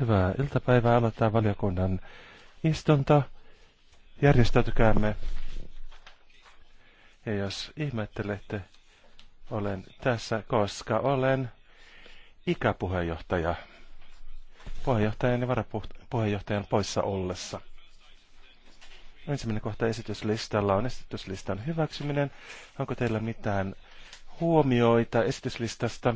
Hyvää iltapäivää. Aloittaa valiokunnan istunto. Järjestäytykäämme. Ja jos ihmettelette, olen tässä, koska olen ikäpuheenjohtaja. Puheenjohtajan ja varapuheenjohtajan poissa ollessa. Ensimmäinen kohta esityslistalla on esityslistan hyväksyminen. Onko teillä mitään huomioita esityslistasta.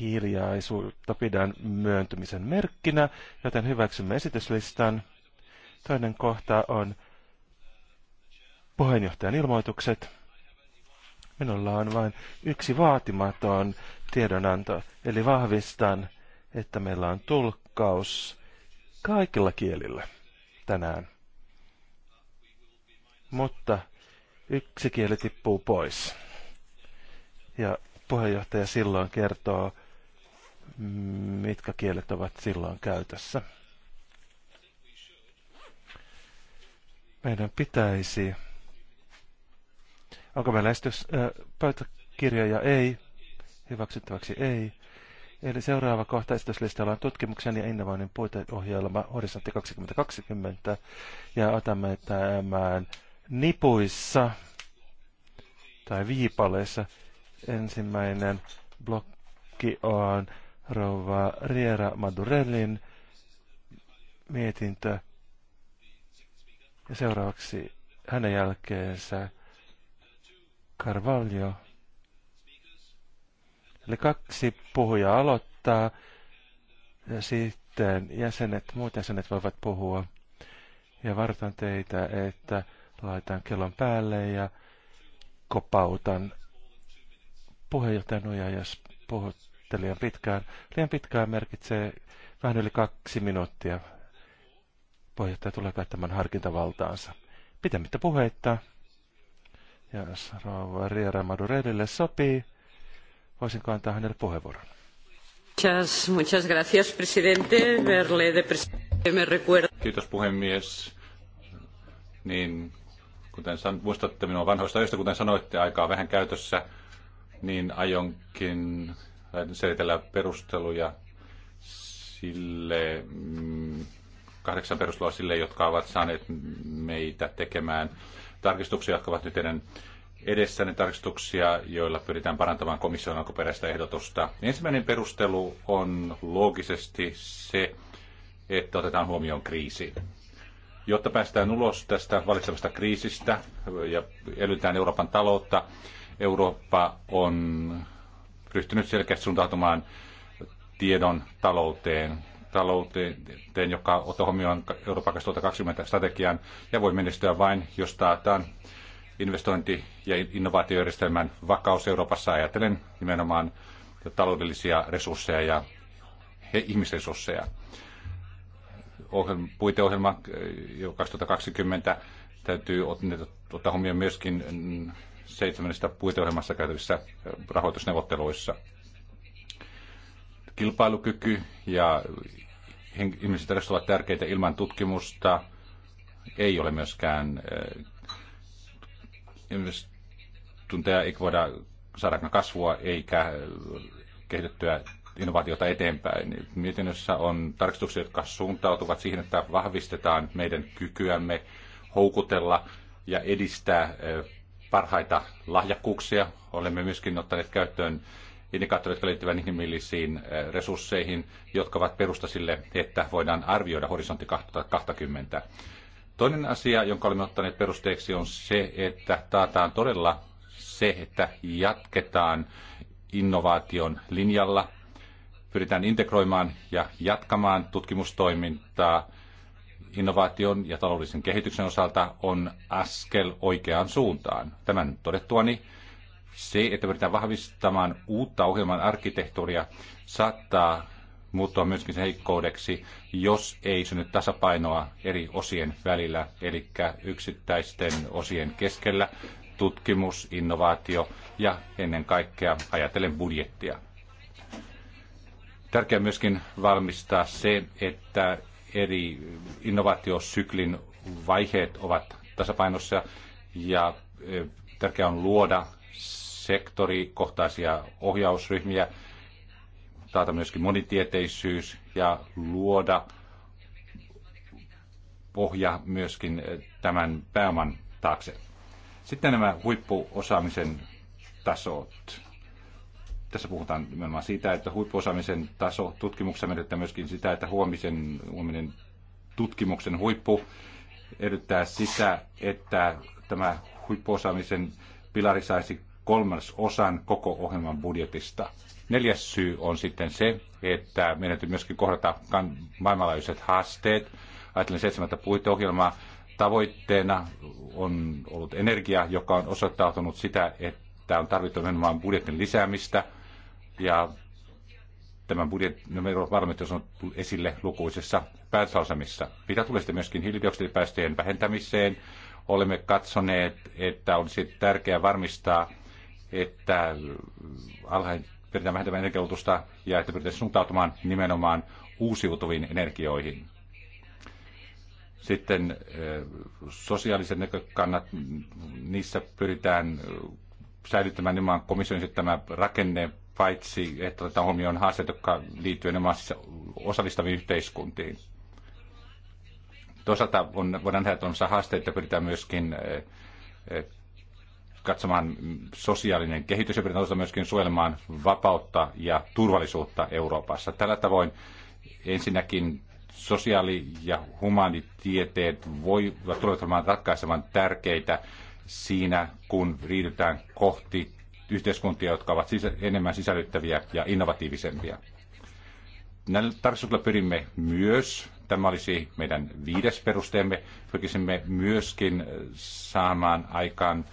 Hiljaisuutta pidän myöntymisen merkkinä, joten hyväksymme esityslistan. Toinen kohta on puheenjohtajan ilmoitukset. Minulla on vain yksi vaatimaton tiedonanto, eli vahvistan, että meillä on tulkkaus kaikilla kielillä tänään. Mutta yksi kieli tippuu pois. Ja puheenjohtaja silloin kertoo, mitkä kielet ovat silloin käytössä. Meidän pitäisi... Onko meillä esitys pöytäkirjoja? Ei. Hyväksyttäväksi ei. Eli seuraava kohta esityslistalla on tutkimuksen ja innovoinnin puiteohjelma Horisontti 2020 ja otamme tämän nipuissa tai viipaleissa. Ensimmäinen blokki on Rova Riera Madurellin mietintö. Ja seuraavaksi hänen jälkeensä Carvalho. Eli kaksi puhujaa aloittaa ja sitten jäsenet, muut jäsenet voivat puhua. Ja varoitan teitä, että laitan kellon päälle ja kopautan puheenjohtajan nojaa, jos puhutte liian pitkään. Liian pitkään merkitsee vähän yli kaksi minuuttia. Puheenjohtaja tulee käyttämään harkintavaltaansa. Pitemmittä puheitta. Jos rouva Riera Madureidille sopii, voisinko antaa hänelle puheenvuoron? Muchas, muchas gracias, presidente. Verle de presidente me recuerda. Kiitos puhemies. Niin Kuten san, muistatte minua vanhoista öistä, kuten sanoitte, aikaa vähän käytössä, niin aionkin selitellä perusteluja sille, mm, kahdeksan perustelua sille, jotka ovat saaneet meitä tekemään tarkistuksia, jotka ovat nyt teidän edessäni tarkistuksia, joilla pyritään parantamaan komission alkuperäistä ehdotusta. Ensimmäinen perustelu on loogisesti se, että otetaan huomioon kriisi. Jotta päästään ulos tästä valitsevasta kriisistä ja elytään Euroopan taloutta, Eurooppa on ryhtynyt selkeästi suuntautumaan tiedon talouteen, talouteen, joka ottaa huomioon Euroopan 2020 strategian ja voi menestyä vain, jos taataan investointi- ja innovaatiojärjestelmän vakaus Euroopassa ajatellen nimenomaan taloudellisia resursseja ja ihmisresursseja ohjelma, puiteohjelma 2020 eh, täytyy ottaa huomioon myöskin mm, seitsemännestä puiteohjelmassa käytävissä eh, rahoitusneuvotteluissa. Kilpailukyky ja ihmiset ovat tärkeitä ilman tutkimusta. Ei ole myöskään eh, tunteja, ei voida saada kasvua eikä kehitettyä innovaatiota eteenpäin. Mietinnössä on tarkistuksia, jotka suuntautuvat siihen, että vahvistetaan meidän kykyämme houkutella ja edistää parhaita lahjakkuuksia. Olemme myöskin ottaneet käyttöön indikaattoreita, jotka liittyvät inhimillisiin resursseihin, jotka ovat perusta sille, että voidaan arvioida horisontti 2020. Toinen asia, jonka olemme ottaneet perusteeksi, on se, että taataan todella se, että jatketaan innovaation linjalla pyritään integroimaan ja jatkamaan tutkimustoimintaa innovaation ja taloudellisen kehityksen osalta on askel oikeaan suuntaan. Tämän todettuani se, että pyritään vahvistamaan uutta ohjelman arkkitehtuuria, saattaa muuttua myöskin sen heikkoudeksi, jos ei synny tasapainoa eri osien välillä, eli yksittäisten osien keskellä tutkimus, innovaatio ja ennen kaikkea ajatellen budjettia. Tärkeää myöskin valmistaa se, että eri innovaatiosyklin vaiheet ovat tasapainossa ja e, tärkeää on luoda sektorikohtaisia ohjausryhmiä, taata myöskin monitieteisyys ja luoda pohja myöskin e, tämän pääoman taakse. Sitten nämä huippuosaamisen tasot tässä puhutaan nimenomaan siitä, että huippuosaamisen taso tutkimuksessa merkittää myöskin sitä, että huomisen, huominen tutkimuksen huippu edellyttää sitä, että tämä huippuosaamisen pilari saisi kolmas osan koko ohjelman budjetista. Neljäs syy on sitten se, että meidän täytyy myöskin kohdata maailmanlaajuiset haasteet. Ajattelen seitsemättä puiteohjelmaa. Tavoitteena on ollut energia, joka on osoittautunut sitä, että on tarvittu nimenomaan budjetin lisäämistä – ja tämän budjet, no, varmasti on esille lukuisessa päätösalsamissa. Mitä tulee sitten myöskin hiilidioksidipäästöjen vähentämiseen, olemme katsoneet, että olisi tärkeää varmistaa, että alhain pyritään vähentämään energialutusta ja että pyritään suuntautumaan nimenomaan uusiutuviin energioihin. Sitten eh, sosiaaliset näkökannat, niissä pyritään eh, säilyttämään nimenomaan komission tämä rakenne paitsi että otetaan huomioon haasteet, jotka liittyvät enemmän siis osallistaviin yhteiskuntiin. Toisaalta on, voidaan nähdä tuollaisia haasteita, että pyritään myöskin eh, eh, katsomaan sosiaalinen kehitys ja pyritään myöskin suojelemaan vapautta ja turvallisuutta Euroopassa. Tällä tavoin ensinnäkin sosiaali- ja humanitieteet voivat tulevat olemaan ratkaisevan tärkeitä siinä, kun riidytään kohti yhteiskuntia, jotka ovat enemmän sisällyttäviä ja innovatiivisempia. Näillä tarkistuksilla pyrimme myös, tämä olisi meidän viides perusteemme, pyrkisimme myöskin saamaan aikaan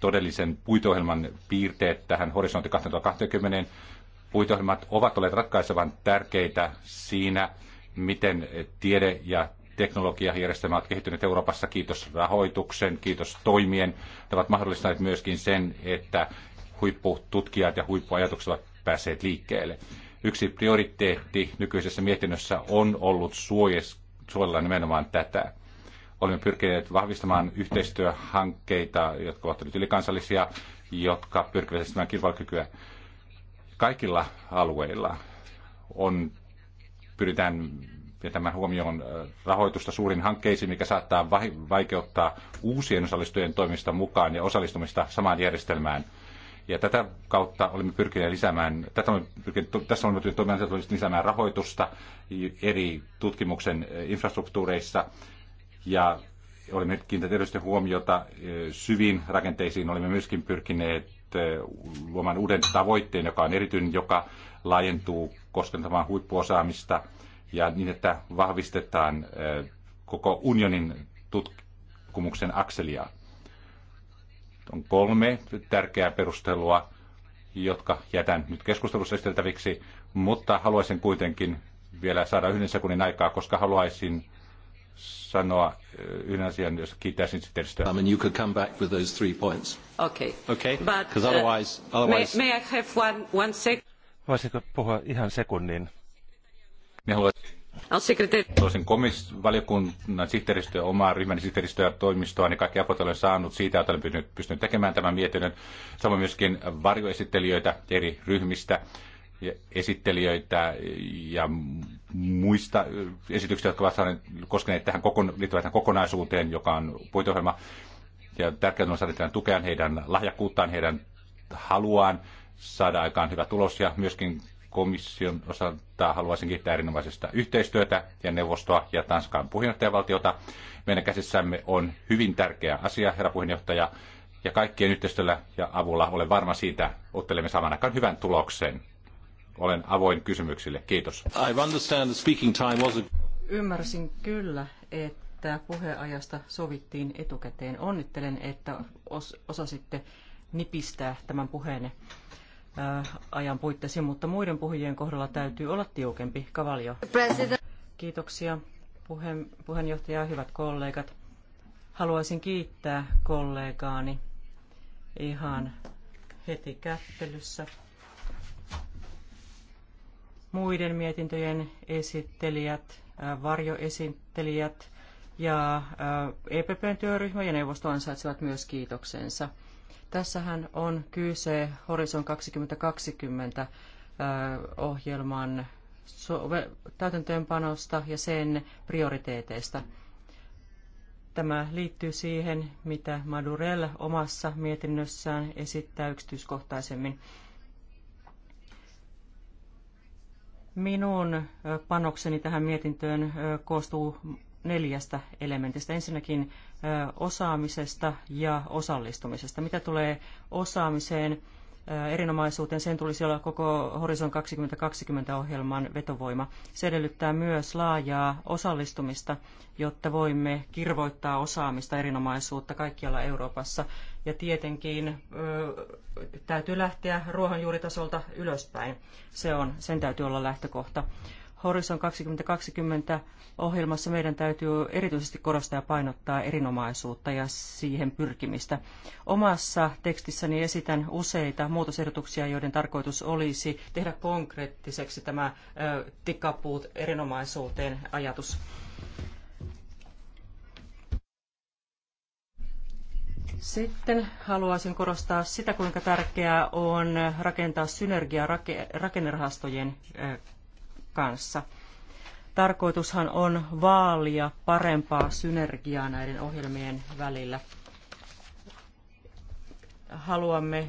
todellisen puiteohjelman piirteet tähän horisontti 2020. Puiteohjelmat ovat olleet ratkaisevan tärkeitä siinä, miten tiede ja teknologiajärjestelmät ovat kehittyneet Euroopassa, kiitos rahoituksen, kiitos toimien. Ne ovat mahdollistaneet myöskin sen, että huippututkijat ja huippuajatukset ovat päässeet liikkeelle. Yksi prioriteetti nykyisessä mietinnössä on ollut suojella nimenomaan tätä. Olemme pyrkineet vahvistamaan yhteistyöhankkeita, jotka ovat nyt ylikansallisia, jotka pyrkivät edistämään kilpailukykyä kaikilla alueilla. On, pyritään ja tämän huomioon rahoitusta suurin hankkeisiin, mikä saattaa vaikeuttaa uusien osallistujien toimista mukaan ja osallistumista samaan järjestelmään. Ja tätä kautta olemme pyrkineet lisäämään, tätä olemme pyrkineet, tässä olemme pyrkineet lisäämään rahoitusta eri tutkimuksen infrastruktuureissa ja olemme kiinnittäneet erityisesti huomiota syviin rakenteisiin. Olemme myöskin pyrkineet luomaan uuden tavoitteen, joka on erityinen, joka laajentuu koskentamaan huippuosaamista – ja niin, että vahvistetaan koko unionin tutkimuksen akselia. On kolme tärkeää perustelua, jotka jätän nyt keskustelussa esteltäviksi, mutta haluaisin kuitenkin vielä saada yhden sekunnin aikaa, koska haluaisin sanoa yhden asian, jos kiittäisin sitä. I mean, you could come back with those three points. Okay. Okay? But, otherwise, uh, otherwise... May, may I have one, one sec- Voisitko puhua ihan sekunnin? Minä haluaisin komis- valiokunnan sihteeristöä, omaa ryhmäni sihteeristöä, toimistoa, niin kaikki apot olen saanut siitä, että olen pystynyt, pystynyt tekemään tämän mietinnön. Samoin myöskin varjoesittelijöitä eri ryhmistä, esittelijöitä ja muista esityksistä, jotka ovat saaneet, koskeneet tähän, kokon, tähän kokonaisuuteen, joka on puitohjelma. Ja tärkeää on saada tukea heidän lahjakkuuttaan, heidän haluaan saada aikaan hyvä tulos ja myöskin komission osalta haluaisin kiittää erinomaisesta yhteistyötä ja neuvostoa ja Tanskan puheenjohtajavaltiota. Meidän käsissämme on hyvin tärkeä asia, herra puheenjohtaja, ja kaikkien yhteistyöllä ja avulla olen varma siitä, ottelemme saman aikaan hyvän tuloksen. Olen avoin kysymyksille. Kiitos. I understand the speaking time was a... Ymmärsin kyllä, että puheajasta sovittiin etukäteen. Onnittelen, että os- osasitte nipistää tämän puheenne. Äh, ajan puitteisiin, mutta muiden puhujien kohdalla täytyy olla tiukempi. Kavalio. Kiitoksia puheen, puheenjohtaja ja hyvät kollegat. Haluaisin kiittää kollegaani ihan heti kättelyssä muiden mietintöjen esittelijät, äh, varjoesittelijät ja äh, EPPn työryhmä ja neuvosto ansaitsevat myös kiitoksensa. Tässähän on kyse Horizon 2020 ohjelman täytäntöönpanosta ja sen prioriteeteista. Tämä liittyy siihen, mitä Madurell omassa mietinnössään esittää yksityiskohtaisemmin. Minun panokseni tähän mietintöön koostuu neljästä elementistä. Ensinnäkin osaamisesta ja osallistumisesta. Mitä tulee osaamiseen, erinomaisuuteen, sen tulisi olla koko Horizon 2020-ohjelman vetovoima. Se edellyttää myös laajaa osallistumista, jotta voimme kirvoittaa osaamista, erinomaisuutta kaikkialla Euroopassa. Ja tietenkin täytyy lähteä ruohonjuuritasolta ylöspäin. Se on, sen täytyy olla lähtökohta. Horizon 2020 ohjelmassa meidän täytyy erityisesti korostaa ja painottaa erinomaisuutta ja siihen pyrkimistä. Omassa tekstissäni esitän useita muutosehdotuksia, joiden tarkoitus olisi tehdä konkreettiseksi tämä tikapuut erinomaisuuteen ajatus. Sitten haluaisin korostaa sitä, kuinka tärkeää on rakentaa synergiaa rakennerahastojen kanssa. Tarkoitushan on vaalia parempaa synergiaa näiden ohjelmien välillä. Haluamme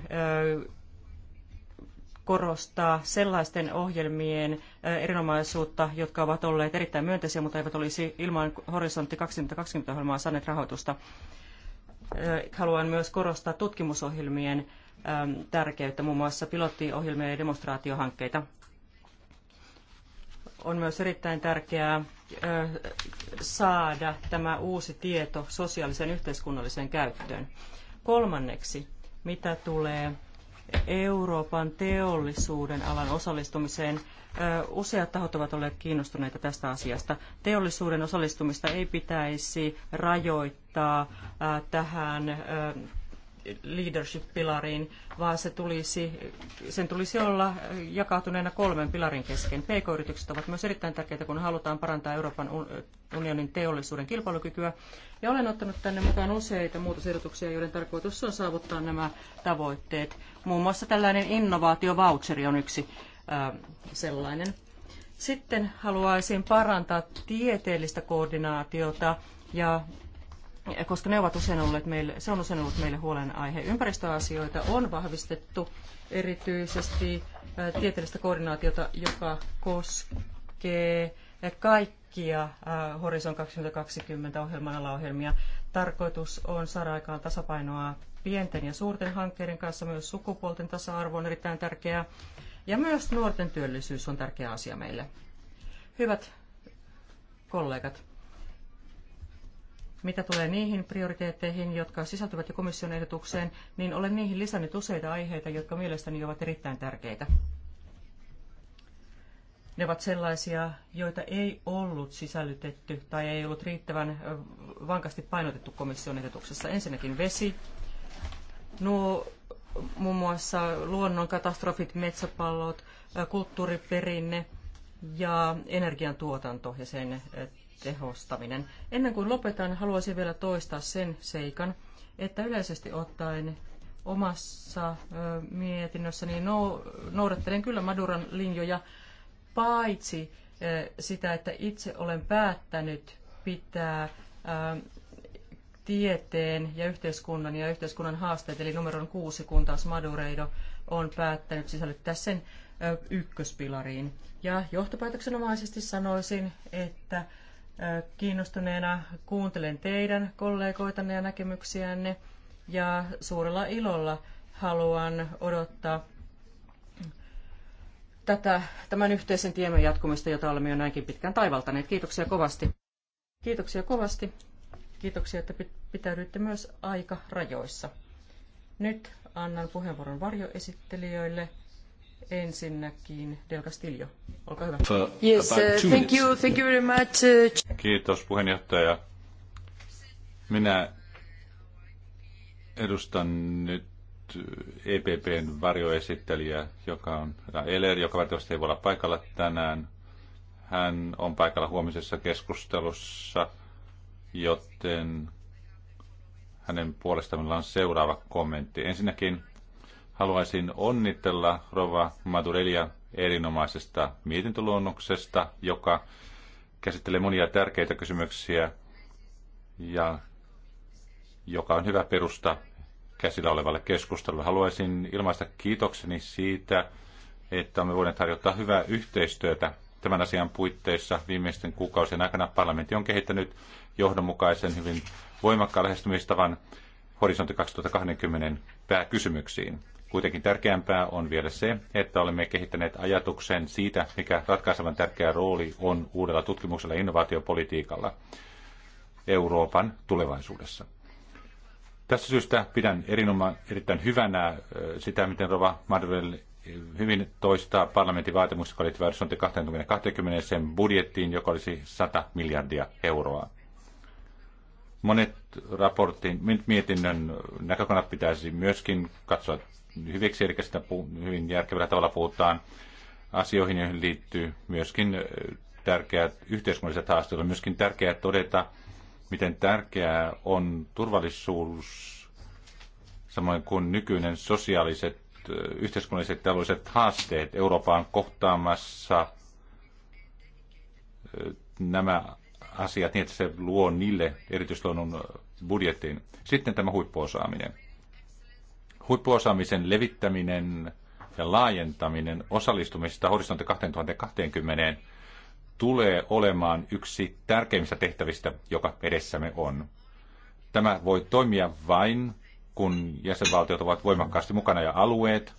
korostaa sellaisten ohjelmien erinomaisuutta, jotka ovat olleet erittäin myönteisiä, mutta eivät olisi ilman Horisontti 2020-ohjelmaa saaneet rahoitusta. Haluan myös korostaa tutkimusohjelmien tärkeyttä, muun muassa pilottiohjelmia ja demonstraatiohankkeita on myös erittäin tärkeää saada tämä uusi tieto sosiaalisen yhteiskunnalliseen käyttöön. Kolmanneksi, mitä tulee Euroopan teollisuuden alan osallistumiseen, useat tahot ovat olleet kiinnostuneita tästä asiasta. Teollisuuden osallistumista ei pitäisi rajoittaa tähän leadership-pilariin, vaan se tulisi, sen tulisi olla jakautuneena kolmen pilarin kesken. PK-yritykset ovat myös erittäin tärkeitä, kun halutaan parantaa Euroopan unionin teollisuuden kilpailukykyä. Ja olen ottanut tänne mukaan useita muutosehdotuksia, joiden tarkoitus on saavuttaa nämä tavoitteet. Muun muassa tällainen innovaatiovoucheri on yksi äh, sellainen. Sitten haluaisin parantaa tieteellistä koordinaatiota ja koska ne ovat usein olleet meille, se on usein ollut meille huolenaihe. Ympäristöasioita on vahvistettu erityisesti tieteellistä koordinaatiota, joka koskee kaikkia Horizon 2020 ohjelman alaohjelmia. Tarkoitus on saada aikaan tasapainoa pienten ja suurten hankkeiden kanssa, myös sukupuolten tasa-arvo on erittäin tärkeää. Ja myös nuorten työllisyys on tärkeä asia meille. Hyvät kollegat, mitä tulee niihin prioriteetteihin, jotka sisältyvät jo komission ehdotukseen, niin olen niihin lisännyt useita aiheita, jotka mielestäni ovat erittäin tärkeitä. Ne ovat sellaisia, joita ei ollut sisällytetty tai ei ollut riittävän vankasti painotettu komission ehdotuksessa. Ensinnäkin vesi, nuo muun muassa luonnonkatastrofit, metsäpallot, kulttuuriperinne ja energiantuotanto ja sen tehostaminen. Ennen kuin lopetan, haluaisin vielä toistaa sen seikan, että yleisesti ottaen omassa mietinnössäni no, noudattelen kyllä Maduran linjoja, paitsi sitä, että itse olen päättänyt pitää tieteen ja yhteiskunnan ja yhteiskunnan haasteet, eli on kuusi, kun taas Madureido on päättänyt sisällyttää sen ykköspilariin. Ja johtopäätöksenomaisesti sanoisin, että Kiinnostuneena kuuntelen teidän kollegoitanne ja näkemyksiänne ja suurella ilolla haluan odottaa tätä, tämän yhteisen tiemme jatkumista, jota olemme jo näinkin pitkään taivaltaneet. Kiitoksia kovasti. Kiitoksia kovasti. Kiitoksia, että pitäydyitte myös aika rajoissa. Nyt annan puheenvuoron varjoesittelijöille. Ensinnäkin Del Castillo, olkaa hyvä. Yes, uh, thank you, thank you very much. Uh, Kiitos puheenjohtaja. Minä edustan nyt EPPn varjoesittelijä, joka on Eler, joka valitettavasti ei voi olla paikalla tänään. Hän on paikalla huomisessa keskustelussa, joten hänen puolestaan on seuraava kommentti. Ensinnäkin Haluaisin onnitella Rova Madurelia erinomaisesta mietintöluonnoksesta, joka käsittelee monia tärkeitä kysymyksiä ja joka on hyvä perusta käsillä olevalle keskustelulle. Haluaisin ilmaista kiitokseni siitä, että me voimme tarjota hyvää yhteistyötä tämän asian puitteissa viimeisten kuukausien aikana. Parlamentti on kehittänyt johdonmukaisen, hyvin voimakkaan lähestymistavan horisontti 2020 pääkysymyksiin. Kuitenkin tärkeämpää on vielä se, että olemme kehittäneet ajatuksen siitä, mikä ratkaisevan tärkeä rooli on uudella tutkimuksella ja innovaatiopolitiikalla Euroopan tulevaisuudessa. Tässä syystä pidän erinomaan, erittäin hyvänä sitä, miten Rova Madurell hyvin toistaa parlamentin vaatimukset, joka liittyy 2020 sen budjettiin, joka olisi 100 miljardia euroa. Monet raportin, mietinnön näkökannat pitäisi myöskin katsoa hyviksi, eli sitä hyvin järkevällä tavalla puhutaan asioihin, joihin liittyy myöskin tärkeät yhteiskunnalliset haasteet. On myöskin tärkeää todeta, miten tärkeää on turvallisuus, samoin kuin nykyinen sosiaaliset, yhteiskunnalliset ja alueelliset haasteet Euroopan kohtaamassa nämä asiat niin, että se luo niille erityisluonnon budjettiin. Sitten tämä huippuosaaminen. Huippuosaamisen levittäminen ja laajentaminen osallistumisesta horisontti 2020 tulee olemaan yksi tärkeimmistä tehtävistä, joka edessämme on. Tämä voi toimia vain, kun jäsenvaltiot ovat voimakkaasti mukana ja alueet.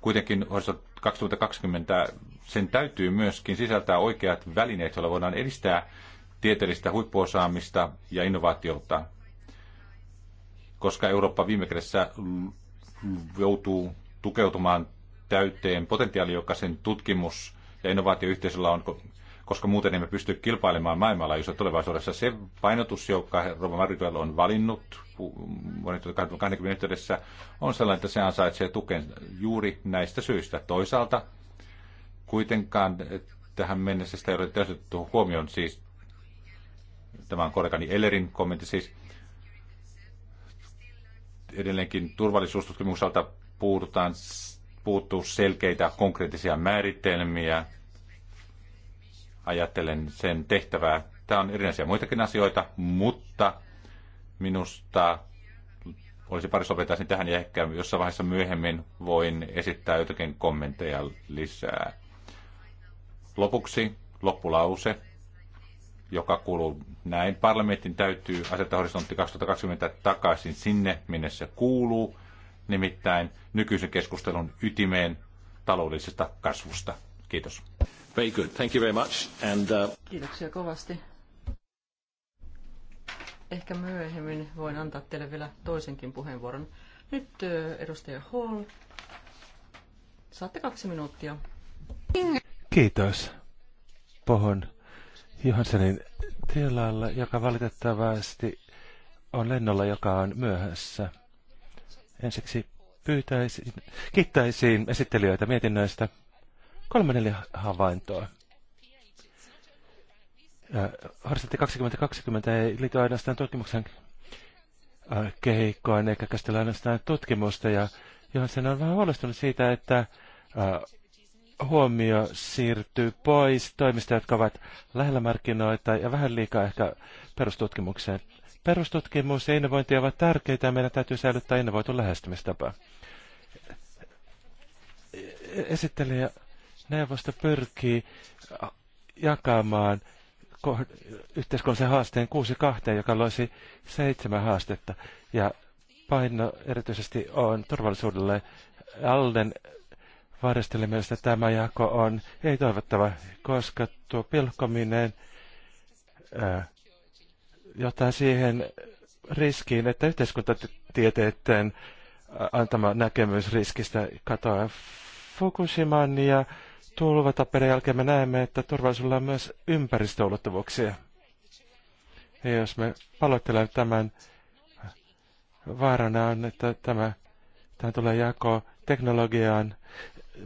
Kuitenkin horisontti 2020 sen täytyy myöskin sisältää oikeat välineet, joilla voidaan edistää tieteellistä huippuosaamista ja innovaatiota, koska Eurooppa viime kädessä joutuu tukeutumaan täyteen potentiaali, joka sen tutkimus- ja innovaatioyhteisöllä on, koska muuten emme pysty kilpailemaan maailmalla, jossa tulevaisuudessa. Se painotus, joka Rova Marituel on valinnut vuoden 2020 yhteydessä, on sellainen, että se ansaitsee tuken juuri näistä syistä. Toisaalta kuitenkaan tähän mennessä sitä ei ole täysin huomioon, siis tämä on kollegani Ellerin kommentti siis, edelleenkin turvallisuustutkimukselta puututaan, puuttuu selkeitä konkreettisia määritelmiä. Ajattelen sen tehtävää. Tämä on erinäisiä muitakin asioita, mutta minusta olisi pari sovitaan tähän ja ehkä jossain vaiheessa myöhemmin voin esittää jotakin kommentteja lisää. Lopuksi loppulause joka kuuluu näin. Parlamentin täytyy asettaa horisontti 2020 takaisin sinne, minne se kuuluu, nimittäin nykyisen keskustelun ytimeen taloudellisesta kasvusta. Kiitos. Very good. Thank you very much. And, uh... Kiitoksia kovasti. Ehkä myöhemmin voin antaa teille vielä toisenkin puheenvuoron. Nyt edustaja Hall. Saatte kaksi minuuttia. Kiitos. Pohon Johanssonin tilalla, joka valitettavasti on lennolla, joka on myöhässä. Ensiksi pyytäisin, kiittäisin esittelijöitä mietinnöistä. Kolme neljä havaintoa. Horisontti 2020 ei liity ainoastaan tutkimuksen kehikkoon, eikä käsitellä ainoastaan tutkimusta, ja Johansson on vähän huolestunut siitä, että huomio siirtyy pois toimista, jotka ovat lähellä markkinoita ja vähän liikaa ehkä perustutkimukseen. Perustutkimus ja innovointi ovat tärkeitä ja meidän täytyy säilyttää innovoitu lähestymistapa. Esittelijä neuvosto pyrkii jakamaan yhteiskunnallisen haasteen 6 kahteen, joka loisi seitsemän haastetta. Ja paino erityisesti on turvallisuudelle Alden Varjastelijan mielestä tämä jako on ei-toivottava, koska tuo pilkkominen ää, johtaa siihen riskiin, että yhteiskuntatieteiden antama näkemys riskistä katoaa Fukushiman ja tulvatapereen jälkeen me näemme, että turvallisuudella on myös ympäristöulottuvuuksia. Ja jos me paloittelemme tämän, vaarana on, että tämä, tämä tulee jako teknologiaan,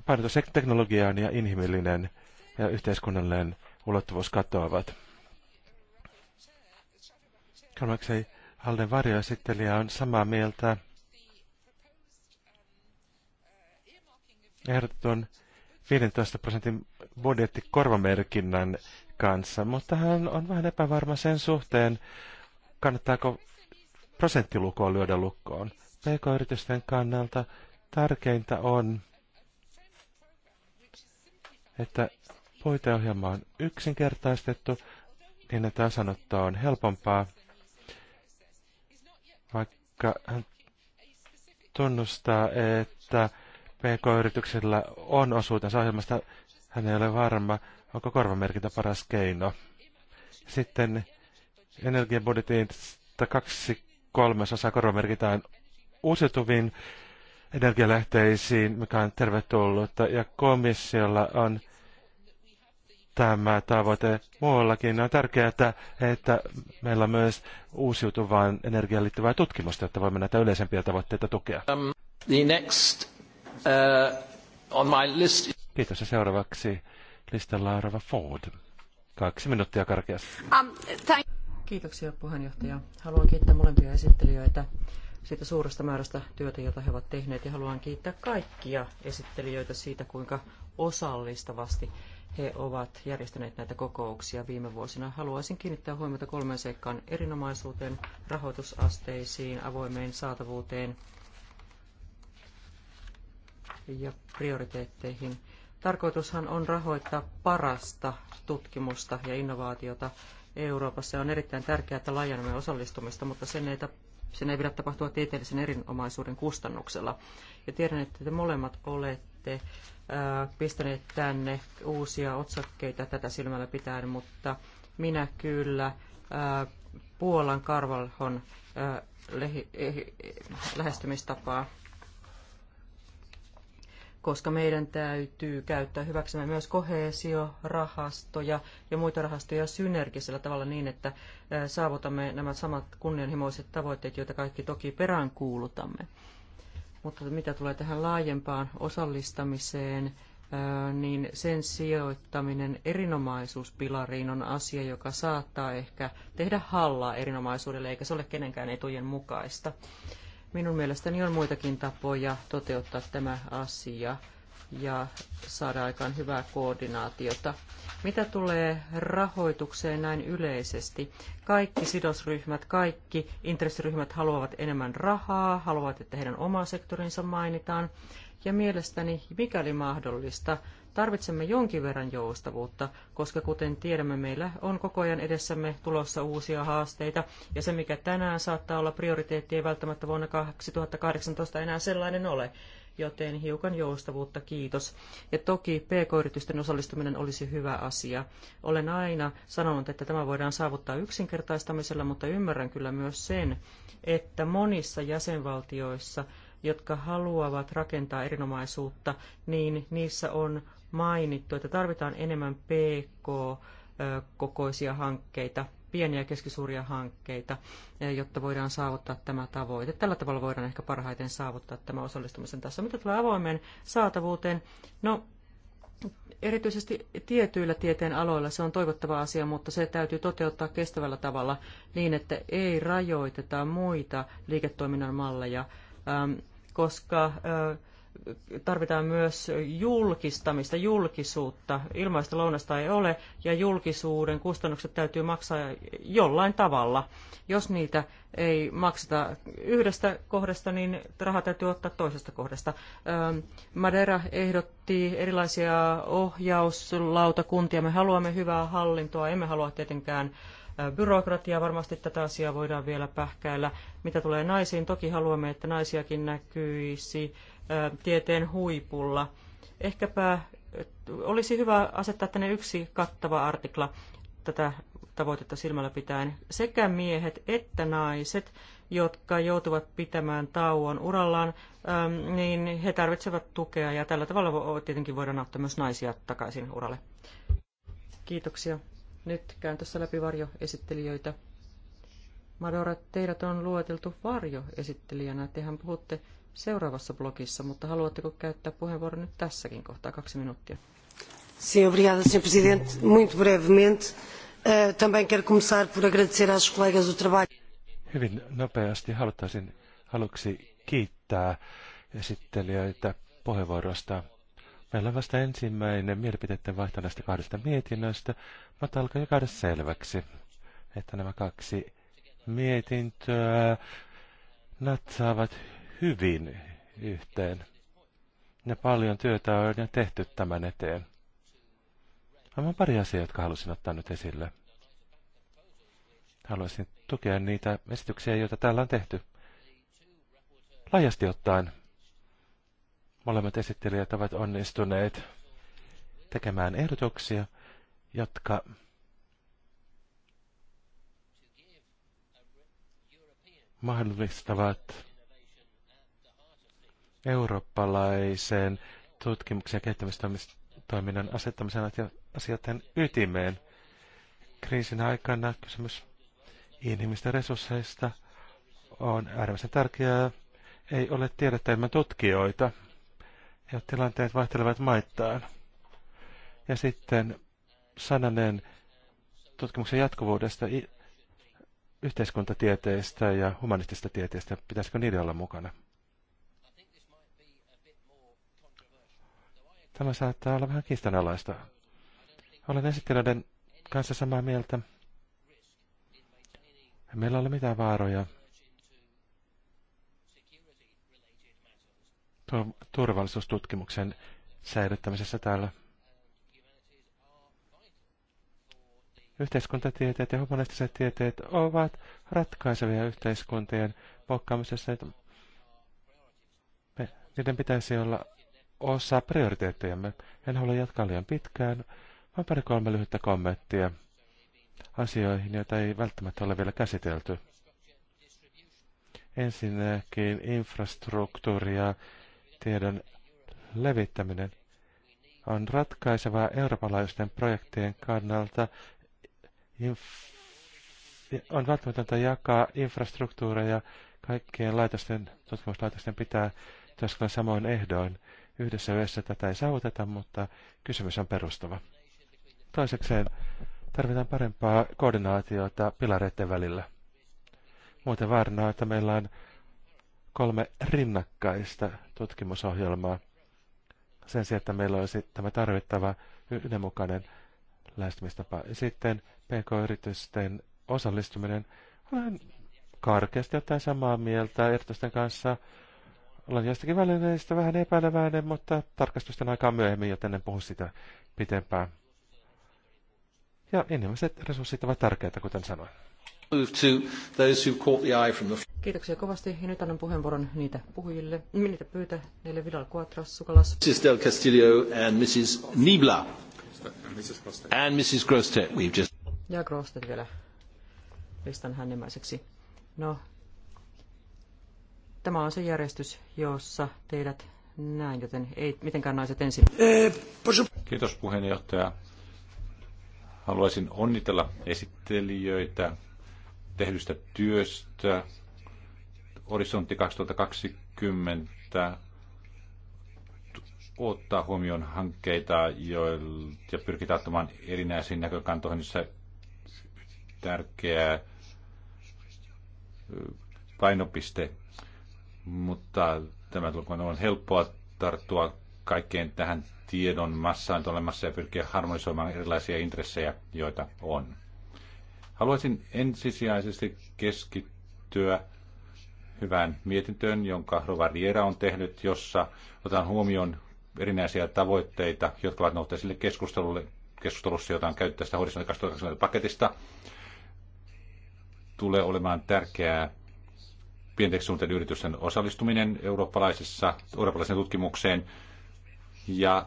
painotus teknologiaan ja inhimillinen ja yhteiskunnallinen ulottuvuus katoavat. Kolmaksi Halden varjoesittelijä on samaa mieltä ehdotetun 15 prosentin budjettikorvamerkinnän kanssa, mutta hän on vähän epävarma sen suhteen, kannattaako prosenttilukua lyödä lukkoon. PK-yritysten kannalta tärkeintä on että puiteohjelma on yksinkertaistettu niin, että sanottaa on helpompaa, vaikka hän tunnustaa, että PK-yrityksellä on osuutensa ohjelmasta, hän ei ole varma, onko korvamerkintä paras keino. Sitten energiabudjetista kaksi kolmasosaa korvamerkitään uusiutuviin energialähteisiin, mikä on tervetullutta. Ja komissiolla on tämä tavoite muuallakin. On tärkeää, että, meillä on myös uusiutuvaan energiaan liittyvää tutkimusta, jotta voimme näitä yleisempiä tavoitteita tukea. Um, the next, uh, on my list... Kiitos ja seuraavaksi listalla on Rava Ford. Kaksi minuuttia karkeasti. Um, Kiitoksia puheenjohtaja. Haluan kiittää molempia esittelijöitä siitä suuresta määrästä työtä, jota he ovat tehneet. Ja haluan kiittää kaikkia esittelijöitä siitä, kuinka osallistavasti he ovat järjestäneet näitä kokouksia viime vuosina. Haluaisin kiinnittää huomiota kolmeen seikkaan erinomaisuuteen, rahoitusasteisiin, avoimeen saatavuuteen ja prioriteetteihin. Tarkoitushan on rahoittaa parasta tutkimusta ja innovaatiota Euroopassa. On erittäin tärkeää, että laajennamme osallistumista, mutta sen ei sen ei pidä tapahtua tieteellisen erinomaisuuden kustannuksella. Ja tiedän, että te molemmat olette äh, pistäneet tänne uusia otsakkeita tätä silmällä pitäen, mutta minä kyllä äh, Puolan Karvalhon äh, eh, lähestymistapaa koska meidän täytyy käyttää hyväksemme myös koheesiorahastoja ja muita rahastoja synergisellä tavalla niin, että saavutamme nämä samat kunnianhimoiset tavoitteet, joita kaikki toki peräänkuulutamme. Mutta mitä tulee tähän laajempaan osallistamiseen, niin sen sijoittaminen erinomaisuuspilariin on asia, joka saattaa ehkä tehdä hallaa erinomaisuudelle, eikä se ole kenenkään etujen mukaista. Minun mielestäni on muitakin tapoja toteuttaa tämä asia ja saada aikaan hyvää koordinaatiota. Mitä tulee rahoitukseen näin yleisesti? Kaikki sidosryhmät, kaikki intressiryhmät haluavat enemmän rahaa, haluavat, että heidän oma sektorinsa mainitaan. Ja mielestäni, mikäli mahdollista, Tarvitsemme jonkin verran joustavuutta, koska kuten tiedämme, meillä on koko ajan edessämme tulossa uusia haasteita, ja se mikä tänään saattaa olla prioriteetti, ei välttämättä vuonna 2018 enää sellainen ole joten hiukan joustavuutta, kiitos. Ja toki PK-yritysten osallistuminen olisi hyvä asia. Olen aina sanonut, että tämä voidaan saavuttaa yksinkertaistamisella, mutta ymmärrän kyllä myös sen, että monissa jäsenvaltioissa, jotka haluavat rakentaa erinomaisuutta, niin niissä on mainittu, että tarvitaan enemmän PK-kokoisia hankkeita, pieniä ja keskisuuria hankkeita, eh, jotta voidaan saavuttaa tämä tavoite. Tällä tavalla voidaan ehkä parhaiten saavuttaa tämä osallistumisen taso. Mitä tulee avoimeen saatavuuteen? No, erityisesti tietyillä tieteen aloilla se on toivottava asia, mutta se täytyy toteuttaa kestävällä tavalla niin, että ei rajoiteta muita liiketoiminnan malleja, koska tarvitaan myös julkistamista, julkisuutta. Ilmaista lounasta ei ole ja julkisuuden kustannukset täytyy maksaa jollain tavalla. Jos niitä ei makseta yhdestä kohdasta, niin raha täytyy ottaa toisesta kohdasta. Ähm, Madera ehdotti erilaisia ohjauslautakuntia. Me haluamme hyvää hallintoa, emme halua tietenkään äh, byrokratiaa. Varmasti tätä asiaa voidaan vielä pähkäillä. Mitä tulee naisiin, toki haluamme, että naisiakin näkyisi tieteen huipulla. Ehkäpä olisi hyvä asettaa tänne yksi kattava artikla tätä tavoitetta silmällä pitäen. Sekä miehet että naiset, jotka joutuvat pitämään tauon urallaan, niin he tarvitsevat tukea ja tällä tavalla tietenkin voidaan auttaa myös naisia takaisin uralle. Kiitoksia. Nyt käyn tässä läpi varjoesittelijöitä. Madora, teidät on lueteltu varjoesittelijänä. Tehän puhutte seuraavassa blogissa, mutta haluatteko käyttää puheenvuoron nyt tässäkin kohtaa kaksi minuuttia? Sim, obrigada, Sr. Presidente. Muito brevemente. Uh, também quero começar por agradecer colegas o trabalho. Hyvin nopeasti haluaisin aluksi kiittää esittelijöitä puheenvuorosta. Meillä on vasta ensimmäinen mielipiteiden vaihto näistä kahdesta mietinnöstä, mutta alkaa jo käydä selväksi, että nämä kaksi mietintöä natsaavat hyvin yhteen. Ja paljon työtä on tehty tämän eteen. Aivan pari asiaa, jotka halusin ottaa nyt esille. Haluaisin tukea niitä esityksiä, joita täällä on tehty. Laajasti ottaen molemmat esittelijät ovat onnistuneet tekemään ehdotuksia, jotka mahdollistavat eurooppalaisen tutkimuksen ja kehittämistoiminnan asettamisen asioiden ytimeen. Kriisin aikana kysymys inhimillisistä resursseista on äärimmäisen tärkeää. Ei ole tiedettä ilman tutkijoita ja tilanteet vaihtelevat maittain. Ja sitten sananen tutkimuksen jatkuvuudesta yhteiskuntatieteistä ja humanistista tieteistä. Pitäisikö niiden olla mukana? Tämä saattaa olla vähän kiistanalaista. Olen esittelijöiden kanssa samaa mieltä. Ei meillä ole mitään vaaroja turvallisuustutkimuksen säilyttämisessä täällä. Yhteiskuntatieteet ja humanistiset tieteet ovat ratkaisevia yhteiskuntien pokkaamisessa. Me, niiden pitäisi olla osa prioriteettejamme. En halua jatkaa liian pitkään, vaan pari kolme lyhyttä kommenttia asioihin, joita ei välttämättä ole vielä käsitelty. Ensinnäkin infrastruktuuri ja tiedon levittäminen on ratkaisevaa eurooppalaisten projektien kannalta. Inf- on välttämätöntä jakaa infrastruktuureja. Kaikkien laitosten, tutkimuslaitosten pitää työskennellä samoin ehdoin. Yhdessä yössä tätä ei saavuteta, mutta kysymys on perustava. Toisekseen tarvitaan parempaa koordinaatiota pilareiden välillä. Muuten vaarana, että meillä on kolme rinnakkaista tutkimusohjelmaa sen sijaan, että meillä olisi tämä tarvittava yhdenmukainen lähestymistapa. Sitten PK-yritysten osallistuminen. Olen karkeasti jotain samaa mieltä yritysten kanssa. Olen jostakin välineistä vähän epäileväinen, mutta tarkastusten aikaa myöhemmin, joten en puhu sitä pitempään. Ja inhimilliset resurssit ovat tärkeitä, kuten sanoin. Kiitoksia kovasti. Ja nyt annan puheenvuoron niitä puhujille, niitä neille Vidal Quatras, Sukalas. Mrs. Del Castillo and Mrs. Nibla. And Mrs. Grostet. We've just... Ja Grostet vielä listan hänemmäiseksi. No, Tämä on se järjestys, jossa teidät näin, joten ei mitenkään naiset ensin. Kiitos puheenjohtaja. Haluaisin onnitella esittelijöitä tehdystä työstä. Horisontti 2020 ottaa huomioon hankkeita joilla, ja pyrkii ottamaan erinäisiin näkökantoihin, se tärkeä painopiste mutta tämä on helppoa tarttua kaikkeen tähän tiedon massaan olemassa ja pyrkiä harmonisoimaan erilaisia intressejä, joita on. Haluaisin ensisijaisesti keskittyä hyvään mietintöön, jonka Rovariera on tehnyt, jossa otetaan huomioon erinäisiä tavoitteita, jotka ovat nousseet sille keskustelulle, keskustelussa, jota on käyty tästä paketista. Tulee olemaan tärkeää pienteksuunten yritysten osallistuminen eurooppalaisessa, eurooppalaiseen tutkimukseen ja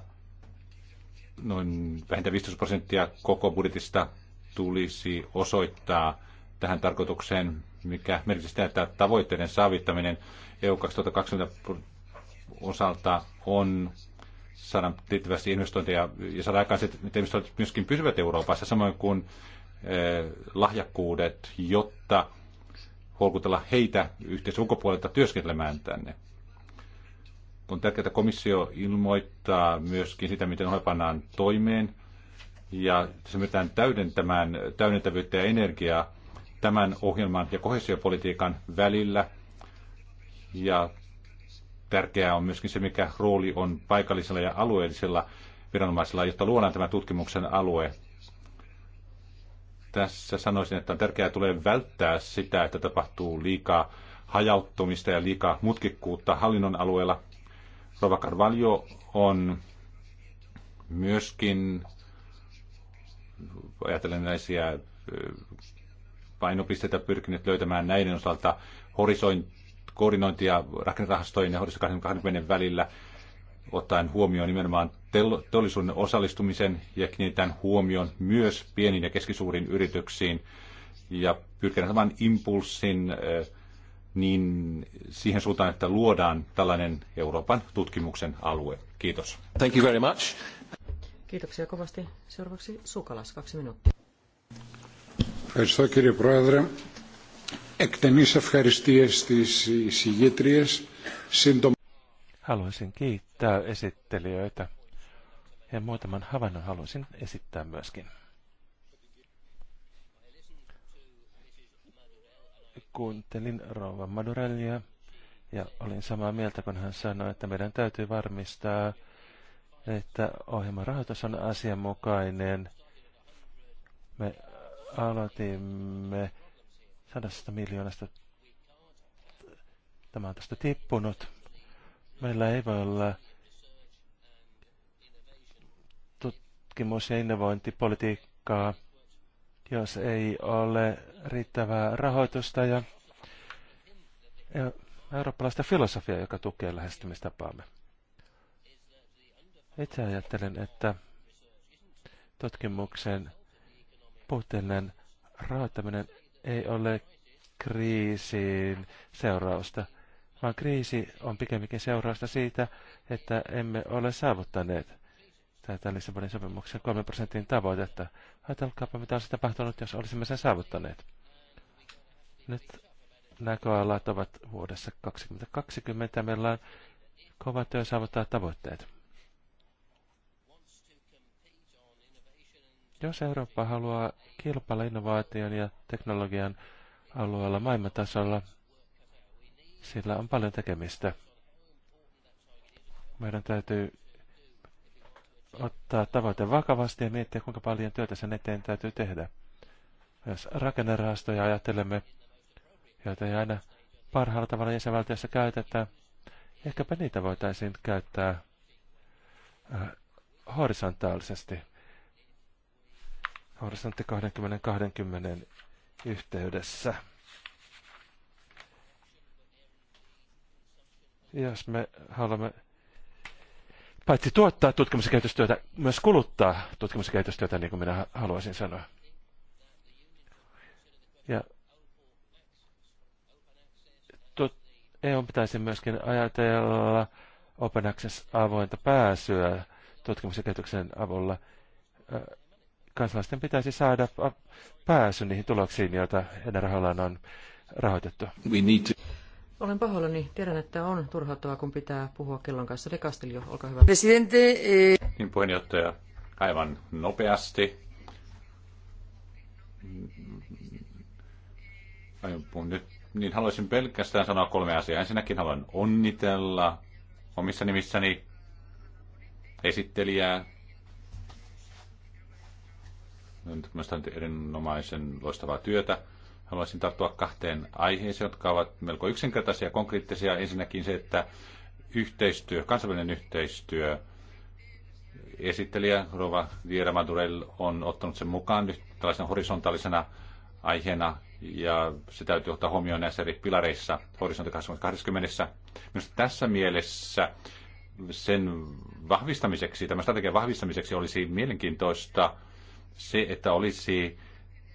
noin vähintään 15 prosenttia koko budjetista tulisi osoittaa tähän tarkoitukseen, mikä merkitsisi sitä, että tavoitteiden saavittaminen EU 2020 osalta on saada tietysti investointeja ja saada aikaan että investoinnit myöskin pysyvät Euroopassa, samoin kuin eh, lahjakkuudet, jotta houkutella heitä yhteisön ulkopuolelta työskentelemään tänne. On tärkeää, että komissio ilmoittaa myöskin sitä, miten pannaan toimeen, ja se täydentämään täydentävyyttä ja energiaa tämän ohjelman ja kohesiopolitiikan välillä. Ja tärkeää on myöskin se, mikä rooli on paikallisella ja alueellisella viranomaisilla, jotta luodaan tämä tutkimuksen alue tässä sanoisin, että on tärkeää tulee välttää sitä, että tapahtuu liikaa hajauttumista ja liikaa mutkikkuutta hallinnon alueella. Rova Carvalho on myöskin, ajatellen näisiä painopisteitä pyrkinyt löytämään näiden osalta horisoin, koordinointia rakennerahastojen ja horisontin 20 välillä – ottaen huomioon nimenomaan teollisuuden osallistumisen ja kiinnitän huomioon myös pieniin ja keskisuuriin yrityksiin ja pyrkien saman impulssin niin siihen suuntaan, että luodaan tällainen Euroopan tutkimuksen alue. Kiitos. Thank you very much. Kiitoksia kovasti. Seuraavaksi Sukalas, kaksi minuuttia. Kiitos, κύριε Πρόεδρε. ευχαριστίες στις εισηγήτριες. Haluaisin kiittää esittelijöitä ja muutaman havainnon haluaisin esittää myöskin. Kuuntelin rouva Madurellia ja olin samaa mieltä, kun hän sanoi, että meidän täytyy varmistaa, että ohjelman rahoitus on asianmukainen. Me aloitimme sadasta miljoonasta. Tämä on tästä tippunut Meillä ei voi olla tutkimus- ja innovointipolitiikkaa, jos ei ole riittävää rahoitusta ja eurooppalaista filosofiaa, joka tukee lähestymistapaamme. Itse ajattelen, että tutkimuksen puutteellinen rahoittaminen ei ole kriisiin seurausta – vaan kriisi on pikemminkin seurausta siitä, että emme ole saavuttaneet tätä Lissabonin sopimuksen 3 prosentin tavoitetta. Ajatelkaapa, mitä olisi tapahtunut, jos olisimme sen saavuttaneet. Nyt näköalat ovat vuodessa 2020. Meillä on kova työ saavuttaa tavoitteet. Jos Eurooppa haluaa kilpailla innovaation ja teknologian alueella maailmantasolla, sillä on paljon tekemistä. Meidän täytyy ottaa tavoite vakavasti ja miettiä, kuinka paljon työtä sen eteen täytyy tehdä. Jos rakennerahastoja ajattelemme, joita ei aina parhaalla tavalla jäsenvaltiossa käytetä, ehkäpä niitä voitaisiin käyttää äh, horisontaalisesti. Horisontti 20-20 yhteydessä. Jos me haluamme paitsi tuottaa tutkimus- ja kehitystyötä, myös kuluttaa tutkimus- ja kehitystyötä, niin kuin minä haluaisin sanoa. Ja EU pitäisi myöskin ajatella Open Access-avointa pääsyä tutkimus- ja kehityksen avulla. Kansalaisten pitäisi saada pääsy niihin tuloksiin, joita heidän rahoillaan on rahoitettu. Olen pahoillani. Tiedän, että on turhauttavaa, kun pitää puhua kellon kanssa. De Castillo, olkaa hyvä. Presidente... Eh, niin, puheenjohtaja, aivan nopeasti. Aion nyt. Niin, haluaisin pelkästään sanoa kolme asiaa. Ensinnäkin haluan onnitella omissa nimissäni esittelijää. Tämmöistä erinomaisen loistavaa työtä haluaisin tarttua kahteen aiheeseen, jotka ovat melko yksinkertaisia ja konkreettisia. Ensinnäkin se, että yhteistyö, kansainvälinen yhteistyö, esittelijä Rova Viera Madurell on ottanut sen mukaan nyt tällaisena horisontaalisena aiheena, ja se täytyy ottaa huomioon näissä eri pilareissa horisontti 2020. Minusta tässä mielessä sen vahvistamiseksi, tämän strategian vahvistamiseksi olisi mielenkiintoista se, että olisi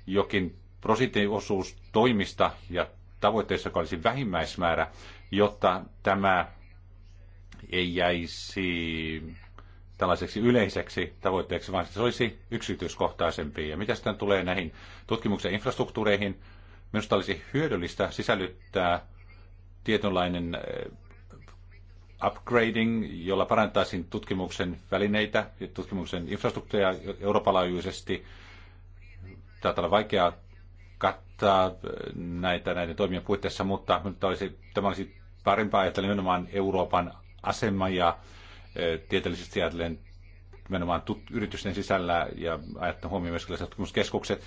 jokin prosenttiosuus toimista ja tavoitteessa, joka olisi vähimmäismäärä, jotta tämä ei jäisi tällaiseksi yleiseksi tavoitteeksi, vaan se olisi yksityiskohtaisempi. Ja mitä sitten tulee näihin tutkimuksen infrastruktuureihin, minusta olisi hyödyllistä sisällyttää tietynlainen eh, upgrading, jolla parantaisiin tutkimuksen välineitä ja tutkimuksen infrastruktuuria euroopan laajuisesti. Taitaa olla vaikeaa kattaa näitä näiden toimien puitteissa, mutta nyt olisi, tämä olisi parempaa ajatella nimenomaan Euroopan asema ja e, tieteellisesti ajatellen nimenomaan tut- yritysten sisällä ja ajattelen huomioon myös tutkimuskeskukset.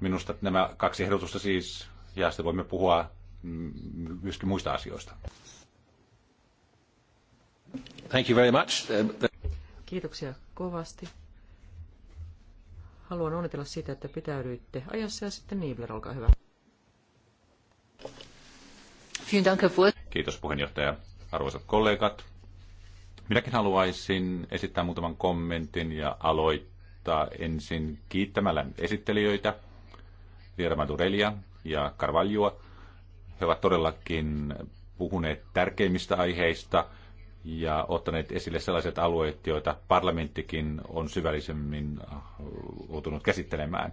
Minusta nämä kaksi ehdotusta siis, ja sitten voimme puhua myöskin muista asioista. Thank you very much. Kiitoksia kovasti. Haluan onnitella siitä, että pitäydyitte ajassa ja sitten Niibler, olkaa hyvä. Kiitos puheenjohtaja. Arvoisat kollegat, minäkin haluaisin esittää muutaman kommentin ja aloittaa ensin kiittämällä esittelijöitä, Vierma Durelia ja Karvaljua. He ovat todellakin puhuneet tärkeimmistä aiheista – ja ottaneet esille sellaiset alueet, joita parlamenttikin on syvällisemmin joutunut käsittelemään.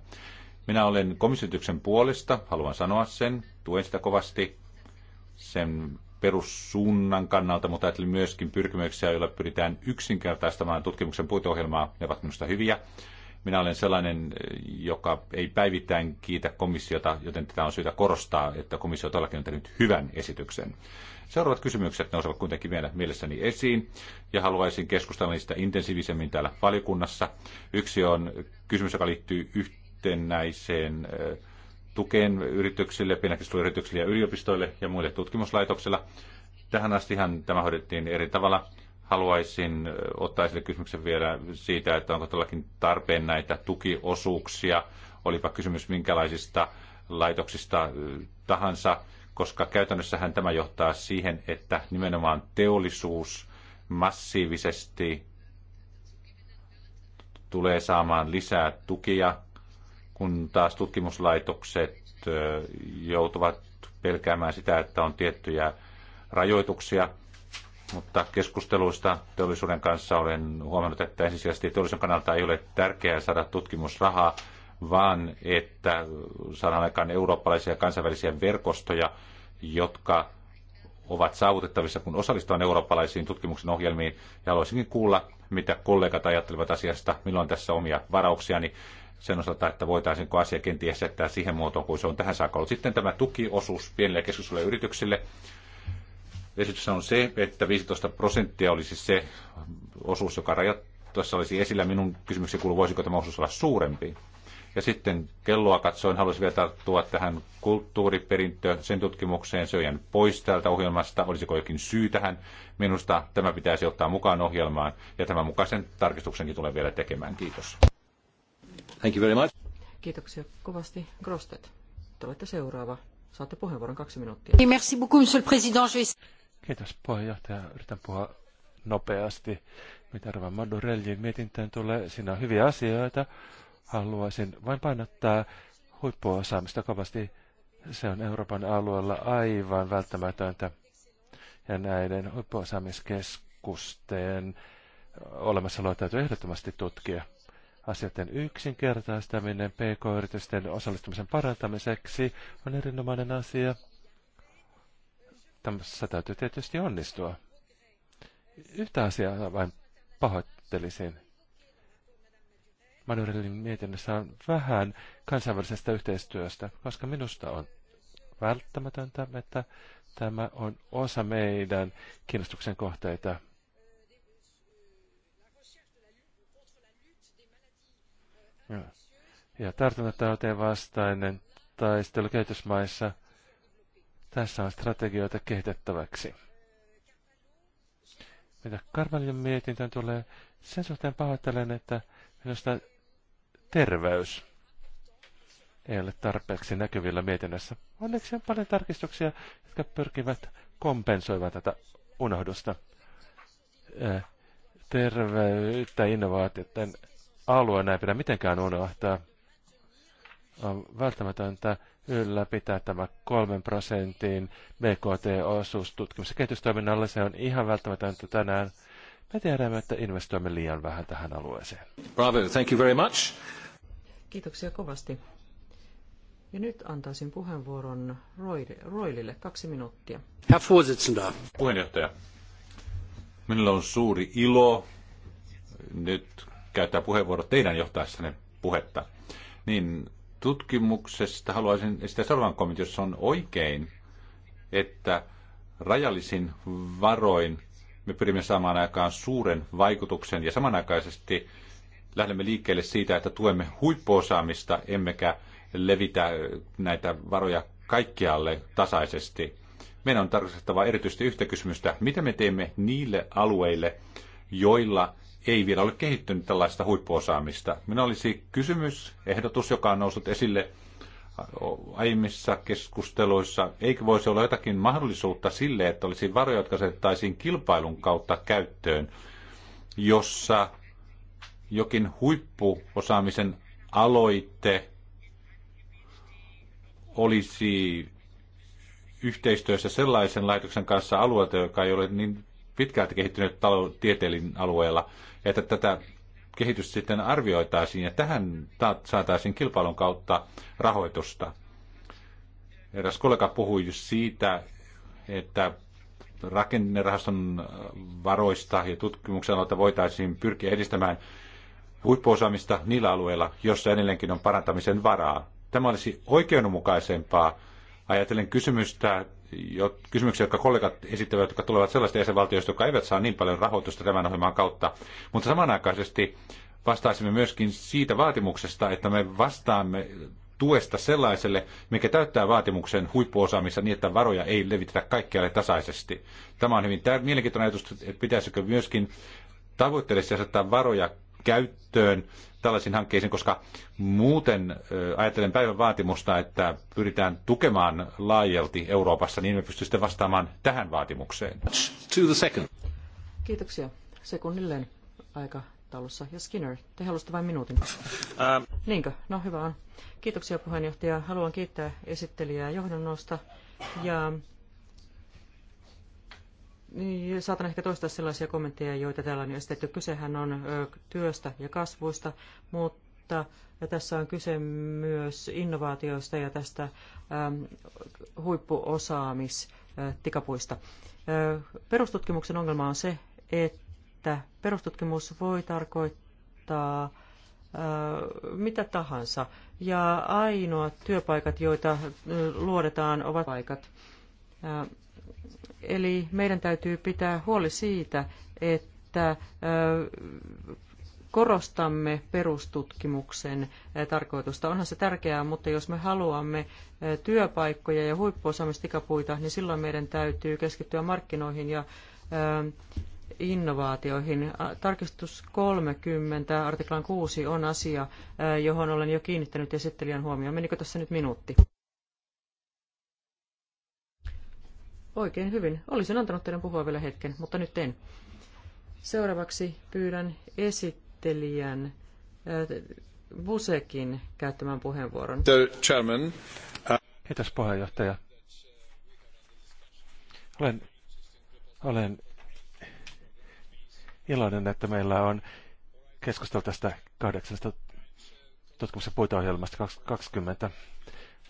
Minä olen komissiotyksen puolesta, haluan sanoa sen, tuen sitä kovasti sen perussuunnan kannalta, mutta ajattelin myöskin pyrkimyksiä, joilla pyritään yksinkertaistamaan tutkimuksen puiteohjelmaa. Ne ovat minusta hyviä. Minä olen sellainen, joka ei päivittäin kiitä komissiota, joten tätä on syytä korostaa, että komissio todellakin on tehnyt hyvän esityksen. Seuraavat kysymykset nousevat kuitenkin vielä mielessäni esiin ja haluaisin keskustella niistä intensiivisemmin täällä valiokunnassa. Yksi on kysymys, joka liittyy yhtenäiseen tukeen yrityksille, pienäkistölle yrityksille ja yliopistoille ja muille tutkimuslaitoksilla. Tähän astihan tämä hoidettiin eri tavalla. Haluaisin ottaa esille kysymyksen vielä siitä, että onko todellakin tarpeen näitä tukiosuuksia, olipa kysymys minkälaisista laitoksista tahansa koska käytännössähän tämä johtaa siihen, että nimenomaan teollisuus massiivisesti tulee saamaan lisää tukia, kun taas tutkimuslaitokset joutuvat pelkäämään sitä, että on tiettyjä rajoituksia. Mutta keskusteluista teollisuuden kanssa olen huomannut, että ensisijaisesti teollisuuden kannalta ei ole tärkeää saada tutkimusrahaa, vaan että saadaan aikaan eurooppalaisia kansainvälisiä verkostoja, jotka ovat saavutettavissa, kun osallistutaan eurooppalaisiin tutkimuksen ohjelmiin. Ja haluaisinkin kuulla, mitä kollegat ajattelevat asiasta, milloin tässä omia varauksiani sen osalta, että voitaisiinko asia kenties jättää siihen muotoon, kuin se on tähän saakka ollut. Sitten tämä tukiosuus pienille ja yrityksille. Esitys on se, että 15 prosenttia olisi se osuus, joka rajat, tuossa olisi esillä. Minun kysymykseni kuuluu, voisiko tämä osuus olla suurempi. Ja sitten kelloa katsoen haluaisin vielä tarttua tähän kulttuuriperintö, sen tutkimukseen. Se on jäänyt pois täältä ohjelmasta. Olisiko jokin syy tähän? Minusta tämä pitäisi ottaa mukaan ohjelmaan. Ja tämän mukaisen tarkistuksenkin tulee vielä tekemään. Kiitos. Thank you very much. Kiitoksia kovasti. Grostet, te olette seuraava. Saatte puheenvuoron kaksi minuuttia. Merci beaucoup, monsieur le président. Kiitos puheenjohtaja. Yritän puhua nopeasti. Mitä arvaa Madurellin mietintään tulee? Siinä on hyviä asioita. Haluaisin vain painottaa huippuosaamista kovasti. Se on Euroopan alueella aivan välttämätöntä. Ja näiden huippuosaamiskeskusten olemassaoloa täytyy ehdottomasti tutkia. Asioiden yksinkertaistaminen PK-yritysten osallistumisen parantamiseksi on erinomainen asia. Tässä täytyy tietysti onnistua. Yhtä asiaa vain pahoittelisin. Manuelin mietinnössä on vähän kansainvälisestä yhteistyöstä, koska minusta on välttämätöntä, että tämä on osa meidän kiinnostuksen kohteita. Ja, ja tartuntatauteen vastainen taistelu kehitysmaissa. Tässä on strategioita kehitettäväksi. Mitä Karvalion mietintään tulee, sen suhteen pahoittelen, että minusta terveys ei ole tarpeeksi näkyvillä mietinnässä. Onneksi on paljon tarkistuksia, jotka pyrkivät kompensoimaan tätä unohdusta. Äh, terveyttä innovaatioiden alue ei pidä mitenkään unohtaa. On välttämätöntä ylläpitää tämä kolmen prosentin BKT-osuus tutkimus- ja kehitystoiminnalle. Se on ihan välttämätöntä tänään. Me tiedämme, että investoimme liian vähän tähän alueeseen. Bravo, thank you very much. Kiitoksia kovasti. Ja nyt antaisin puheenvuoron Roilille kaksi minuuttia. Herr Vorsitzender. Puheenjohtaja, minulla on suuri ilo nyt käyttää puheenvuoro teidän johtaessanne puhetta. Niin tutkimuksesta haluaisin esittää seuraavan kommentin, jos on oikein, että rajallisin varoin me pyrimme saamaan aikaan suuren vaikutuksen ja samanaikaisesti lähdemme liikkeelle siitä, että tuemme huippuosaamista, emmekä levitä näitä varoja kaikkialle tasaisesti. Meidän on tarkastettava erityisesti yhtä kysymystä, mitä me teemme niille alueille, joilla ei vielä ole kehittynyt tällaista huippuosaamista. Minä olisi kysymys, ehdotus, joka on noussut esille aiemmissa keskusteluissa. Eikö voisi olla jotakin mahdollisuutta sille, että olisi varoja, jotka asetettaisiin kilpailun kautta käyttöön, jossa jokin huippuosaamisen aloite olisi yhteistyössä sellaisen laitoksen kanssa alueelta, joka ei ole niin pitkälti kehittynyt talou- alueella, että tätä kehitystä sitten arvioitaisiin ja tähän saataisiin kilpailun kautta rahoitusta. Eräs kollega puhui siitä, että rakennerahaston varoista ja tutkimuksen alalta voitaisiin pyrkiä edistämään huippuosaamista niillä alueilla, joissa edelleenkin on parantamisen varaa. Tämä olisi oikeudenmukaisempaa ajatellen kysymystä, jo, kysymyksiä, jotka kollegat esittävät, jotka tulevat sellaista jäsenvaltioista, jotka eivät saa niin paljon rahoitusta tämän ohjelman kautta. Mutta samanaikaisesti vastaisimme myöskin siitä vaatimuksesta, että me vastaamme tuesta sellaiselle, mikä täyttää vaatimuksen huippuosaamissa niin, että varoja ei levitetä kaikkialle tasaisesti. Tämä on hyvin tär- mielenkiintoinen ajatus, että pitäisikö myöskin tavoitteellisesti asettaa varoja käyttöön tällaisiin hankkeisiin, koska muuten ajatellen päivän vaatimusta, että pyritään tukemaan laajalti Euroopassa, niin me pystyy vastaamaan tähän vaatimukseen. To the second. Kiitoksia. Sekunnilleen aika aikataulussa. Ja Skinner, te halusitte vain minuutin. Ähm. Niinkö? No hyvä on. Kiitoksia puheenjohtaja. Haluan kiittää esittelijää johdonnosta ja niin, saatan ehkä toistaa sellaisia kommentteja, joita täällä on esitetty. Kysehän on työstä ja kasvusta, mutta ja tässä on kyse myös innovaatioista ja tästä huippuosaamistikapuista. Perustutkimuksen ongelma on se, että perustutkimus voi tarkoittaa mitä tahansa. Ja ainoat työpaikat, joita luodetaan, ovat paikat. Eli meidän täytyy pitää huoli siitä, että korostamme perustutkimuksen tarkoitusta. Onhan se tärkeää, mutta jos me haluamme työpaikkoja ja huippuosaamistikapuita, niin silloin meidän täytyy keskittyä markkinoihin ja innovaatioihin. Tarkistus 30 artiklan 6 on asia, johon olen jo kiinnittänyt esittelijän huomioon. Menikö tässä nyt minuutti? Oikein hyvin. Olisin antanut teidän puhua vielä hetken, mutta nyt en. Seuraavaksi pyydän esittelijän Busekin äh, käyttämään puheenvuoron. The chairman. Uh, Kiitos puheenjohtaja. Olen, olen iloinen, että meillä on keskustelu tästä kahdeksasta tutkimuksen puiteohjelmasta 2020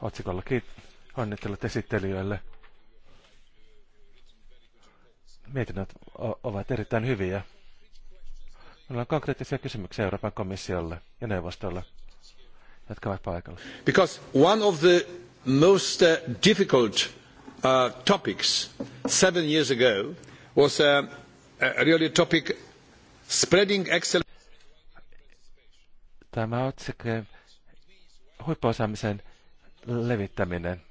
otsikolla. Kiit- onnittelut esittelijöille mietinnöt ovat erittäin hyviä. Meillä on konkreettisia kysymyksiä Euroopan komissiolle ja neuvostolle, jotka ovat paikalla. Because one of the most uh, difficult uh, topics seven years ago was uh, uh, a, a really topic spreading excellence. Tämä otsikko huippuosaamisen levittäminen.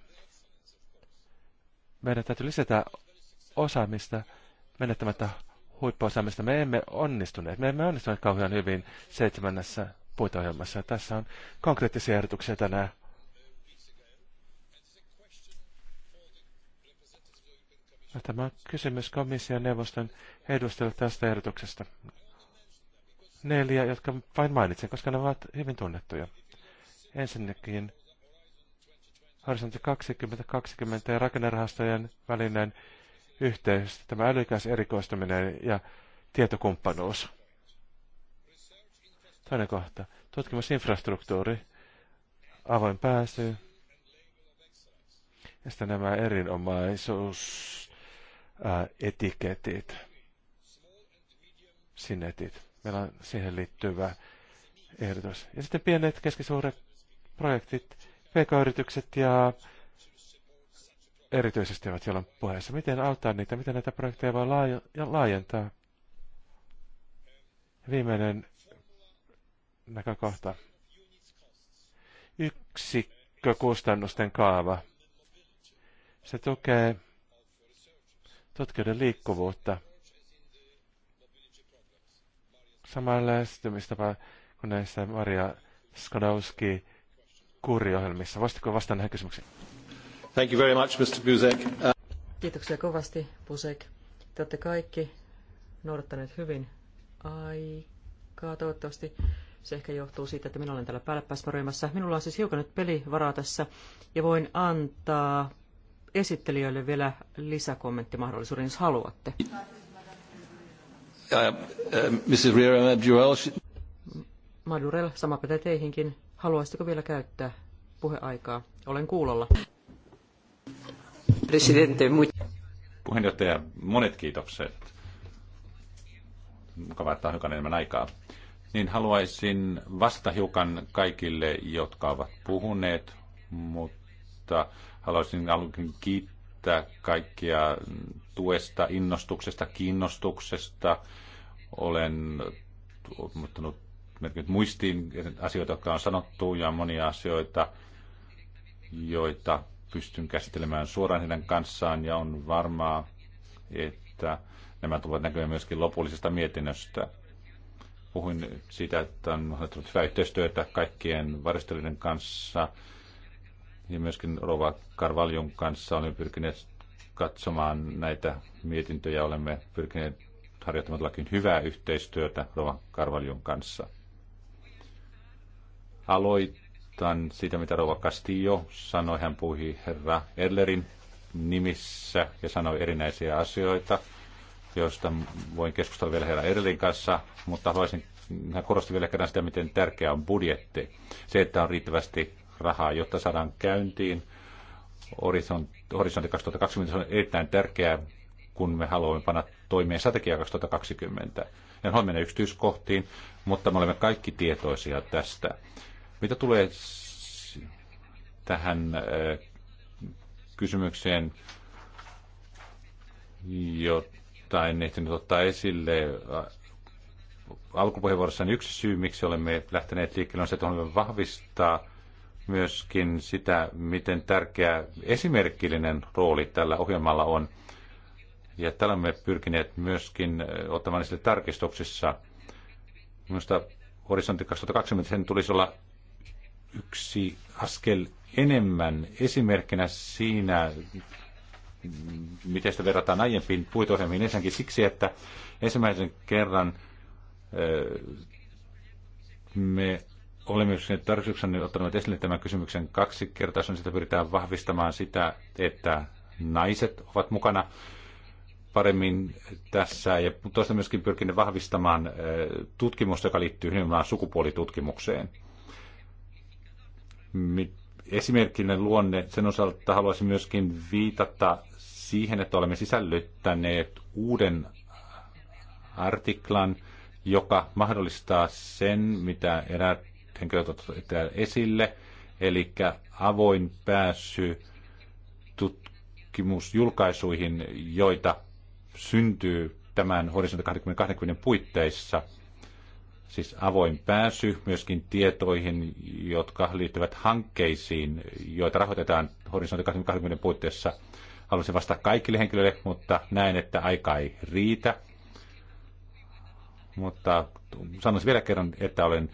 Meidän täytyy lisätä osaamista menettämättä huippuosaamista. Me emme onnistuneet. Me emme onnistuneet kauhean hyvin seitsemännessä puiteohjelmassa. Tässä on konkreettisia ehdotuksia tänään. No, tämä on kysymys komission neuvoston edustajille tästä ehdotuksesta. Neljä, jotka vain mainitsen, koska ne ovat hyvin tunnettuja. Ensinnäkin Horisontti 2020 ja rakennerahastojen välinen yhteys, tämä älykäs erikoistuminen ja tietokumppanuus. Toinen kohta. Tutkimusinfrastruktuuri, avoin pääsy, ja sitten nämä erinomaisuusetiketit, etiketit, sinetit. Meillä on siihen liittyvä ehdotus. Ja sitten pienet keskisuuret projektit, pk-yritykset ja erityisesti ovat siellä puheessa. Miten auttaa niitä, miten näitä projekteja voi laajentaa? Viimeinen näkökohta. Yksikkökustannusten kaava. Se tukee tutkijoiden liikkuvuutta. Samalla lähestymistapa kuin näissä Maria Skodowski kuuriohjelmissa. Voisitko vastata näihin kysymyksiin? Kiitoksia kovasti, Busek. Te olette kaikki noudattaneet hyvin aikaa toivottavasti. Se ehkä johtuu siitä, että minä olen täällä päällä Minulla on siis hiukan nyt pelivaraa tässä ja voin antaa esittelijöille vielä lisäkommenttimahdollisuuden, jos haluatte. Ähm, Mrs. Riera Madurell. Madurell, sama pätee teihinkin. Haluaisitteko vielä käyttää puheaikaa? Olen kuulolla presidente. Puheenjohtaja, monet kiitokset. Mukavaa, että on hiukan enemmän aikaa. Niin haluaisin vasta hiukan kaikille, jotka ovat puhuneet, mutta haluaisin alunkin kiittää kaikkia tuesta, innostuksesta, kiinnostuksesta. Olen ottanut muistiin asioita, jotka on sanottu ja monia asioita, joita pystyn käsittelemään suoraan heidän kanssaan ja on varmaa, että nämä tulevat näkymään myöskin lopullisesta mietinnöstä. Puhuin siitä, että on ollut hyvää yhteistyötä kaikkien varustelijoiden kanssa ja myöskin Rova Karvaljon kanssa olemme pyrkineet katsomaan näitä mietintöjä. Olemme pyrkineet harjoittamaan lakin hyvää yhteistyötä Rova Karvaljon kanssa. Aloit aloitan siitä, mitä Rova Castillo sanoi. Hän puhui herra Edlerin nimissä ja sanoi erinäisiä asioita, joista voin keskustella vielä herra Edlerin kanssa, mutta haluaisin, hän korosti vielä kerran sitä, miten tärkeä on budjetti. Se, että on riittävästi rahaa, jotta saadaan käyntiin. Horisontti 2020 on erittäin tärkeää, kun me haluamme panna toimeen strategia 2020. En on mennä yksityiskohtiin, mutta me olemme kaikki tietoisia tästä. Mitä tulee tähän äh, kysymykseen, jota en ehtinyt ottaa esille äh, alkupuheenvuorossa, niin yksi syy, miksi olemme lähteneet liikkeelle, on se, että haluamme vahvistaa myöskin sitä, miten tärkeä esimerkillinen rooli tällä ohjelmalla on. Ja tällä me pyrkineet myöskin äh, ottamaan esille tarkistuksissa. Minusta Horisontti 2020 sen tulisi olla yksi askel enemmän esimerkkinä siinä, miten sitä verrataan aiempiin puitoisemmin, ensinnäkin siksi, että ensimmäisen kerran me olemme tarkoituksena ottaneet esille tämän kysymyksen kaksi kertaa, on sitä pyritään vahvistamaan sitä, että naiset ovat mukana paremmin tässä ja toista myöskin pyrkinyt vahvistamaan tutkimusta, joka liittyy nimenomaan sukupuolitutkimukseen. Esimerkkinen luonne, sen osalta haluaisin myöskin viitata siihen, että olemme sisällyttäneet uuden artiklan, joka mahdollistaa sen, mitä eräät henkilöt ovat esille, eli avoin pääsy tutkimusjulkaisuihin, joita syntyy tämän Horisontti 2020 puitteissa – siis avoin pääsy myöskin tietoihin, jotka liittyvät hankkeisiin, joita rahoitetaan horisontti 2020 puitteissa. Haluaisin vastata kaikille henkilöille, mutta näen, että aika ei riitä. Mutta sanoisin vielä kerran, että olen,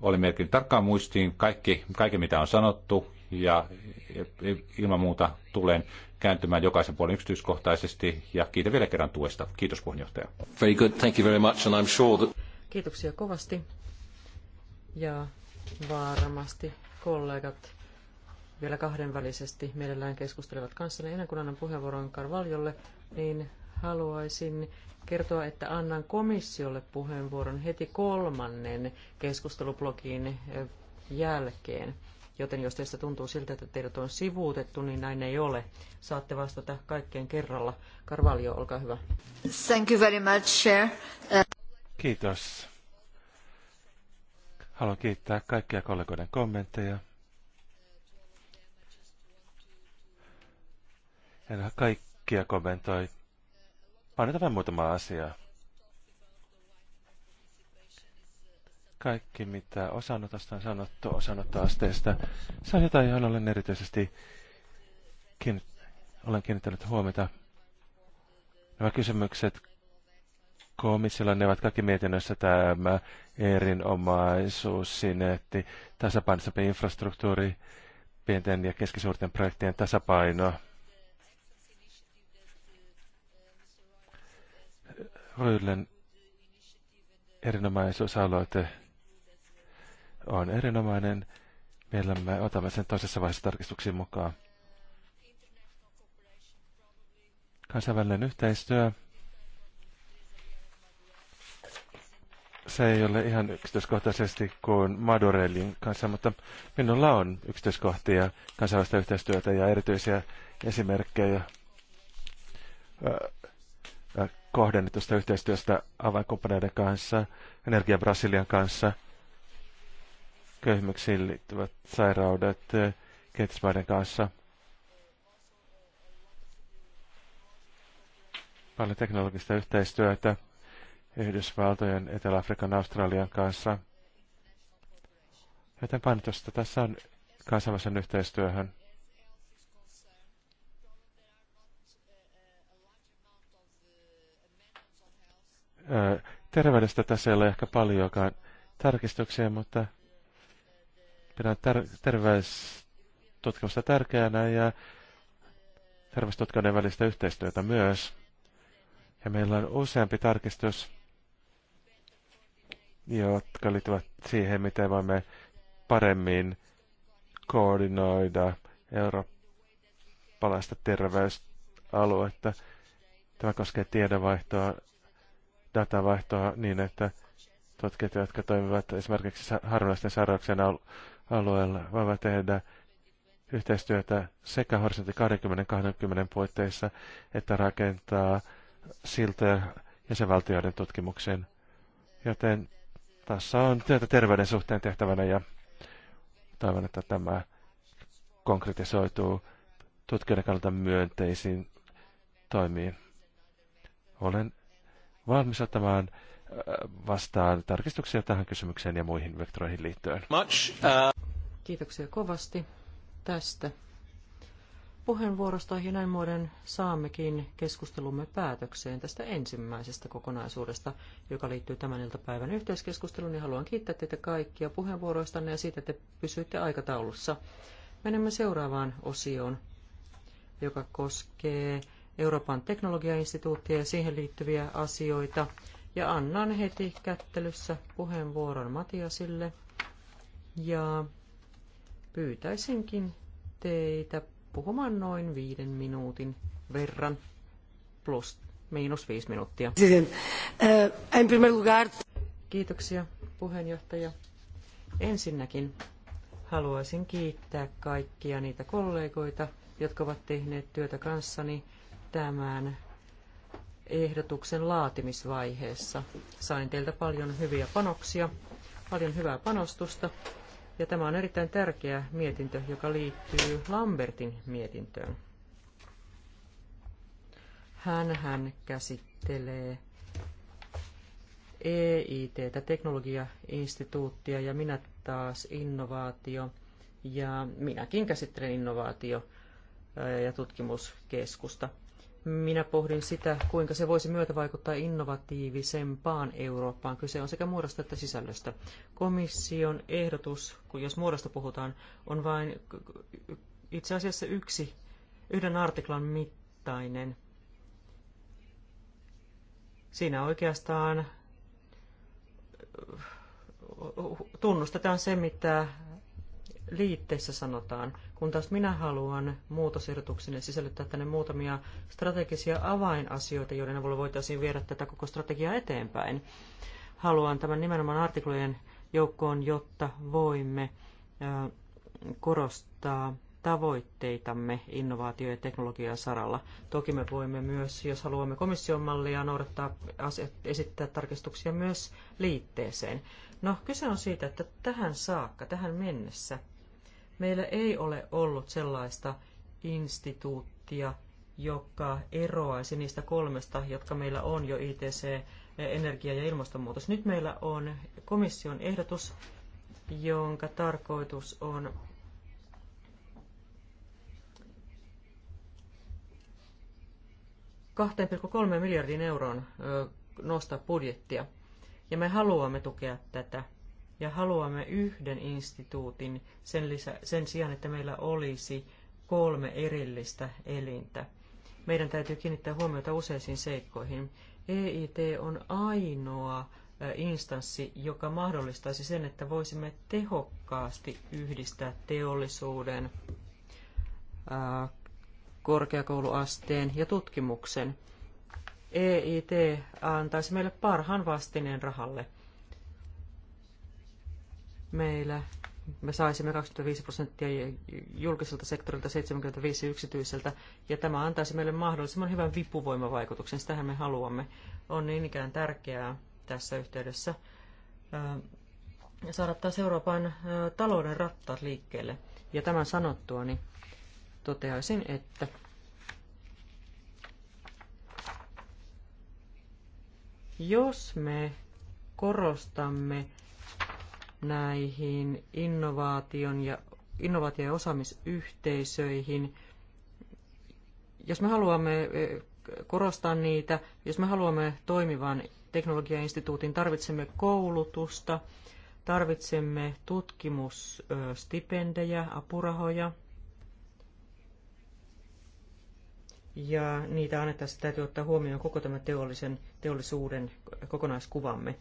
olen merkinnyt tarkkaan muistiin kaikki, kaiken, mitä on sanottu, ja ilman muuta tulen kääntymään jokaisen puolen yksityiskohtaisesti, ja kiitän vielä kerran tuesta. Kiitos puheenjohtaja. Very good, thank you very much, and I'm sure that... Kiitoksia kovasti ja varmasti kollegat vielä kahdenvälisesti mielellään keskustelevat kanssani. Ennen kuin annan puheenvuoron Karvaljolle, niin haluaisin kertoa, että annan komissiolle puheenvuoron heti kolmannen keskustelublogin eh, jälkeen. Joten jos teistä tuntuu siltä, että teidät on sivuutettu, niin näin ei ole. Saatte vastata kaikkeen kerralla. karvaljo, olkaa hyvä. Thank you very much, Chair. Kiitos. Haluan kiittää kaikkia kollegoiden kommentteja. En kaikkia kommentoi. Annetaan vain muutama asia. Kaikki, mitä osanotosta on sanottu osanottoasteesta, se on jotain, johon olen erityisesti olen kiinnittänyt huomiota. Nämä kysymykset komissiolla ne ovat kaikki mietinnössä tämä erinomaisuus, että tasapainossa infrastruktuuri, pienten ja keskisuurten projektien tasapaino. Ryylen erinomaisuusaloite on erinomainen. meillä me otamme sen toisessa vaiheessa tarkistuksiin mukaan. Kansainvälinen yhteistyö se ei ole ihan yksityiskohtaisesti kuin Madurellin kanssa, mutta minulla on yksityiskohtia kansainvälistä yhteistyötä ja erityisiä esimerkkejä kohdennetusta yhteistyöstä avainkumppaneiden kanssa, Energia Brasilian kanssa, köyhmyksiin liittyvät sairaudet kehitysmaiden kanssa. Paljon teknologista yhteistyötä. Yhdysvaltojen, Etelä-Afrikan, Australian kanssa. Joten painotusta tässä on kansainvälisen yhteistyöhön. Terveydestä tässä ei ole ehkä paljonkaan tarkistuksia, mutta pidän ter- terveystutkimusta tärkeänä ja terveystutkijoiden välistä yhteistyötä myös. Ja meillä on useampi tarkistus jotka liittyvät siihen, miten voimme paremmin koordinoida eurooppalaista terveysaluetta. Tämä koskee tiedonvaihtoa, datavaihtoa niin, että tutkijat, jotka toimivat esimerkiksi harvinaisten sairauksien alueella, voivat tehdä yhteistyötä sekä horisontti 20-20 puitteissa, että rakentaa siltoja jäsenvaltioiden tutkimukseen. Joten tässä on työtä terveyden suhteen tehtävänä ja toivon, että tämä konkretisoituu tutkijoiden kannalta myönteisiin toimiin. Olen valmis ottamaan äh, vastaan tarkistuksia tähän kysymykseen ja muihin vektoreihin liittyen. Uh, Kiitoksia kovasti tästä puheenvuorosta ja näin muoden saammekin keskustelumme päätökseen tästä ensimmäisestä kokonaisuudesta, joka liittyy tämän iltapäivän yhteiskeskusteluun. Ja haluan kiittää teitä kaikkia puheenvuoroistanne ja siitä, että pysyitte aikataulussa. Menemme seuraavaan osioon, joka koskee Euroopan teknologiainstituuttia ja siihen liittyviä asioita. Ja annan heti kättelyssä puheenvuoron Matiasille ja pyytäisinkin teitä puhumaan noin viiden minuutin verran, plus miinus viisi minuuttia. Eh, Kiitoksia puheenjohtaja. Ensinnäkin haluaisin kiittää kaikkia niitä kollegoita, jotka ovat tehneet työtä kanssani tämän ehdotuksen laatimisvaiheessa. Sain teiltä paljon hyviä panoksia, paljon hyvää panostusta ja tämä on erittäin tärkeä mietintö, joka liittyy Lambertin mietintöön. Hän, hän käsittelee EIT, teknologiainstituuttia, ja minä taas innovaatio. Ja minäkin käsittelen innovaatio- ja tutkimuskeskusta minä pohdin sitä, kuinka se voisi myötävaikuttaa innovatiivisempaan Eurooppaan. Kyse on sekä muodosta että sisällöstä. Komission ehdotus, kun jos muodosta puhutaan, on vain itse asiassa yksi, yhden artiklan mittainen. Siinä oikeastaan tunnustetaan se, mitä liitteessä sanotaan, kun taas minä haluan muutosehdotuksenne sisällyttää tänne muutamia strategisia avainasioita, joiden avulla voitaisiin viedä tätä koko strategiaa eteenpäin. Haluan tämän nimenomaan artiklojen joukkoon, jotta voimme korostaa tavoitteitamme innovaatio- ja teknologian saralla. Toki me voimme myös, jos haluamme komission mallia, noudattaa, esittää tarkistuksia myös liitteeseen. No, kyse on siitä, että tähän saakka, tähän mennessä – Meillä ei ole ollut sellaista instituuttia, joka eroaisi niistä kolmesta, jotka meillä on jo ITC, energia ja ilmastonmuutos. Nyt meillä on komission ehdotus, jonka tarkoitus on kahteen kolme miljardin euron nostaa budjettia. Ja me haluamme tukea tätä ja haluamme yhden instituutin sen, lisä, sen sijaan, että meillä olisi kolme erillistä elintä. Meidän täytyy kiinnittää huomiota useisiin seikkoihin. EIT on ainoa instanssi, joka mahdollistaisi sen, että voisimme tehokkaasti yhdistää teollisuuden, korkeakouluasteen ja tutkimuksen. EIT antaisi meille parhaan vastineen rahalle – meillä me saisimme 25 prosenttia julkiselta sektorilta, 75 yksityiseltä, ja tämä antaisi meille mahdollisimman hyvän vipuvoimavaikutuksen. Sitähän me haluamme. On niin ikään tärkeää tässä yhteydessä äh, saada taas Euroopan äh, talouden rattaat liikkeelle. Ja tämän sanottua, niin toteaisin, että jos me korostamme näihin innovaation ja, innovaatio- ja osaamisyhteisöihin. Jos me haluamme eh, korostaa niitä, jos me haluamme toimivan teknologiainstituutin, tarvitsemme koulutusta, tarvitsemme tutkimusstipendejä, apurahoja, ja niitä annettaisiin, täytyy ottaa huomioon koko tämän teollisen, teollisuuden kokonaiskuvamme.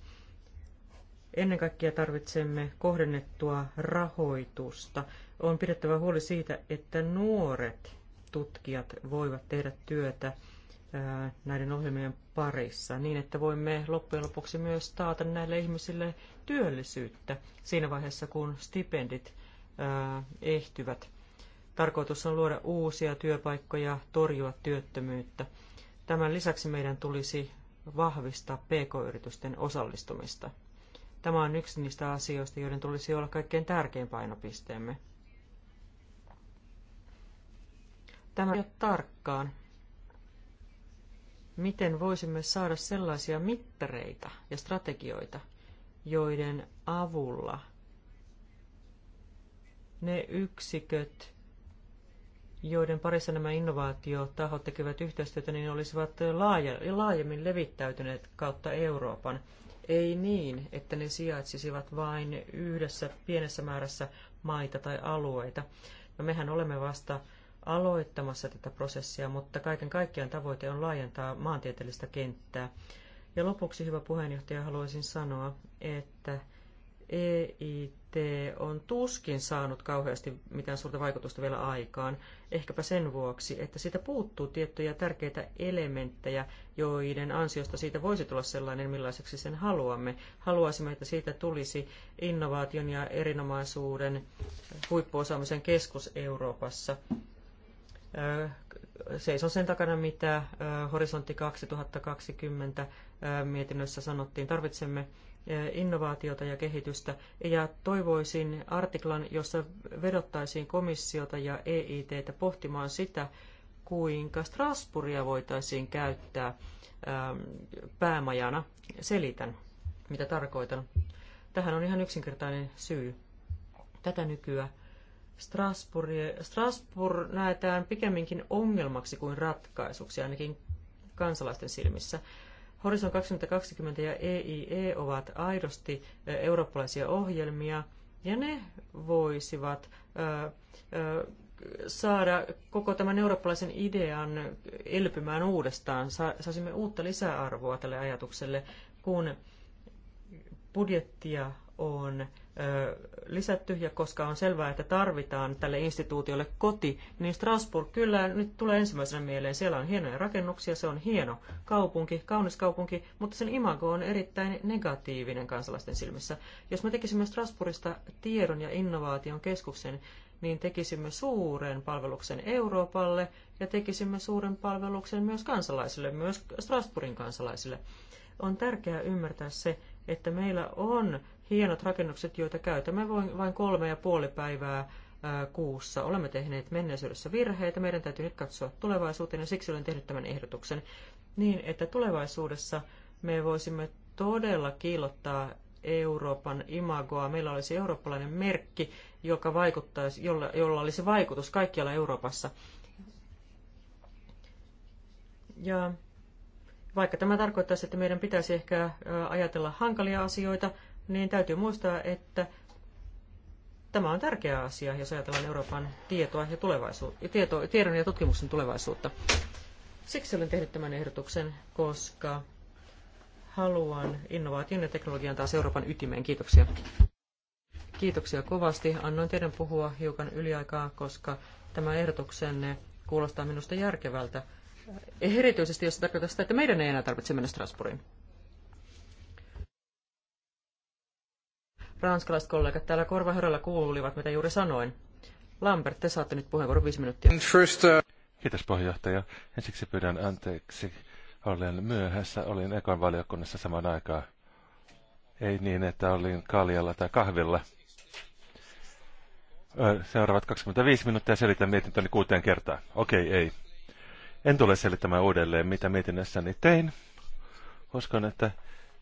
Ennen kaikkea tarvitsemme kohdennettua rahoitusta. On pidettävä huoli siitä, että nuoret tutkijat voivat tehdä työtä näiden ohjelmien parissa, niin että voimme loppujen lopuksi myös taata näille ihmisille työllisyyttä siinä vaiheessa, kun stipendit ehtyvät. Tarkoitus on luoda uusia työpaikkoja, torjua työttömyyttä. Tämän lisäksi meidän tulisi vahvistaa pk-yritysten osallistumista. Tämä on yksi niistä asioista, joiden tulisi olla kaikkein tärkein painopisteemme. Tämä ei ole tarkkaan. Miten voisimme saada sellaisia mittareita ja strategioita, joiden avulla ne yksiköt, joiden parissa nämä innovaatiotahot tekevät yhteistyötä, niin olisivat laaja, laajemmin levittäytyneet kautta Euroopan ei niin, että ne sijaitsisivat vain yhdessä pienessä määrässä maita tai alueita. No mehän olemme vasta aloittamassa tätä prosessia, mutta kaiken kaikkiaan tavoite on laajentaa maantieteellistä kenttää. Ja lopuksi, hyvä puheenjohtaja, haluaisin sanoa, että EIT on tuskin saanut kauheasti mitään suurta vaikutusta vielä aikaan. Ehkäpä sen vuoksi, että siitä puuttuu tiettyjä tärkeitä elementtejä, joiden ansiosta siitä voisi tulla sellainen, millaiseksi sen haluamme. Haluaisimme, että siitä tulisi innovaation ja erinomaisuuden huippuosaamisen keskus Euroopassa. Seison sen takana, mitä Horisontti 2020 mietinnössä sanottiin. Tarvitsemme innovaatiota ja kehitystä. Ja toivoisin artiklan, jossa vedottaisiin komissiota ja EITtä pohtimaan sitä, kuinka Strasburgia voitaisiin käyttää ähm, päämajana. Selitän, mitä tarkoitan. Tähän on ihan yksinkertainen syy. Tätä nykyä Strasbourg, Strasbourg näetään pikemminkin ongelmaksi kuin ratkaisuksi, ainakin kansalaisten silmissä. Horizon 2020 ja EIE e ovat aidosti eurooppalaisia ohjelmia, ja ne voisivat saada koko tämän eurooppalaisen idean elpymään uudestaan. Saisimme uutta lisäarvoa tälle ajatukselle, kun budjettia on lisätty ja koska on selvää, että tarvitaan tälle instituutiolle koti, niin Strasbourg kyllä nyt tulee ensimmäisenä mieleen. Siellä on hienoja rakennuksia, se on hieno kaupunki, kaunis kaupunki, mutta sen imago on erittäin negatiivinen kansalaisten silmissä. Jos me tekisimme Strasbourgista tiedon ja innovaation keskuksen, niin tekisimme suuren palveluksen Euroopalle ja tekisimme suuren palveluksen myös kansalaisille, myös Strasbourgin kansalaisille. On tärkeää ymmärtää se, että meillä on hienot rakennukset, joita käytämme vain kolme ja puoli päivää kuussa. Olemme tehneet menneisyydessä virheitä, meidän täytyy nyt katsoa tulevaisuuteen ja siksi olen tehnyt tämän ehdotuksen niin, että tulevaisuudessa me voisimme todella kiillottaa Euroopan imagoa. Meillä olisi eurooppalainen merkki, joka vaikuttaisi, jolla, jolla olisi vaikutus kaikkialla Euroopassa. Ja vaikka tämä tarkoittaisi, että meidän pitäisi ehkä ajatella hankalia asioita, niin täytyy muistaa, että tämä on tärkeä asia, jos ajatellaan Euroopan tietoa ja tulevaisuutta, tieto, tiedon ja tutkimuksen tulevaisuutta. Siksi olen tehnyt tämän ehdotuksen, koska haluan innovaation ja teknologian taas Euroopan ytimeen. Kiitoksia. Kiitoksia kovasti. Annoin teidän puhua hiukan yliaikaa, koska tämä ehdotuksenne kuulostaa minusta järkevältä. Erityisesti jos se tarkoittaa sitä, että meidän ei enää tarvitse mennä Strasbourgiin. Ranskalaiset kollegat täällä korvahörällä kuulivat, mitä juuri sanoin. Lambert, te saatte nyt puheenvuoron viisi minuuttia. First, uh... Kiitos puheenjohtaja. Ensiksi pyydän anteeksi. Olen myöhässä. Olin ekan valiokunnassa saman aikaan. Ei niin, että olin kaljalla tai kahvilla. Seuraavat 25 minuuttia selitän mietintöni kuuteen kertaan. Okei, okay, ei. En tule selittämään uudelleen, mitä mietinnässäni tein. Uskon, että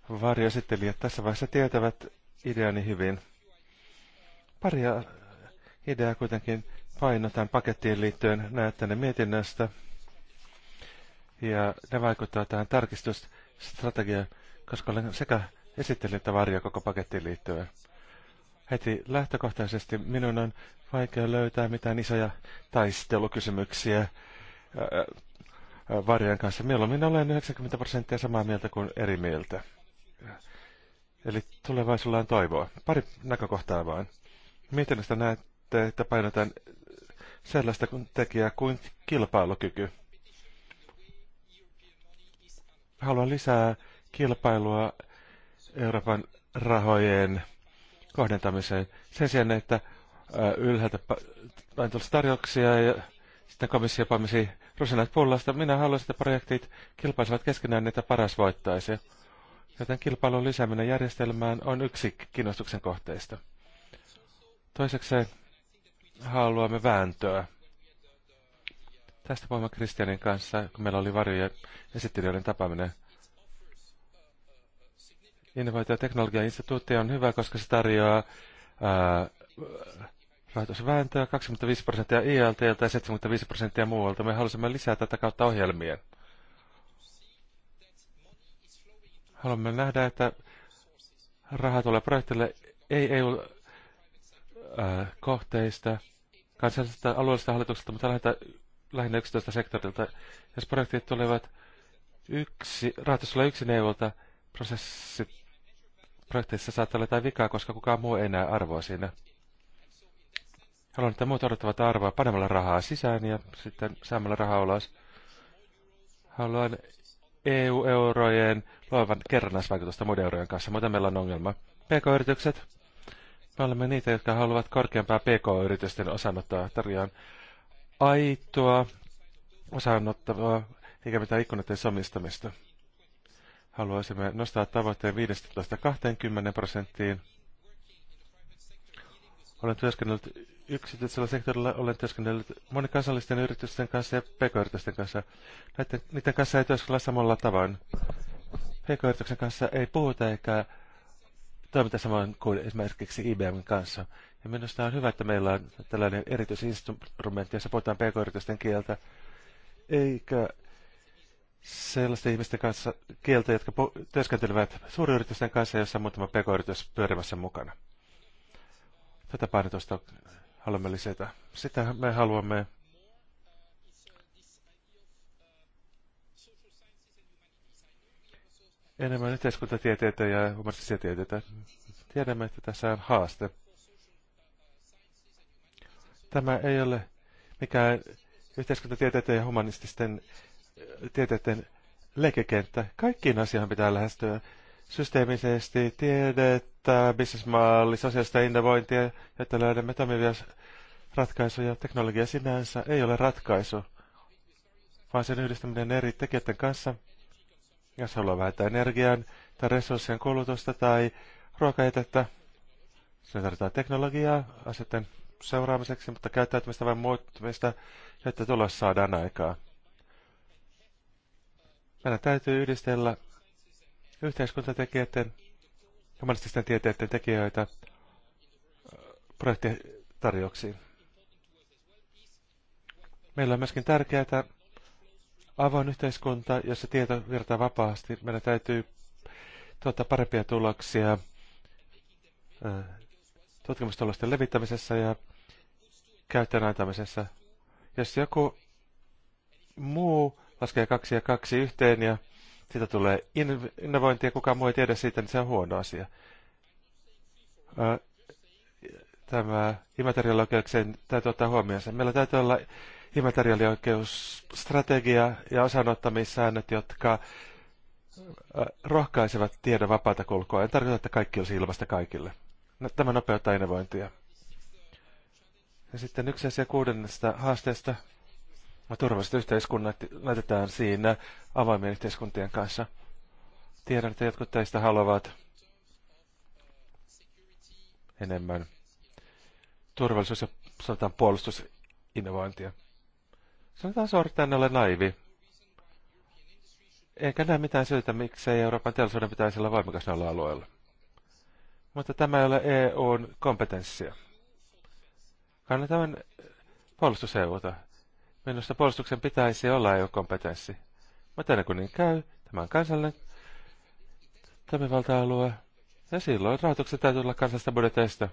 varjoesittelijät tässä vaiheessa tietävät ideani hyvin. Paria ideaa kuitenkin painotan pakettiin liittyen ne mietinnöstä. Ja ne vaikuttavat tähän tarkistusstrategiaan, koska olen sekä esittelijä että varjo koko pakettiin liittyen. Heti lähtökohtaisesti minun on vaikea löytää mitään isoja taistelukysymyksiä varjan kanssa. Mieluummin olen 90 prosenttia samaa mieltä kuin eri mieltä. Eli tulevaisuudella on toivoa. Pari näkökohtaa vain. Miten sitä näette, että painotan sellaista tekijää kuin kilpailukyky? Haluan lisää kilpailua Euroopan rahojen kohdentamiseen. Sen sijaan, että ylhäältä vain tulisi tarjouksia ja sitten komissio pamisi rusinat pullasta. Minä haluaisin, että projektit kilpaisivat keskenään, niitä paras voittaisi. Joten kilpailun lisääminen järjestelmään on yksi kiinnostuksen kohteista. Toiseksi haluamme vääntöä. Tästä puhumme Kristianin kanssa, kun meillä oli varjoja esittelijöiden tapaaminen. Innovaatio- ja teknologiainstituutti on hyvä, koska se tarjoaa ää, rahoitusvääntöä, 25 prosenttia ILT ja 75 prosenttia muualta. Me halusimme lisää tätä kautta ohjelmien. Haluamme nähdä, että rahat tulee projektille ei EU-kohteista, äh, kansallisesta alueellisesta hallitukselta, mutta lähinnä, lähinnä yksityistä sektorilta. Jos projektit tulevat yksi, rahoitus tulee yksin EUlta, prosessi projekteissa saattaa olla jotain vikaa, koska kukaan muu ei näe arvoa siinä. Haluan, että muut odottavat arvoa panemalla rahaa sisään ja sitten saamalla rahaa ulos. Haluan EU-eurojen luovan kerrannaisvaikutusta muiden eurojen kanssa, mutta meillä on ongelma. PK-yritykset. Me olemme niitä, jotka haluavat korkeampaa PK-yritysten osanottoa. Tarjoan aitoa osanottavaa, eikä mitään ikkunoiden somistamista. Haluaisimme nostaa tavoitteen 15-20 prosenttiin. Olen työskennellyt yksityisellä sektorilla olen työskennellyt monikansallisten yritysten kanssa ja pk-yritysten kanssa. Näiden, niiden kanssa ei työskennellä samalla tavoin. PK-yrityksen kanssa ei puhuta eikä toimita samoin kuin esimerkiksi IBM kanssa. Ja minusta on hyvä, että meillä on tällainen erityisinstrumentti, jossa puhutaan pk-yritysten kieltä, eikä sellaisten ihmisten kanssa kieltä, jotka työskentelevät suuryritysten kanssa, jossa on muutama pk-yritys pyörimässä mukana. Tätä painotusta haluamme lisätä. Sitä me haluamme enemmän yhteiskuntatieteitä ja humanistisia tieteitä. Tiedämme, että tässä on haaste. Tämä ei ole mikään yhteiskuntatieteiden ja humanististen äh, tieteiden leikekenttä. Kaikkiin asioihin pitää lähestyä systeemisesti tiedettä, bisnesmalli, sosiaalista innovointia, että löydämme toimivia ratkaisuja. Teknologia sinänsä ei ole ratkaisu, vaan sen yhdistäminen eri tekijöiden kanssa, jos haluaa vähentää energian tai resurssien kulutusta tai ruokajätettä. sen tarvitaan teknologiaa asioiden seuraamiseksi, mutta käyttäytymistä vai muuttumista, jotta tulos saadaan aikaa. Meidän täytyy yhdistellä yhteiskuntatekijöiden, humanististen tieteiden tekijöitä äh, projektitarjouksiin. Meillä on myöskin tärkeää avoin yhteiskunta, jossa tieto virtaa vapaasti. Meidän täytyy tuottaa parempia tuloksia äh, tutkimustulosten levittämisessä ja käyttöön antamisessa. Jos joku muu laskee kaksi ja kaksi yhteen ja siitä tulee innovointia, kukaan muu ei tiedä siitä, niin se on huono asia. Tämä immateriaalioikeuksien täytyy ottaa huomioon sen. Meillä täytyy olla immateriaalioikeusstrategia ja osanottamissäännöt, jotka rohkaisevat tiedon vapaata kulkua. En tarkoita, että kaikki olisi ilmasta kaikille. No, tämä nopeuttaa innovointia. Ja sitten yksi asia kuudennesta haasteesta turvalliset yhteiskunnat laitetaan siinä avoimien yhteiskuntien kanssa. Tiedän, että jotkut teistä haluavat enemmän turvallisuus- ja sanotaan puolustusinnovointia. Sanotaan suorastaan ole naivi. Enkä näe mitään syytä, miksei Euroopan teollisuuden pitäisi olla voimakas noilla alueilla. Mutta tämä ei ole EUn kompetenssia. Kannatamme puolustus EUta. Minusta puolustuksen pitäisi olla EU-kompetenssi. Mutta ennen kuin niin käy, tämä on kansallinen toimivalta-alue. Ja silloin rahoituksen täytyy tulla kansallista budjeteista.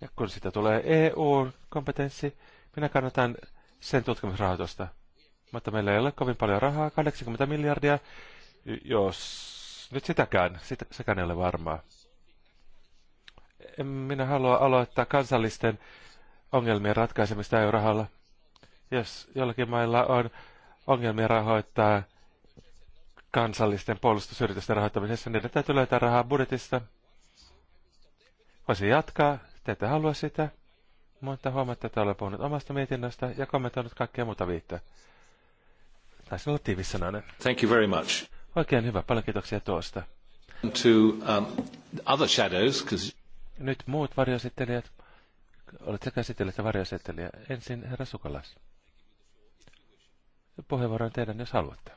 Ja kun sitä tulee EU-kompetenssi, minä kannatan sen tutkimusrahoitusta. Mutta meillä ei ole kovin paljon rahaa, 80 miljardia, jos nyt sitäkään, sitä, sekään ei ole varmaa. En minä halua aloittaa kansallisten ongelmien ratkaisemista EU-rahalla. Jos jollakin mailla on ongelmia rahoittaa kansallisten puolustusyritysten rahoittamisessa, niin niiden täytyy löytää rahaa budjetista. Voisi jatkaa, te ette halua sitä, mutta huomaatte, että olen puhunut omasta mietinnöstä ja kommentoinut kaikkea muuta viittaa. Taisi olla tiivissanainen. Thank you very much. Oikein hyvä, paljon kiitoksia tuosta. To, um, other shadows, cause... Nyt muut varjoesittelijät, Olette käsitelleet varjoseteliä? Ensin herra Sukalas. on teidän, jos haluatte.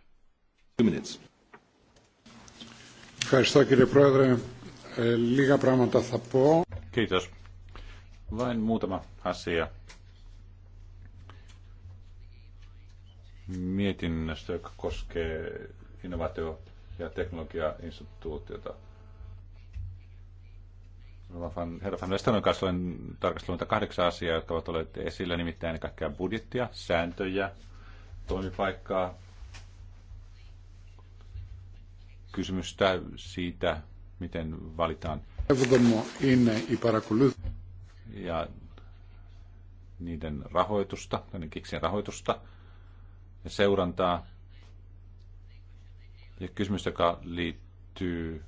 Two minutes. Ευχαριστώ κύριε Πρόεδρε. Kiitos. Vain muutama asia. Mietinnöstä, joka koskee innovaatio- ja teknologiainstituutiota herra Van Westonen kanssa olen tarkastellut kahdeksan asiaa, jotka ovat olleet esillä, nimittäin kaikkea budjettia, sääntöjä, toimipaikkaa, kysymystä siitä, miten valitaan. Ja niiden rahoitusta, niiden kiksien rahoitusta ja seurantaa. Ja kysymys, joka liittyy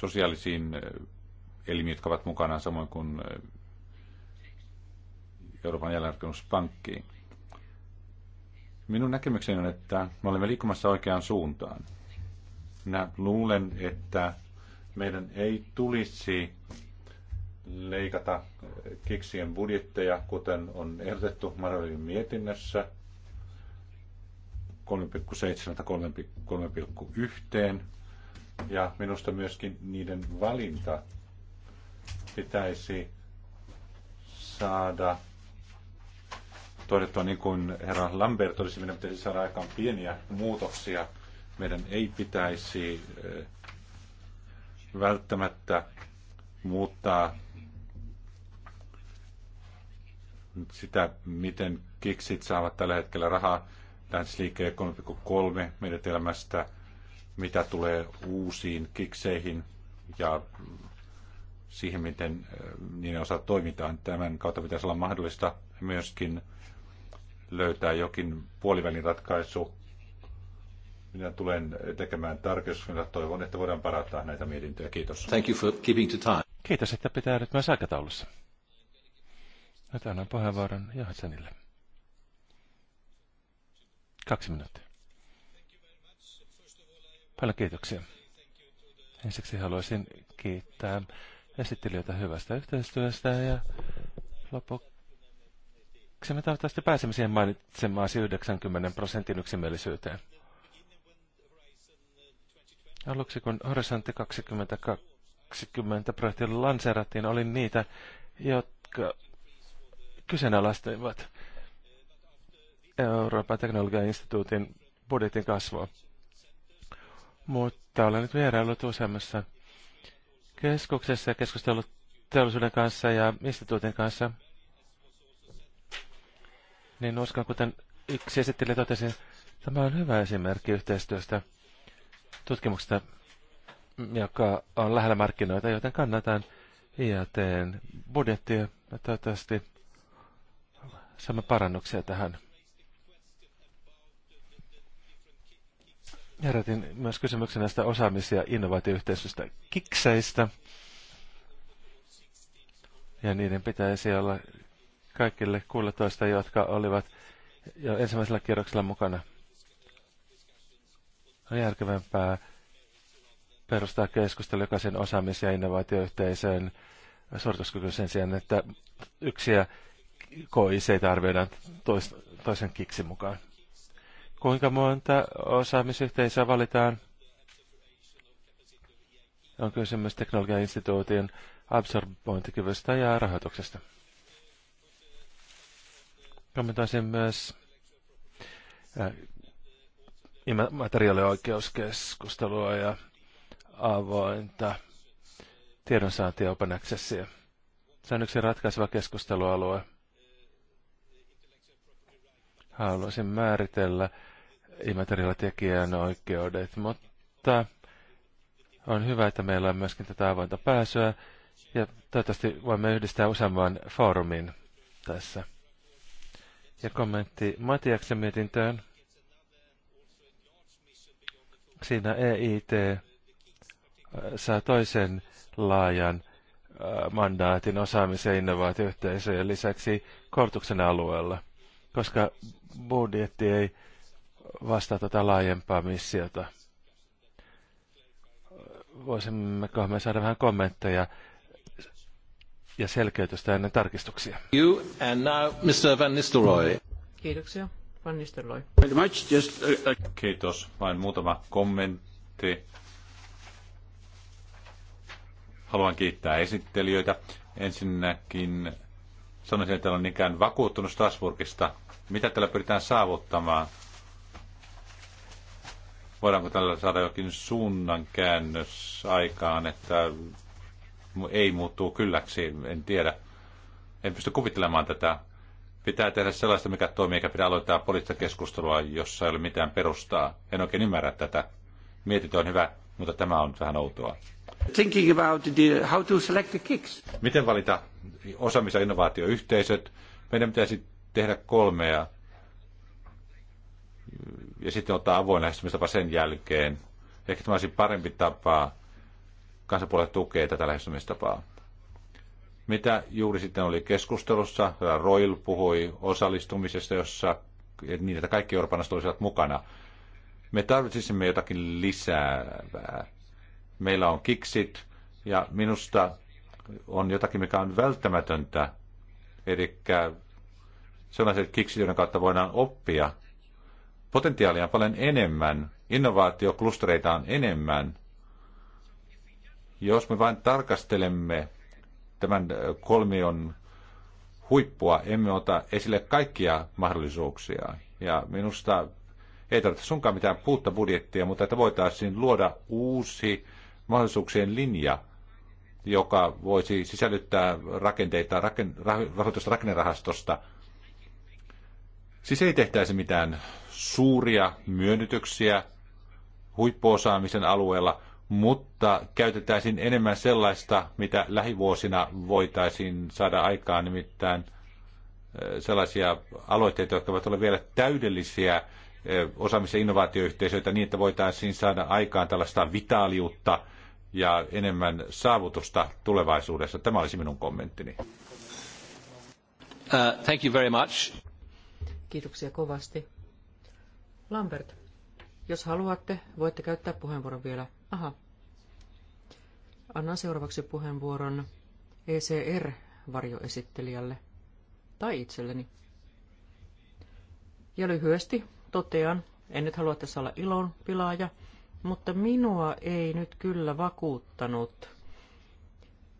sosiaalisiin eh, elimiin, jotka ovat mukana, samoin kuin eh, Euroopan jälleenrakennuspankkiin. Minun näkemykseni on, että me olemme liikkumassa oikeaan suuntaan. Minä luulen, että meidän ei tulisi leikata eh, kiksien budjetteja, kuten on ehdotettu Marjolin mietinnössä 3,7-3,1 ja minusta myöskin niiden valinta pitäisi saada todettua, niin kuin herra Lambert olisi, meidän pitäisi saada aikaan pieniä muutoksia. Meidän ei pitäisi eh, välttämättä muuttaa sitä, miten kiksit saavat tällä hetkellä rahaa. Lähes liikkeelle 3,3 meidän elämästä mitä tulee uusiin kikseihin ja siihen, miten äh, niiden osa toimitaan. Tämän kautta pitäisi olla mahdollista myöskin löytää jokin puolivälin ratkaisu. Minä tulen tekemään tarkistuksia. Toivon, että voidaan parantaa näitä mietintöjä. Kiitos. Thank you for keeping to time. Kiitos, että pitää nyt myös aikataulussa. Nyt annan puheenvuoron Johansenille. Kaksi minuuttia. Paljon kiitoksia. Ensiksi haluaisin kiittää esittelijöitä hyvästä yhteistyöstä ja lopuksi me toivottavasti pääsemme siihen mainitsemaan 90 prosentin yksimielisyyteen. Aluksi kun Horisontti 2020 projektilla lanseerattiin, oli niitä, jotka kyseenalaistivat Euroopan teknologian instituutin budjetin kasvua mutta olen nyt vieraillut useammassa keskuksessa ja keskustellut teollisuuden kanssa ja instituutin kanssa. Niin uskon, kuten yksi esittelijä totesi, tämä on hyvä esimerkki yhteistyöstä tutkimuksesta, joka on lähellä markkinoita, joten kannatan IATn budjettia ja toivottavasti saamme parannuksia tähän. Herätin myös kysymyksen näistä osaamis- ja innovaatioyhteisöistä kikseistä. Ja niiden pitäisi olla kaikille 16, jotka olivat jo ensimmäisellä kierroksella mukana. On järkevämpää perustaa keskustelu jokaisen osaamis- ja innovaatioyhteisön suorituskyky sen sijaan, että yksiä KIC arvioidaan toisen kiksi mukaan kuinka monta osaamisyhteisöä valitaan. On kysymys teknologian instituutin absorbointikyvystä ja rahoituksesta. Kommentoisin myös äh, materiaalioikeuskeskustelua ja avointa tiedonsaantia open accessia. Se on yksi ratkaiseva keskustelualue. Haluaisin määritellä oikeudet, mutta on hyvä, että meillä on myöskin tätä avointa pääsyä ja toivottavasti voimme yhdistää useamman foorumin tässä. Ja kommentti Matiaksen mietintöön. Siinä EIT äh, saa toisen laajan äh, mandaatin osaamisen ja innovaatioyhteisöjen lisäksi koulutuksen alueella, koska budjetti ei vastaa tätä laajempaa missiota. Voisimmeko me saada vähän kommentteja ja selkeytystä ennen tarkistuksia? You and now Mr. Van Nistelrooy. Kiitoksia. Van Nistelrooy. Kiitos. Vain muutama kommentti. Haluan kiittää esittelijöitä. Ensinnäkin sanoisin, että on ikään vakuuttunut Strasburgista. Mitä tällä pyritään saavuttamaan? Voidaanko tällä saada jokin suunnan käännös aikaan, että ei muuttuu kylläksi, en tiedä. En pysty kuvittelemaan tätä. Pitää tehdä sellaista, mikä toimii, eikä pidä aloittaa poliittista keskustelua, jossa ei ole mitään perustaa. En oikein ymmärrä tätä. Mietintö on hyvä, mutta tämä on vähän outoa. Thinking about the, how to select the kicks. Miten valita osaamis- ja innovaatioyhteisöt? Meidän pitäisi tehdä kolmea ja sitten ottaa avoin lähestymistapa sen jälkeen. Ehkä tämä olisi parempi tapa. kansanpuolelle tukea tätä lähestymistapaa. Mitä juuri sitten oli keskustelussa? Roil puhui osallistumisesta, jossa niin, että kaikki Euroopan olisivat mukana. Me tarvitsisimme jotakin lisäävää. Meillä on kiksit ja minusta on jotakin, mikä on välttämätöntä. Eli sellaiset kiksit, joiden kautta voidaan oppia potentiaalia on paljon enemmän, innovaatioklustereita on enemmän. Jos me vain tarkastelemme tämän äh, kolmion huippua, emme ota esille kaikkia mahdollisuuksia. Ja minusta ei tarvitse sunkaan mitään puutta budjettia, mutta että voitaisiin luoda uusi mahdollisuuksien linja, joka voisi sisällyttää rakenteita rahoitusta rakennerahastosta. Siis ei tehtäisi mitään suuria myönnytyksiä huippuosaamisen alueella, mutta käytettäisiin enemmän sellaista, mitä lähivuosina voitaisiin saada aikaan, nimittäin sellaisia aloitteita, jotka ovat ole vielä täydellisiä osaamis- ja innovaatioyhteisöitä niin, että voitaisiin saada aikaan tällaista vitaaliutta ja enemmän saavutusta tulevaisuudessa. Tämä olisi minun kommenttini. Uh, thank you very much. Kiitoksia kovasti. Lambert, jos haluatte, voitte käyttää puheenvuoron vielä. Aha. Annan seuraavaksi puheenvuoron ECR-varjoesittelijälle. Tai itselleni. Ja lyhyesti totean, en nyt halua tässä olla ilon pilaaja, mutta minua ei nyt kyllä vakuuttanut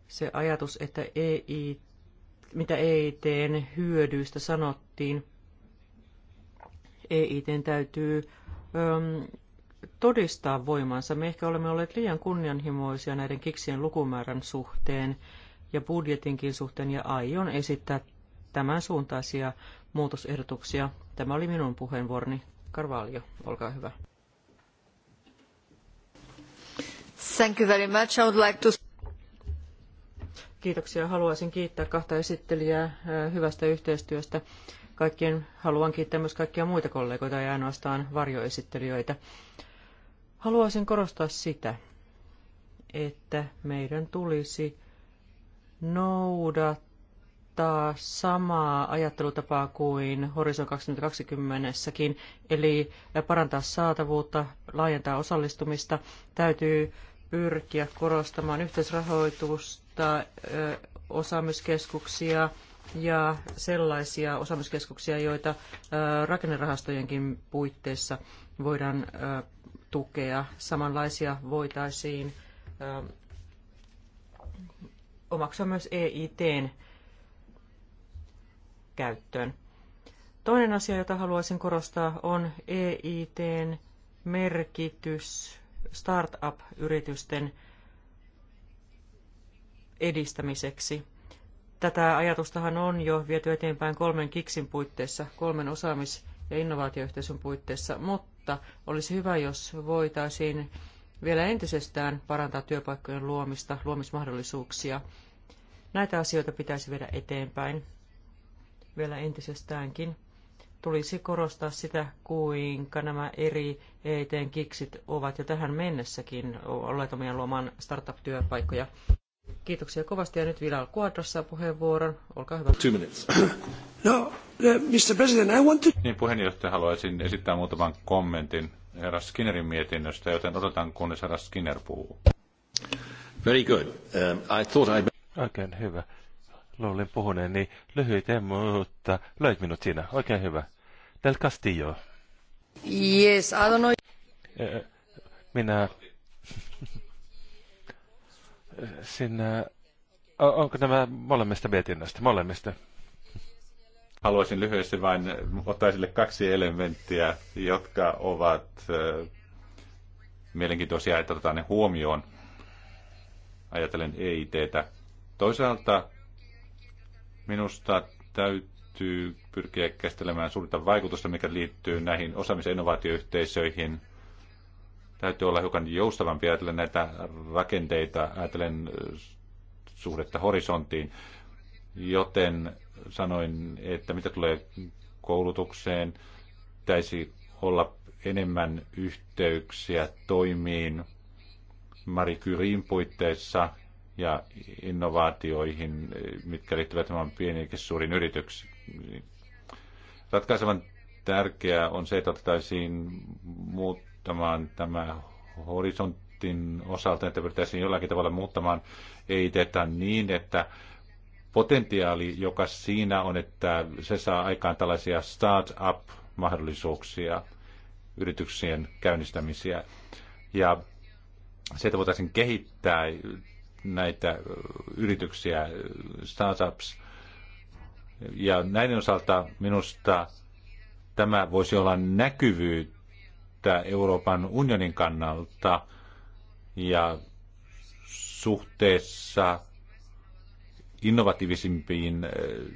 se ajatus, että EI, mitä EITn hyödyistä sanottiin – EIT täytyy öm, todistaa voimansa. Me ehkä olemme olleet liian kunnianhimoisia näiden kiksien lukumäärän suhteen ja budjetinkin suhteen ja aion esittää tämän suuntaisia muutosehdotuksia. Tämä oli minun puheenvuoroni. Karvalio, olkaa hyvä. Thank you very much. I would like to... Kiitoksia. Haluaisin kiittää kahta esittelijää hyvästä yhteistyöstä. Kaikkien haluan kiittää myös kaikkia muita kollegoita ja ainoastaan varjoesittelijöitä. Haluaisin korostaa sitä, että meidän tulisi noudattaa samaa ajattelutapaa kuin Horizon 2020-säkin, eli parantaa saatavuutta, laajentaa osallistumista, täytyy pyrkiä korostamaan yhteisrahoitusta, osaamiskeskuksia, ja sellaisia osaamiskeskuksia, joita rakennerahastojenkin puitteissa voidaan tukea. Samanlaisia voitaisiin omaksua myös EITn käyttöön. Toinen asia, jota haluaisin korostaa, on EITn merkitys startup-yritysten edistämiseksi. Tätä ajatustahan on jo viety eteenpäin kolmen kiksin puitteissa, kolmen osaamis- ja innovaatioyhteisön puitteissa, mutta olisi hyvä, jos voitaisiin vielä entisestään parantaa työpaikkojen luomista, luomismahdollisuuksia. Näitä asioita pitäisi viedä eteenpäin vielä entisestäänkin. Tulisi korostaa sitä, kuinka nämä eri EITn kiksit ovat jo tähän mennessäkin olleet omia luomaan startup-työpaikkoja. Kiitoksia kovasti ja nyt Vidal Quadras saa puheenvuoron. Olkaa hyvä. Two minutes. No, uh, Mr. President, I want to... Niin, puheenjohtaja, haluaisin esittää muutaman kommentin herra Skinnerin mietinnöstä, joten odotan, kunnes herra Skinner puhuu. Very good. Um, I thought I... Oikein hyvä. Luulin niin lyhyiten, mutta löit minut siinä. Oikein hyvä. Del Castillo. Yes, I don't know. Minä sinä, onko nämä molemmista mietinnöistä, Molemmista. Haluaisin lyhyesti vain ottaa sille kaksi elementtiä, jotka ovat mielenkiintoisia, että otetaan ne huomioon. Ajatellen EITtä. Toisaalta minusta täytyy pyrkiä käsittelemään suurta vaikutusta, mikä liittyy näihin osaamisen innovaatioyhteisöihin, täytyy olla hiukan joustavampi ajatellen näitä rakenteita, ajatellen suhdetta horisonttiin. Joten sanoin, että mitä tulee koulutukseen, pitäisi olla enemmän yhteyksiä toimiin Marie puitteissa ja innovaatioihin, mitkä liittyvät tämän pieniin ja suuriin yrityksiin. Ratkaisevan tärkeää on se, että otettaisiin muut muuttamaan tämä horisontin osalta, että pyrittäisiin jollakin tavalla muuttamaan ei tätä niin, että potentiaali, joka siinä on, että se saa aikaan tällaisia start-up-mahdollisuuksia, yrityksien käynnistämisiä. Ja se, että voitaisiin kehittää näitä yrityksiä, startups. Ja näiden osalta minusta tämä voisi olla näkyvyys että Euroopan unionin kannalta ja suhteessa innovatiivisimpiin eh,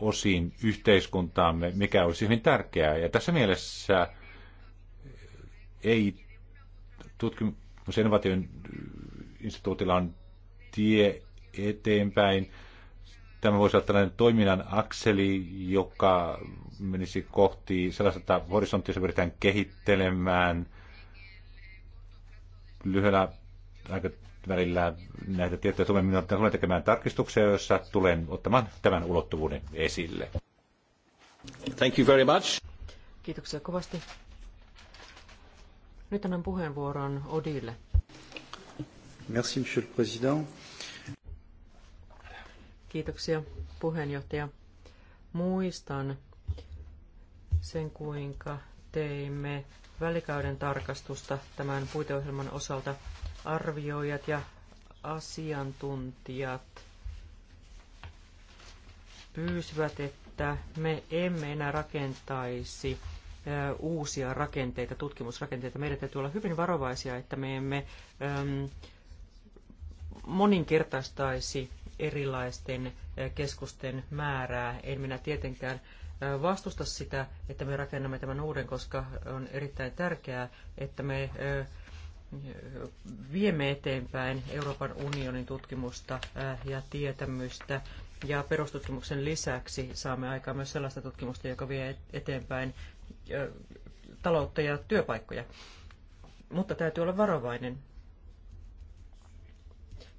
osiin yhteiskuntaamme, mikä olisi hyvin tärkeää. Ja tässä mielessä ei tutkimus- ja instituutilla on tie eteenpäin. Tämä voisi olla tällainen toiminnan akseli, joka menisi kohti sellaista horisonttia, se pyritään kehittelemään lyhyellä aikavälillä näitä tiettyjä tulee, tulen tekemään tarkistuksia, joissa tulen ottamaan tämän ulottuvuuden esille. Thank you very much. Kiitoksia kovasti. Nyt annan puheenvuoron Odille. Merci, monsieur le président. Kiitoksia, puheenjohtaja. Muistan, sen, kuinka teimme välikauden tarkastusta tämän puiteohjelman osalta. Arvioijat ja asiantuntijat pyysivät, että me emme enää rakentaisi uusia rakenteita, tutkimusrakenteita. Meidän täytyy olla hyvin varovaisia, että me emme moninkertaistaisi erilaisten keskusten määrää. En minä tietenkään vastusta sitä, että me rakennamme tämän uuden, koska on erittäin tärkeää, että me viemme eteenpäin Euroopan unionin tutkimusta ja tietämystä. Ja perustutkimuksen lisäksi saamme aikaan myös sellaista tutkimusta, joka vie eteenpäin taloutta ja työpaikkoja. Mutta täytyy olla varovainen.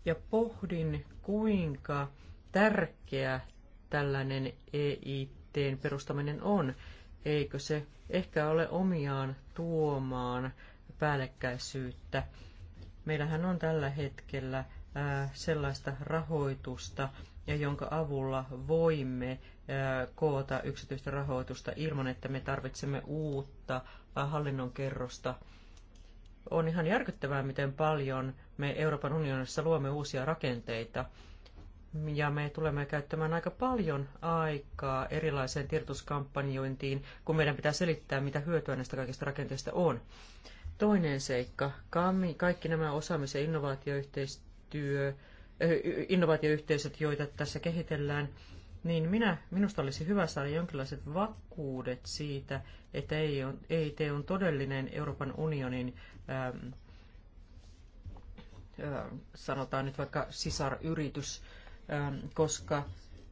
Ja pohdin, kuinka tärkeä tällainen EIP kontaktiin perustaminen on, eikö se ehkä ole omiaan tuomaan päällekkäisyyttä. Meillähän on tällä hetkellä sellaista rahoitusta, jonka avulla voimme koota yksityistä rahoitusta ilman, että me tarvitsemme uutta hallinnon kerrosta. On ihan järkyttävää, miten paljon me Euroopan unionissa luomme uusia rakenteita ja me tulemme käyttämään aika paljon aikaa erilaiseen tiedotuskampanjointiin, kun meidän pitää selittää, mitä hyötyä näistä kaikista rakenteista on. Toinen seikka, kaikki nämä osaamis- ja innovaatioyhteistyö, eh, innovaatioyhteisöt, joita tässä kehitellään, niin minä, minusta olisi hyvä saada jonkinlaiset vakuudet siitä, että ei on, te on todellinen Euroopan unionin ähm, sanotaan nyt vaikka sisaryritys, Ähm, koska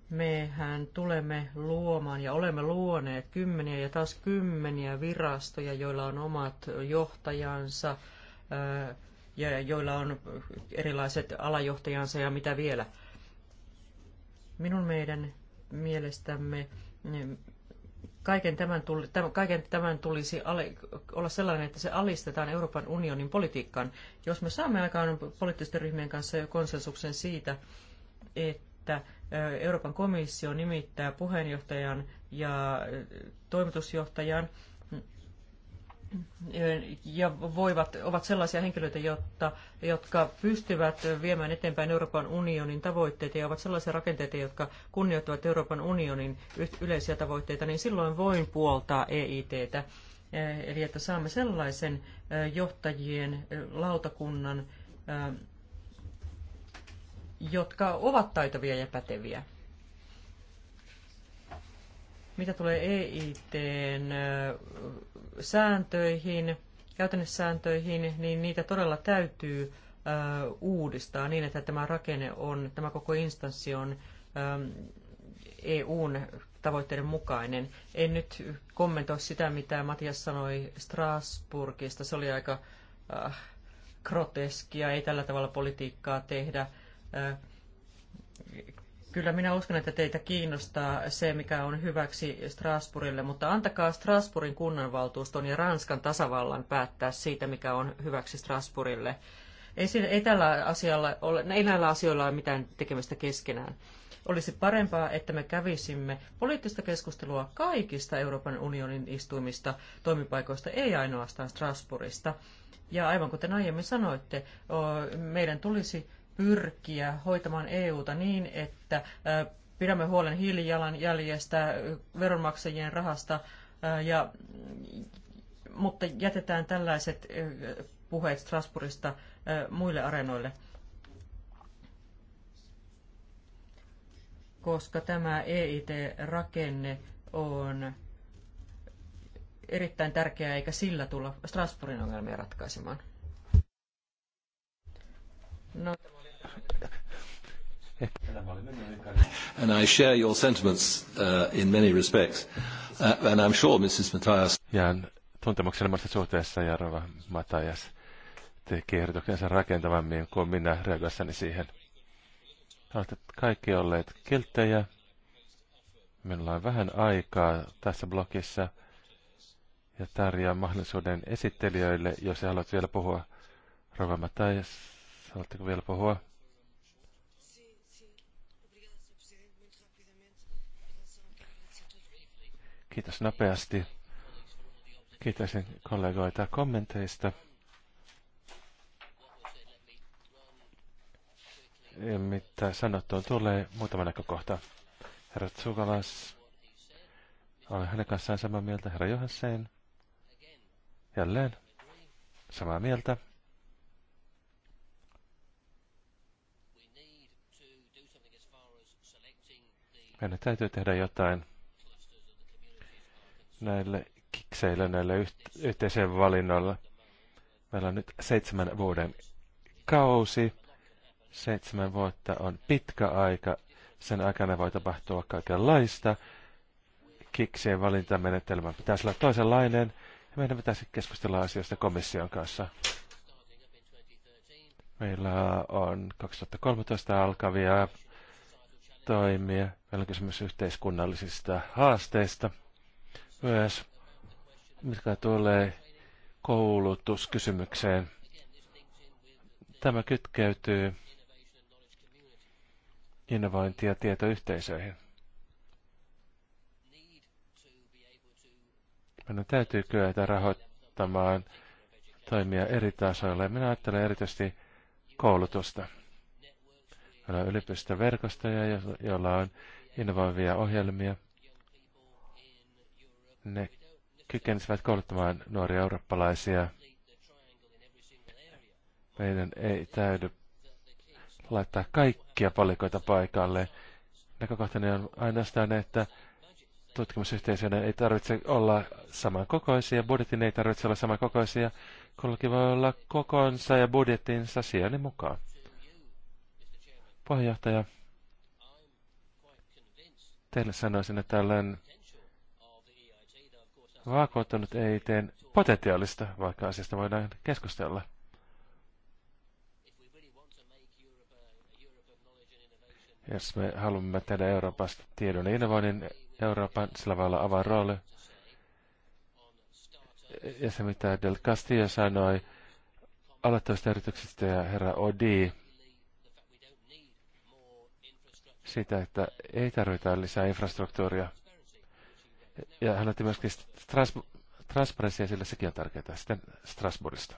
mehän tulemme luomaan ja olemme luoneet kymmeniä ja taas kymmeniä virastoja, joilla on omat johtajansa äh, ja joilla on erilaiset alajohtajansa ja mitä vielä. Minun meidän mielestämme niin kaiken tämän, tuli, kaiken tämän tulisi olla sellainen, että se alistetaan Euroopan unionin politiikkaan. Jos me saamme aikaan poliittisten ryhmien kanssa jo konsensuksen siitä, että Euroopan komissio nimittää puheenjohtajan ja toimitusjohtajan ja voivat, ovat sellaisia henkilöitä, jotta, jotka pystyvät viemään eteenpäin Euroopan unionin tavoitteita ja ovat sellaisia rakenteita, jotka kunnioittavat Euroopan unionin yleisiä tavoitteita, niin silloin voin puoltaa EITtä. Eli että saamme sellaisen johtajien lautakunnan, jotka ovat taitavia ja päteviä. Mitä tulee EITn sääntöihin, käytännössääntöihin, niin niitä todella täytyy uudistaa niin, että tämä rakenne on, tämä koko instanssi on EUn tavoitteiden mukainen. En nyt kommentoi sitä, mitä Matias sanoi Strasburgista. Se oli aika äh, groteskia, ei tällä tavalla politiikkaa tehdä. Äh, kyllä minä uskon, että teitä kiinnostaa se, mikä on hyväksi Strasbourgille, mutta antakaa Strasbourgin kunnanvaltuuston ja Ranskan tasavallan päättää siitä, mikä on hyväksi Strasbourgille. Ei, siinä, ei, tällä asialla ole, ei näillä asioilla ole mitään tekemistä keskenään. Olisi parempaa, että me kävisimme poliittista keskustelua kaikista Euroopan unionin istuimista toimipaikoista, ei ainoastaan Strasbourgista. Ja aivan kuten aiemmin sanoitte, meidän tulisi pyrkiä hoitamaan EUta niin, että pidämme huolen hiilijalanjäljestä, veronmaksajien rahasta, ja, mutta jätetään tällaiset puheet Strasbourgista muille areenoille. Koska tämä EIT-rakenne on erittäin tärkeää, eikä sillä tulla Strasbourgin ongelmia ratkaisemaan. No, And I share your sentiments uh, in many respects. Uh, and I'm sure Mrs. Matthias... Jään tuntemukseni suhteessa ja Rova Matthias teki ehdotuksensa rakentavammin kuin minä reagoissani siihen. Olette kaikki olleet kilttejä. Minulla on vähän aikaa tässä blogissa ja tarjoan mahdollisuuden esittelijöille, jos haluat vielä puhua. Rova Matthias, haluatteko vielä puhua? Kiitos nopeasti. Kiitäisin kollegoita kommenteista. Ja mitä sanottuun tulee, muutama näkökohta. Herra Tsukalas, olen hänen kanssaan samaa mieltä. Herra Johansen, jälleen samaa mieltä. Meidän täytyy tehdä jotain näille kikseille, näille yhteisen valinnoille. Meillä on nyt seitsemän vuoden kausi. Seitsemän vuotta on pitkä aika. Sen aikana voi tapahtua kaikenlaista. Kiksien valintamenetelmä pitäisi olla toisenlainen. Ja meidän pitäisi keskustella asiasta komission kanssa. Meillä on 2013 alkavia toimia. Meillä on kysymys yhteiskunnallisista haasteista myös, mitkä tulee koulutuskysymykseen. Tämä kytkeytyy innovointi- ja tietoyhteisöihin. Meidän täytyy kyetä rahoittamaan toimia eri tasoilla. minä ajattelen erityisesti koulutusta. Meillä on yliopistoverkostoja, joilla on innovoivia ohjelmia – ne kykenisivät kouluttamaan nuoria eurooppalaisia. Meidän ei täydy laittaa kaikkia palikoita paikalle. Näkökohtani on ainoastaan, että tutkimusyhteisöiden ei tarvitse olla samankokoisia, budjetin ei tarvitse olla samankokoisia, kullakin voi olla kokonsa ja budjettinsa sijainni mukaan. Puheenjohtaja, teille sanoisin, että olen ei EITn potentiaalista, vaikka asiasta voidaan keskustella. Jos me haluamme tehdä Euroopasta tiedon ja innovoinnin, Euroopan sillä voi olla avain rooli. Ja se, mitä Del Castillo sanoi aloittavista yrityksistä ja herra Odi, sitä, että ei tarvita lisää infrastruktuuria. Ja hän otti myöskin Stras- transparenssia, sillä sekin on tärkeää. Sitten Strasbourgista.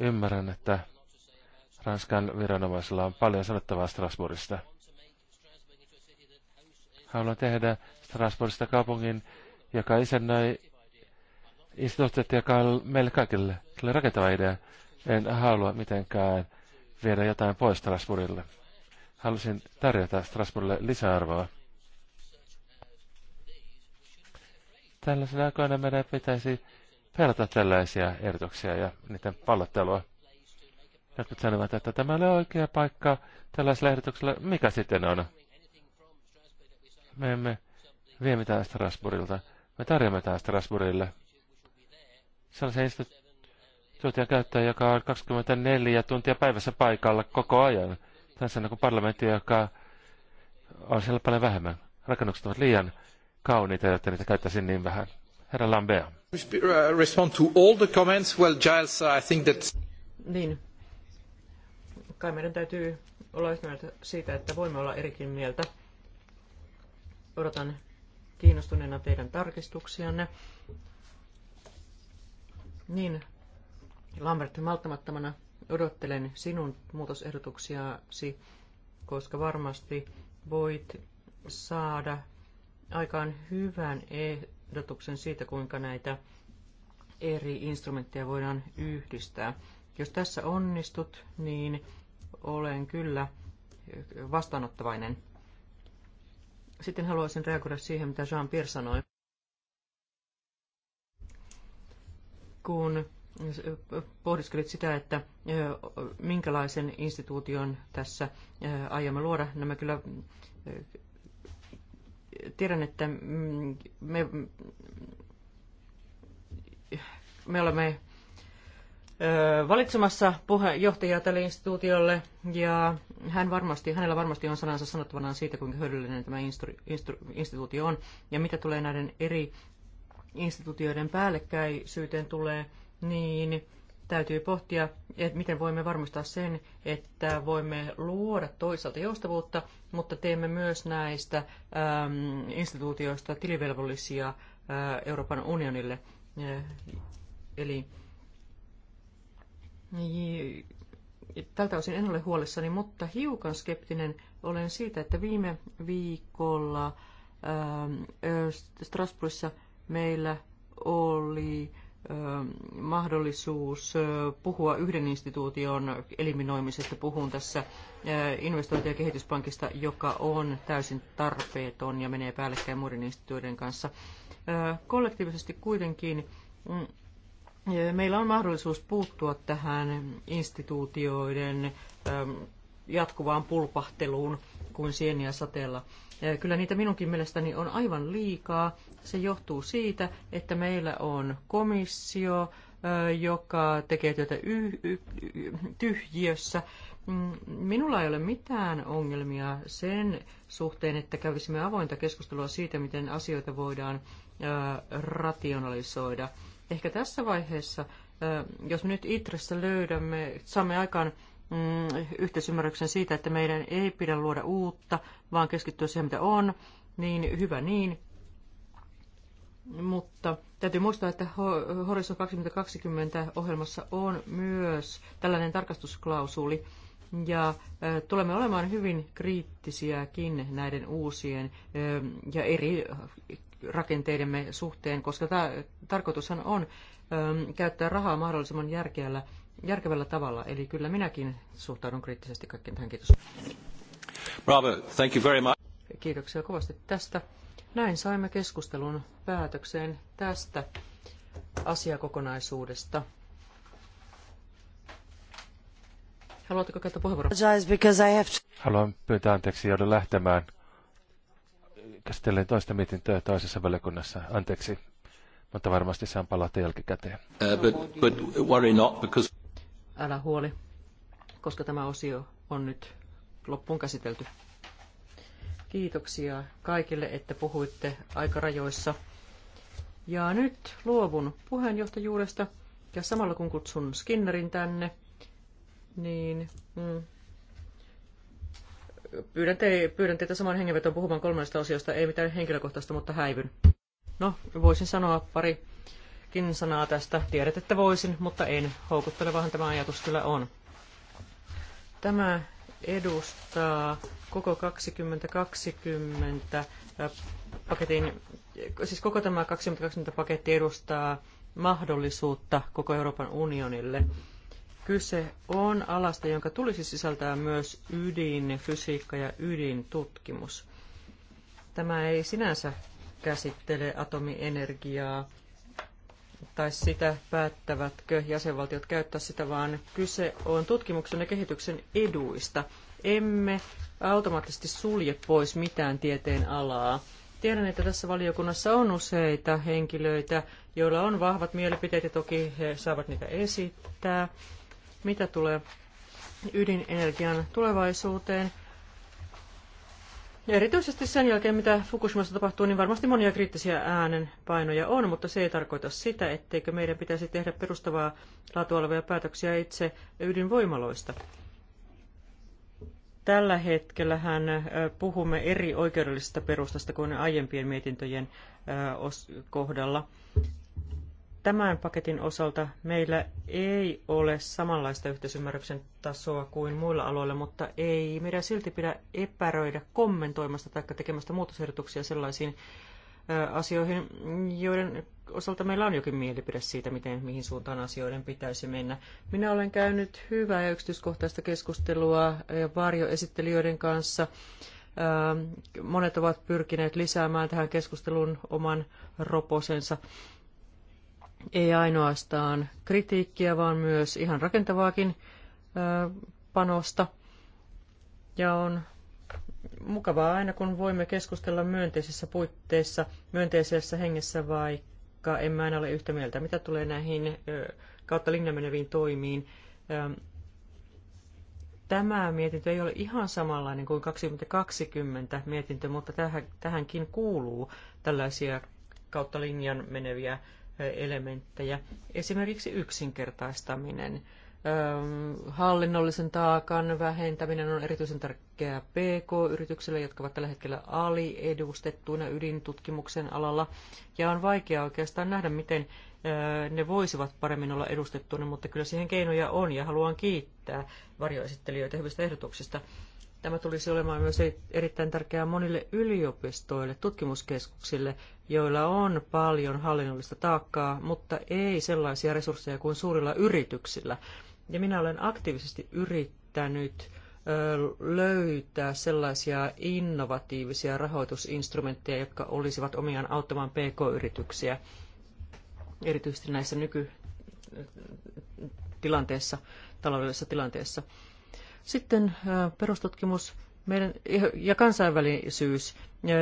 Ymmärrän, että Ranskan viranomaisilla on paljon sanottavaa Strasbourgista. Haluan tehdä Strasbourgista kaupungin, joka isännöi instituutiot, joka on meille kaikille. rakentava idea. En halua mitenkään viedä jotain pois Strasbourgille halusin tarjota Strasbourgille lisäarvoa. Tällaisena aikoina meidän pitäisi pelata tällaisia ehdotuksia ja niiden pallottelua. Jotkut sanovat, että tämä oli oikea paikka tällaisella ehdotuksella. Mikä sitten on? Me emme vie mitään Strasbourgilta. Me tarjoamme tämän Strasbourgille. Sellaisen instituution käyttäjä, joka on 24 tuntia päivässä paikalla koko ajan on kuin parlamentti, joka on siellä paljon vähemmän. Rakennukset ovat liian kauniita, jotta niitä käyttäisin niin vähän. Herra Lambea. Uh, respond to all the comments. Well, Giles, uh, I think that... Niin. Kai meidän täytyy olla yhtä siitä, että voimme olla erikin mieltä. Odotan kiinnostuneena teidän tarkistuksianne. Niin, Lambert malttamattomana odottelen sinun muutosehdotuksiasi, koska varmasti voit saada aikaan hyvän ehdotuksen siitä, kuinka näitä eri instrumentteja voidaan yhdistää. Jos tässä onnistut, niin olen kyllä vastaanottavainen. Sitten haluaisin reagoida siihen, mitä Jean-Pierre sanoi. Kun pohdiskelit sitä, että minkälaisen instituution tässä aiomme luoda. nämä kyllä tiedän, että mm, me, me olemme valitsemassa puheenjohtajaa tälle instituutiolle ja hän varmasti, hänellä varmasti on sanansa sanottavanaan siitä, kuinka hyödyllinen tämä instru, instru, instituutio on. Ja mitä tulee näiden eri instituutioiden päällekkäisyyteen tulee, niin täytyy pohtia, että miten voimme varmistaa sen, että voimme luoda toisaalta joustavuutta, mutta teemme myös näistä äm, instituutioista tilivelvollisia äh, Euroopan unionille. Äh, eli tältä osin en ole huolissani, mutta hiukan skeptinen olen siitä, että viime viikolla ää, ähm, Strasbourgissa meillä oli mahdollisuus puhua yhden instituution eliminoimisesta. Puhun tässä investointi- ja kehityspankista, joka on täysin tarpeeton ja menee päällekkäin muiden instituutioiden kanssa. Kollektiivisesti kuitenkin mm, meillä on mahdollisuus puuttua tähän instituutioiden jatkuvaan pulpahteluun kuin sieniä sateella. Kyllä niitä minunkin mielestäni on aivan liikaa. Se johtuu siitä, että meillä on komissio, joka tekee työtä tyhjiössä. Mm, minulla ei ole mitään ongelmia sen suhteen, että kävisimme avointa keskustelua siitä, miten asioita voidaan rationalisoida. Ehkä tässä vaiheessa, jos me nyt Itressä löydämme, saamme aikaan Mm, yhteisymmärryksen siitä, että meidän ei pidä luoda uutta, vaan keskittyä siihen, mitä on, niin hyvä niin. Mutta täytyy muistaa, että Horizon 2020 ohjelmassa on myös tällainen tarkastusklausuli, ja tulemme olemaan hyvin kriittisiäkin näiden uusien ja eri rakenteidemme suhteen, koska tämä tarkoitushan on käyttää rahaa mahdollisimman järkeällä järkevällä tavalla. Eli kyllä minäkin suhtaudun kriittisesti kaikkeen tähän. Kiitos. Bravo. Thank you very much. Kiitoksia kovasti tästä. Näin saimme keskustelun päätökseen tästä asiakokonaisuudesta. Haluatteko käyttää puheenvuoron? Haluan pyytää anteeksi, joudun lähtemään. Käsittelen toista mietintöä toisessa valiokunnassa. Anteeksi, mutta varmasti saan palata jälkikäteen. Uh, but, but worry not, because älä huoli, koska tämä osio on nyt loppuun käsitelty. Kiitoksia kaikille, että puhuitte aikarajoissa. Ja nyt luovun puheenjohtajuudesta ja samalla kun kutsun Skinnerin tänne, niin mm, pyydän, te, pyydän teitä saman hengenveton puhumaan kolmannesta osiosta, ei mitään henkilökohtaista, mutta häivyn. No, voisin sanoa pari parikin sanaa tästä. Tiedät, että voisin, mutta en. Houkuttelevahan tämä ajatus kyllä on. Tämä edustaa koko 2020 äh, paketin, siis koko tämä 2020 paketti edustaa mahdollisuutta koko Euroopan unionille. Kyse on alasta, jonka tulisi sisältää myös ydinfysiikka ja ydintutkimus. Tämä ei sinänsä käsittele atomienergiaa tai sitä, päättävätkö jäsenvaltiot käyttää sitä, vaan kyse on tutkimuksen ja kehityksen eduista. Emme automaattisesti sulje pois mitään tieteen alaa. Tiedän, että tässä valiokunnassa on useita henkilöitä, joilla on vahvat mielipiteet ja toki he saavat niitä esittää. Mitä tulee ydinenergian tulevaisuuteen, Erityisesti sen jälkeen, mitä Fukushimassa tapahtuu, niin varmasti monia kriittisiä äänenpainoja on, mutta se ei tarkoita sitä, etteikö meidän pitäisi tehdä perustavaa laatua olevia päätöksiä itse ydinvoimaloista. Tällä hetkellä hän puhumme eri oikeudellisesta perustasta kuin aiempien mietintöjen kohdalla tämän paketin osalta meillä ei ole samanlaista yhteisymmärryksen tasoa kuin muilla aloilla, mutta ei meidän silti pidä epäröidä kommentoimasta tai tekemästä muutosehdotuksia sellaisiin asioihin, joiden osalta meillä on jokin mielipide siitä, miten, mihin suuntaan asioiden pitäisi mennä. Minä olen käynyt hyvää ja yksityiskohtaista keskustelua varjoesittelijöiden kanssa. Monet ovat pyrkineet lisäämään tähän keskusteluun oman roposensa ei ainoastaan kritiikkiä, vaan myös ihan rakentavaakin panosta. Ja on mukavaa aina, kun voimme keskustella myönteisissä puitteissa, myönteisessä hengessä, vaikka emme aina ole yhtä mieltä, mitä tulee näihin kautta linjan meneviin toimiin. Tämä mietintö ei ole ihan samanlainen kuin 2020 mietintö, mutta tähänkin kuuluu tällaisia kautta linjan meneviä elementtejä. Esimerkiksi yksinkertaistaminen. Hallinnollisen taakan vähentäminen on erityisen tärkeää PK-yrityksille, jotka ovat tällä hetkellä aliedustettuina ydintutkimuksen alalla. Ja on vaikea oikeastaan nähdä, miten ne voisivat paremmin olla edustettuina, mutta kyllä siihen keinoja on ja haluan kiittää varjoesittelijöitä hyvistä ehdotuksista. Tämä tulisi olemaan myös erittäin tärkeää monille yliopistoille, tutkimuskeskuksille, joilla on paljon hallinnollista taakkaa, mutta ei sellaisia resursseja kuin suurilla yrityksillä. Ja minä olen aktiivisesti yrittänyt löytää sellaisia innovatiivisia rahoitusinstrumentteja, jotka olisivat omiaan auttamaan pk-yrityksiä, erityisesti näissä nykytilanteessa, taloudellisessa tilanteessa. Sitten perustutkimus meidän, ja kansainvälisyys.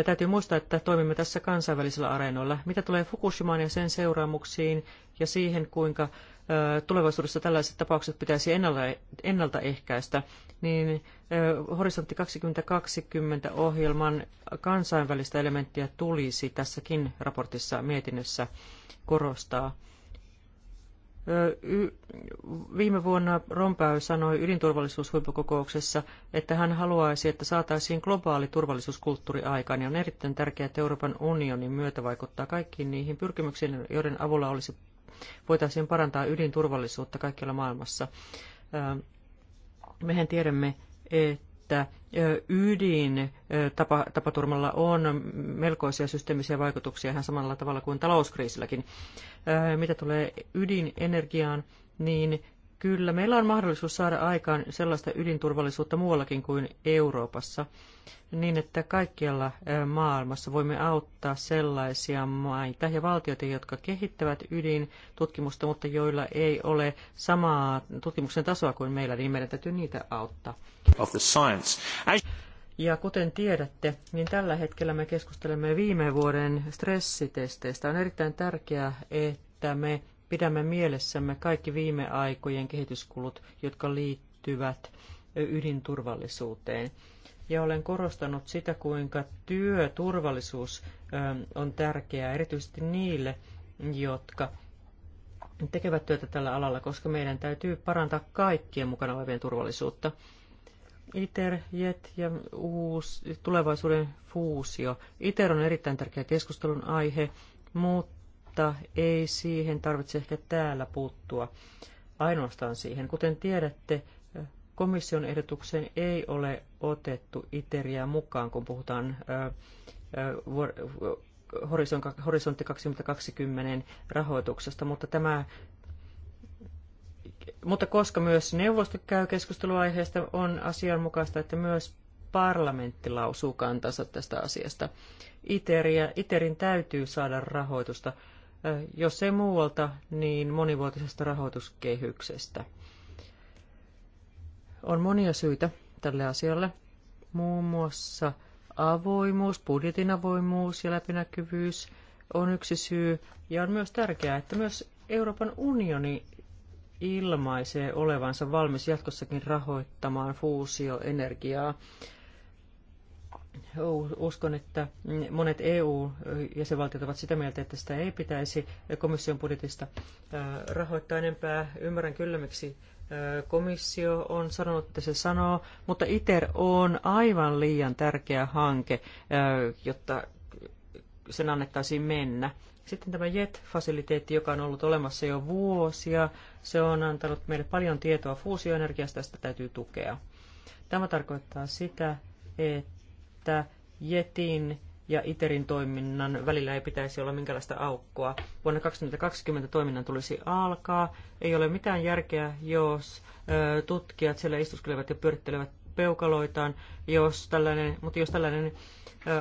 Täytyy muistaa, että toimimme tässä kansainvälisillä areenoilla. Mitä tulee Fukushimaan ja sen seuraamuksiin ja siihen, kuinka tulevaisuudessa tällaiset tapaukset pitäisi ennaltaehkäistä, niin Horisontti 2020 ohjelman kansainvälistä elementtiä tulisi tässäkin raportissa mietinnössä korostaa. Viime vuonna Rompäy sanoi ydinturvallisuushuippukokouksessa, että hän haluaisi, että saataisiin globaali turvallisuuskulttuuri aikaan, ja on erittäin tärkeää, että Euroopan unionin myötä vaikuttaa kaikkiin niihin pyrkimyksiin, joiden avulla olisi, voitaisiin parantaa ydinturvallisuutta kaikkialla maailmassa. Mehän tiedämme, että että ydin tapaturmalla on melkoisia systeemisiä vaikutuksia ihan samalla tavalla kuin talouskriisilläkin. Mitä tulee ydinenergiaan, niin Kyllä, meillä on mahdollisuus saada aikaan sellaista ydinturvallisuutta muuallakin kuin Euroopassa, niin että kaikkialla maailmassa voimme auttaa sellaisia maita ja valtioita, jotka kehittävät ydintutkimusta, mutta joilla ei ole samaa tutkimuksen tasoa kuin meillä, niin meidän täytyy niitä auttaa. Of the science. Ja kuten tiedätte, niin tällä hetkellä me keskustelemme viime vuoden stressitesteistä. On erittäin tärkeää, että me pidämme mielessämme kaikki viime aikojen kehityskulut, jotka liittyvät ydinturvallisuuteen. Ja olen korostanut sitä, kuinka työturvallisuus ähm, on tärkeää erityisesti niille, jotka tekevät työtä tällä alalla, koska meidän täytyy parantaa kaikkien mukana olevien turvallisuutta. ITER, JET ja uusi tulevaisuuden fuusio. ITER on erittäin tärkeä keskustelun aihe, mutta mutta ei siihen tarvitse ehkä täällä puuttua ainoastaan siihen. Kuten tiedätte, komission ehdotukseen ei ole otettu ITERiä mukaan, kun puhutaan horisontti 2020 rahoituksesta, mutta tämä mutta koska myös neuvosto käy keskustelua aiheesta, on asianmukaista, että myös parlamentti lausuu kantansa tästä asiasta. Iteria, Iterin täytyy saada rahoitusta jos ei muualta, niin monivuotisesta rahoituskehyksestä. On monia syitä tälle asialle, muun muassa avoimuus, budjetin avoimuus ja läpinäkyvyys on yksi syy, ja on myös tärkeää, että myös Euroopan unioni ilmaisee olevansa valmis jatkossakin rahoittamaan fuusioenergiaa uskon, että monet EU-jäsenvaltiot ovat sitä mieltä, että sitä ei pitäisi komission budjetista rahoittaa enempää. Ymmärrän kyllä, miksi komissio on sanonut, että se sanoo, mutta ITER on aivan liian tärkeä hanke, jotta sen annettaisiin mennä. Sitten tämä JET-fasiliteetti, joka on ollut olemassa jo vuosia, se on antanut meille paljon tietoa fuusioenergiasta, ja sitä täytyy tukea. Tämä tarkoittaa sitä, että että JETin ja ITERin toiminnan välillä ei pitäisi olla minkälaista aukkoa. Vuonna 2020 toiminnan tulisi alkaa. Ei ole mitään järkeä, jos tutkijat siellä istuskelevat ja pyörittelevät peukaloitaan, jos tällainen, mutta jos tällainen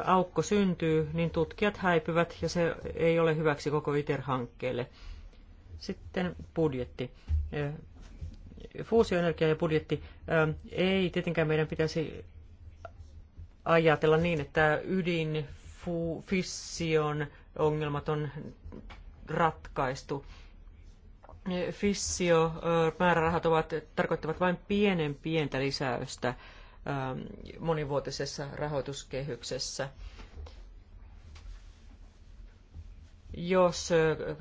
aukko syntyy, niin tutkijat häipyvät ja se ei ole hyväksi koko ITER-hankkeelle. Sitten budjetti. Fuusioenergia ja budjetti. Ei tietenkään meidän pitäisi ajatella niin, että fission ongelmat on ratkaistu. Fissio-määrärahat ovat, tarkoittavat vain pienen pientä lisäystä monivuotisessa rahoituskehyksessä. Jos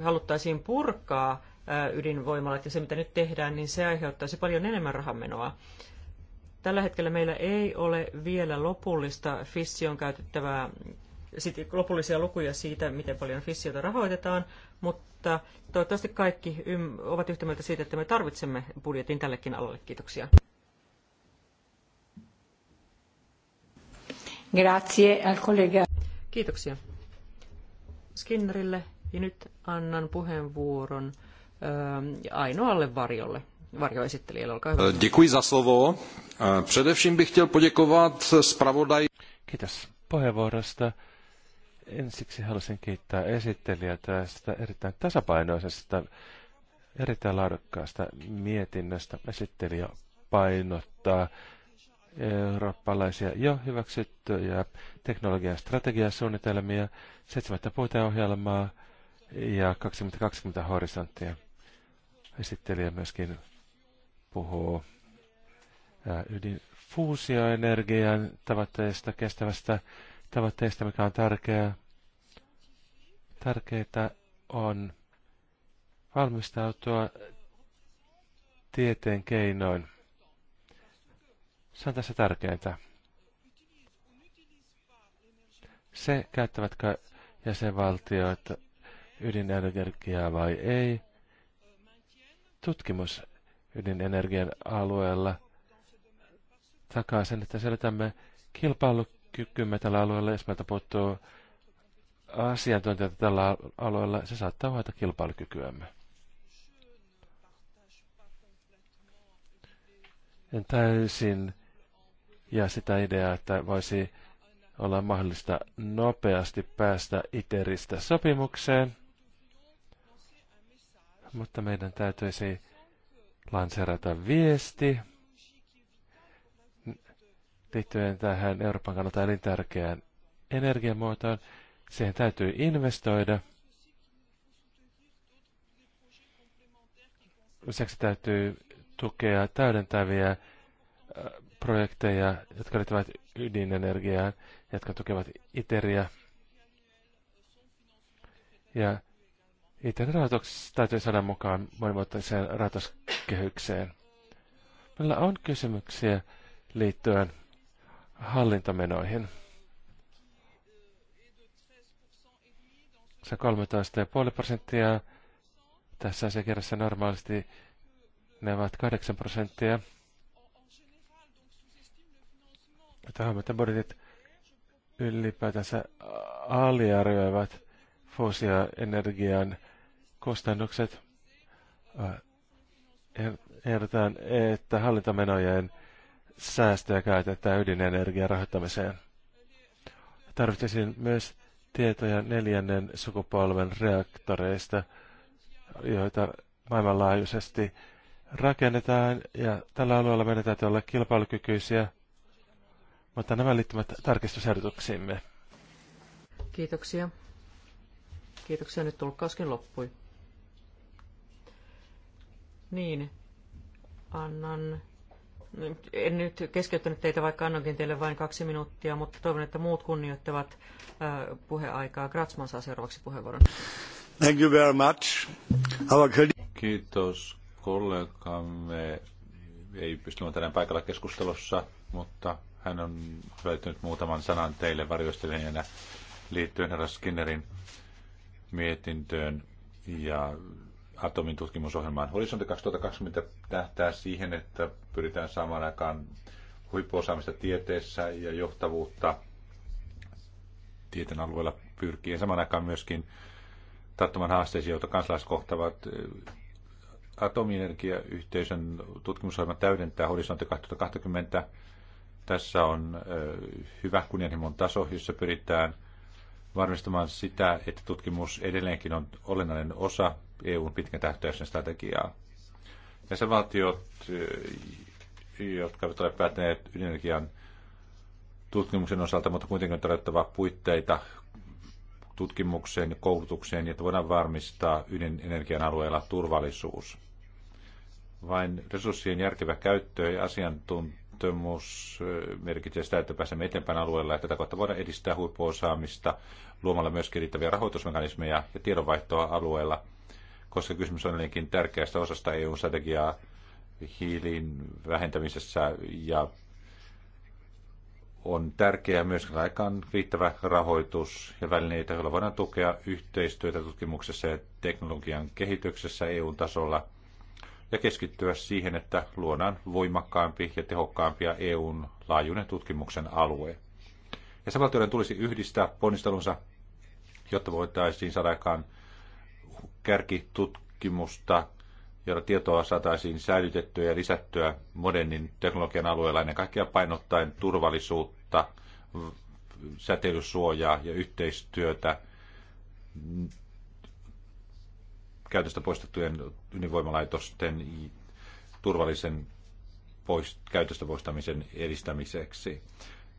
haluttaisiin purkaa ydinvoimalat ja se, mitä nyt tehdään, niin se aiheuttaisi paljon enemmän rahamenoa. Tällä hetkellä meillä ei ole vielä lopullista fission käytettävää lopullisia lukuja siitä, miten paljon fissiota rahoitetaan, mutta toivottavasti kaikki ovat yhtä mieltä siitä, että me tarvitsemme budjetin tällekin alalle. Kiitoksia. Grazie al collega. Kiitoksia Skinnerille ja nyt annan puheenvuoron ainoalle varjolle varjoesittelijälle. Olkaa hyvä. Eh, děkuji za slovo. Eh, především bych chtěl poděkovat spravodaj... Kiitos puheenvuorosta. Ensiksi halusin kiittää esittelijää tästä erittäin tasapainoisesta, erittäin laadukkaasta mietinnöstä. Esittelijä painottaa eurooppalaisia jo hyväksyttyjä teknologian strategiasuunnitelmia, seitsemättä puiteohjelmaa ja 2020 horisonttia. Esittelijä myöskin puhuu ydinfuusioenergian tavoitteista, kestävästä tavoitteista, mikä on tärkeää. Tärkeää on valmistautua tieteen keinoin. Se on tässä tärkeintä. Se, käyttävätkö jäsenvaltioita ydinenergiaa vai ei. Tutkimus ydinenergian alueella takaa sen, että selitämme kilpailukykymme tällä alueella. Jos meiltä puuttuu asiantuntijoita tällä alueella, se saattaa vaata kilpailukykyämme. En täysin ja sitä ideaa, että voisi olla mahdollista nopeasti päästä ITERistä sopimukseen. Mutta meidän täytyisi lanserata viesti liittyen tähän Euroopan kannalta elintärkeään energiamuotoon. Siihen täytyy investoida. Lisäksi täytyy tukea täydentäviä projekteja, jotka liittyvät ydinenergiaan, jotka tukevat ITERiä. Ja itse rahoituksessa täytyy saada mukaan monimuotoiseen rahoituskehykseen. Meillä on kysymyksiä liittyen hallintomenoihin. Se 13,5 prosenttia. Tässä asiakirjassa normaalisti ne ovat 8 prosenttia. Tähän että budjetit ylipäätänsä aliarvioivat fuusioenergian energian kustannukset. Er- Ehdotetaan, että hallintamenojen säästöjä käytetään ydinenergian rahoittamiseen. Tarvitsisin myös tietoja neljännen sukupolven reaktoreista, joita maailmanlaajuisesti rakennetaan, ja tällä alueella meidän täytyy olla kilpailukykyisiä, mutta nämä liittyvät tarkistusehdotuksiimme. Kiitoksia. Kiitoksia. Nyt tulkkauskin loppui. Niin, annan... En nyt keskeyttänyt teitä, vaikka annankin teille vain kaksi minuuttia, mutta toivon, että muut kunnioittavat puheaikaa. Gratzman saa seuraavaksi puheenvuoron. Thank you very much. Our Kiitos kollegamme. Ei pysty olemaan tänään paikalla keskustelussa, mutta hän on löytynyt muutaman sanan teille varjostelijana liittyen herra Skinnerin mietintöön ja atomin tutkimusohjelmaan. Horisontti 2020 tähtää siihen, että pyritään saamaan aikaan huippuosaamista tieteessä ja johtavuutta tieteen alueella pyrkiä. saman aikaan myöskin tarttumaan haasteisiin, joita kansalaiset kohtavat. Atomienergiayhteisön tutkimusohjelma täydentää horisontti 2020. Tässä on hyvä kunnianhimon taso, jossa pyritään varmistamaan sitä, että tutkimus edelleenkin on olennainen osa EUn pitkän tähtäyksen strategiaa. Jäsenvaltiot, eh, jotka ovat ole päättäneet ydinenergian tutkimuksen osalta, mutta kuitenkin on tarjottava puitteita tutkimukseen ja koulutukseen, että voidaan varmistaa ydinenergian alueella turvallisuus. Vain resurssien järkevä käyttö ja asiantuntemus eh, merkitsee sitä, että pääsemme eteenpäin alueella ja tätä kautta voidaan edistää huippuosaamista luomalla myös riittäviä rahoitusmekanismeja ja tiedonvaihtoa alueella – koska kysymys on niinkin tärkeästä osasta EU-strategiaa hiilin vähentämisessä ja on tärkeää myös aikaan riittävä rahoitus ja välineitä, joilla voidaan tukea yhteistyötä tutkimuksessa ja teknologian kehityksessä EU-tasolla ja keskittyä siihen, että luodaan voimakkaampi ja tehokkaampia EUn laajuinen tutkimuksen alue. Ja tulisi yhdistää ponnistelunsa, jotta voitaisiin saada aikaan kärkitutkimusta, jolla tietoa saataisiin säilytettyä ja lisättyä modernin teknologian alueella ennen kaikkea painottaen turvallisuutta, säteilysuojaa ja yhteistyötä käytöstä poistettujen ydinvoimalaitosten turvallisen poist- käytöstä poistamisen edistämiseksi.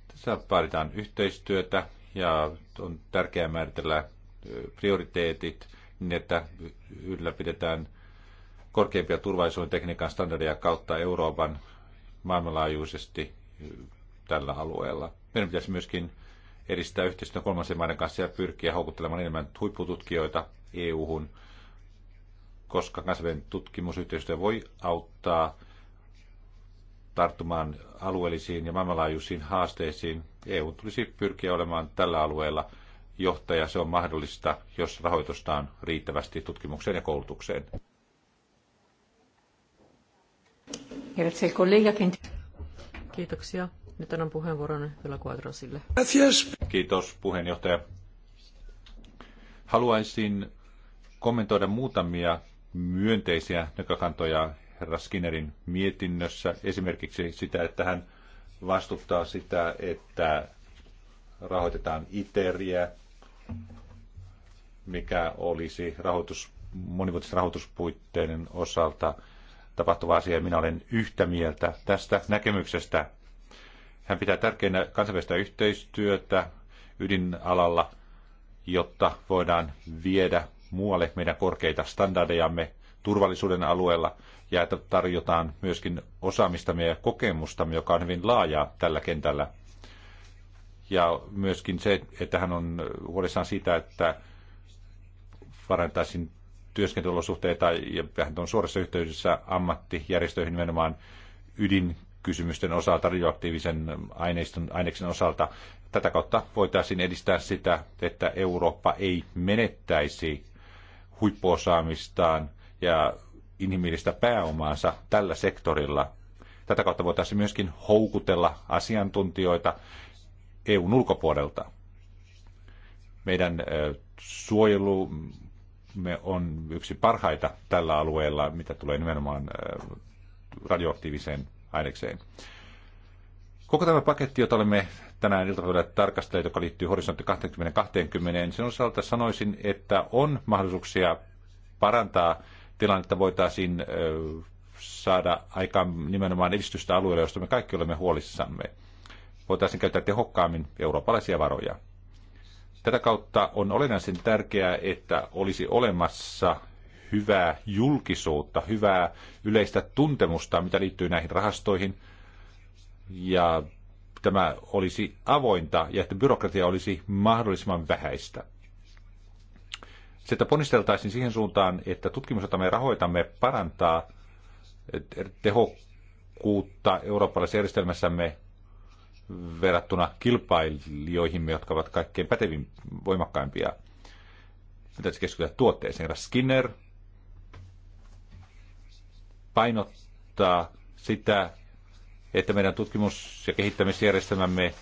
Tässä vaaditaan yhteistyötä ja on tärkeää määritellä prioriteetit – niin että ylläpidetään korkeimpia turvallisuuden tekniikan standardeja kautta Euroopan maailmanlaajuisesti tällä alueella. Meidän pitäisi myöskin edistää yhteistyötä kolmansien maiden kanssa ja pyrkiä houkuttelemaan enemmän huippututkijoita EU-hun, koska kansainvälinen tutkimusyhteistyö voi auttaa tarttumaan alueellisiin ja maailmanlaajuisiin haasteisiin. EU tulisi pyrkiä olemaan tällä alueella – johtaja. Se on mahdollista, jos rahoitusta on riittävästi tutkimukseen ja koulutukseen. Kiitoksia. Nyt annan puheenvuoron Vila Quadrasille. Kiitos puheenjohtaja. Haluaisin kommentoida muutamia myönteisiä näkökantoja herra Skinnerin mietinnössä. Esimerkiksi sitä, että hän vastustaa sitä, että rahoitetaan ITERiä mikä olisi rahoitus, monivuotisen rahoituspuitteiden osalta tapahtuva asia. Minä olen yhtä mieltä tästä näkemyksestä. Hän pitää tärkeänä kansainvälistä yhteistyötä ydinalalla, jotta voidaan viedä muualle meidän korkeita standardejamme turvallisuuden alueella ja että tarjotaan myöskin osaamistamme ja kokemustamme, joka on hyvin laajaa tällä kentällä. Ja myöskin se, että hän on huolissaan siitä, että parantaisin työskentelyolosuhteita ja hän on suorassa yhteydessä ammattijärjestöihin nimenomaan ydinkysymysten osalta, radioaktiivisen aineiston, aineksen osalta. Tätä kautta voitaisiin edistää sitä, että Eurooppa ei menettäisi huippuosaamistaan ja inhimillistä pääomaansa tällä sektorilla. Tätä kautta voitaisiin myöskin houkutella asiantuntijoita EUn ulkopuolelta. Meidän suojelumme on yksi parhaita tällä alueella, mitä tulee nimenomaan radioaktiiviseen ainekseen. Koko tämä paketti, jota olemme tänään iltapäivällä tarkastelleet, joka liittyy horisontti 2020, sen osalta sanoisin, että on mahdollisuuksia parantaa tilannetta, voitaisiin saada aikaan nimenomaan edistystä alueella, josta me kaikki olemme huolissamme voitaisiin käyttää tehokkaammin eurooppalaisia varoja. Tätä kautta on olennaisen tärkeää, että olisi olemassa hyvää julkisuutta, hyvää yleistä tuntemusta, mitä liittyy näihin rahastoihin. Ja tämä olisi avointa ja että byrokratia olisi mahdollisimman vähäistä. Se, että ponnisteltaisiin siihen suuntaan, että tutkimus, jota me rahoitamme, parantaa tehokkuutta eurooppalaisessa järjestelmässämme verrattuna kilpailijoihimme, jotka ovat kaikkein pätevin voimakkaimpia. Pitäisi keskittyä tuotteeseen. Herra Skinner painottaa sitä, että meidän tutkimus- ja kehittämisjärjestelmämme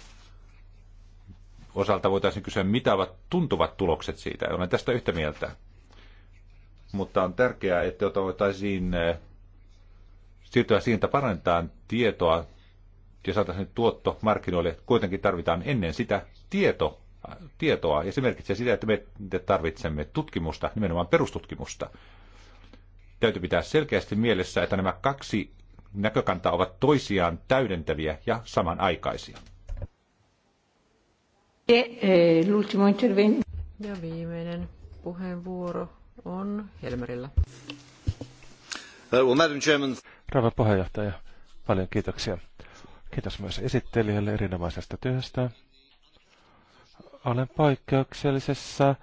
osalta voitaisiin kysyä, mitä ovat tuntuvat tulokset siitä. Olen tästä yhtä mieltä. Mutta on tärkeää, että voitaisiin eh, siirtyä siihen, että parannetaan tietoa ja saataisiin tuotto markkinoille, kuitenkin tarvitaan ennen sitä tieto, tietoa. Ja se merkitsee sitä, että me tarvitsemme tutkimusta, nimenomaan perustutkimusta. Täytyy pitää selkeästi mielessä, että nämä kaksi näkökantaa ovat toisiaan täydentäviä ja samanaikaisia. E, e, ja viimeinen puheenvuoro on Helmerillä. Uh, Rouva puheenjohtaja, paljon kiitoksia. Kiitos myös esittelijälle erinomaisesta työstä. Olen poikkeuksellisessa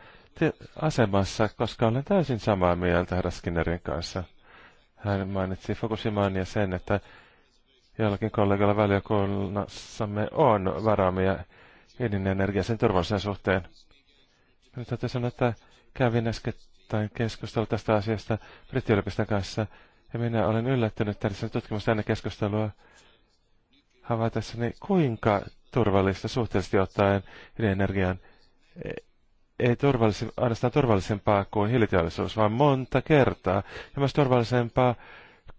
asemassa, koska olen täysin samaa mieltä herra Skinnerin kanssa. Hän mainitsi Fukushimaan ja sen, että jollakin kollegalla valiokunnassamme on varaamia ydinenergia sen turvallisuuden suhteen. Nyt täytyy sanoa, että kävin äskettäin keskustelua tästä asiasta brittiyliopiston kanssa, ja minä olen yllättynyt tällaisen tutkimusta ennen keskustelua, havaitessani, kuinka turvallista suhteellisesti ottaen ydinenergian e, ei turvallisin, ainoastaan turvallisempaa kuin hiiliteollisuus, vaan monta kertaa. Ja myös turvallisempaa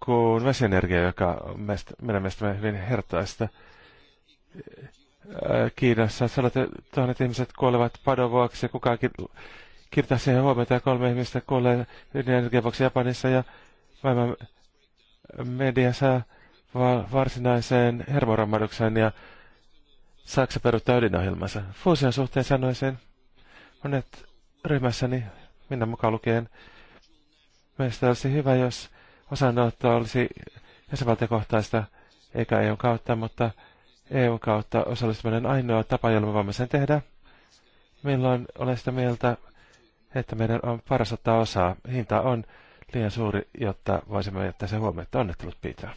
kuin vesienergia, joka on meistä, meidän mielestämme hyvin hertaista. E, e, Kiinassa sadat tuhannet ihmiset kuolevat padon vuoksi ja kukaan kirtaa siihen huomiota ja kolme ihmistä kuolee ydinenergian vuoksi Japanissa ja maailman mediassa varsinaiseen hermoromahdukseen ja Saksa peruuttaa ydinohjelmansa. Fuusion suhteen sanoisin, monet ryhmässäni, minä mukaan lukien, meistä olisi hyvä, jos osanotto olisi jäsenvaltiokohtaista eikä EU kautta, mutta EUn kautta osallistuminen ainoa tapa, jolla me voimme sen tehdä. Milloin olen sitä mieltä, että meidän on paras ottaa osaa. Hinta on liian suuri, jotta voisimme jättää sen huomioon, että onnettelut pitää.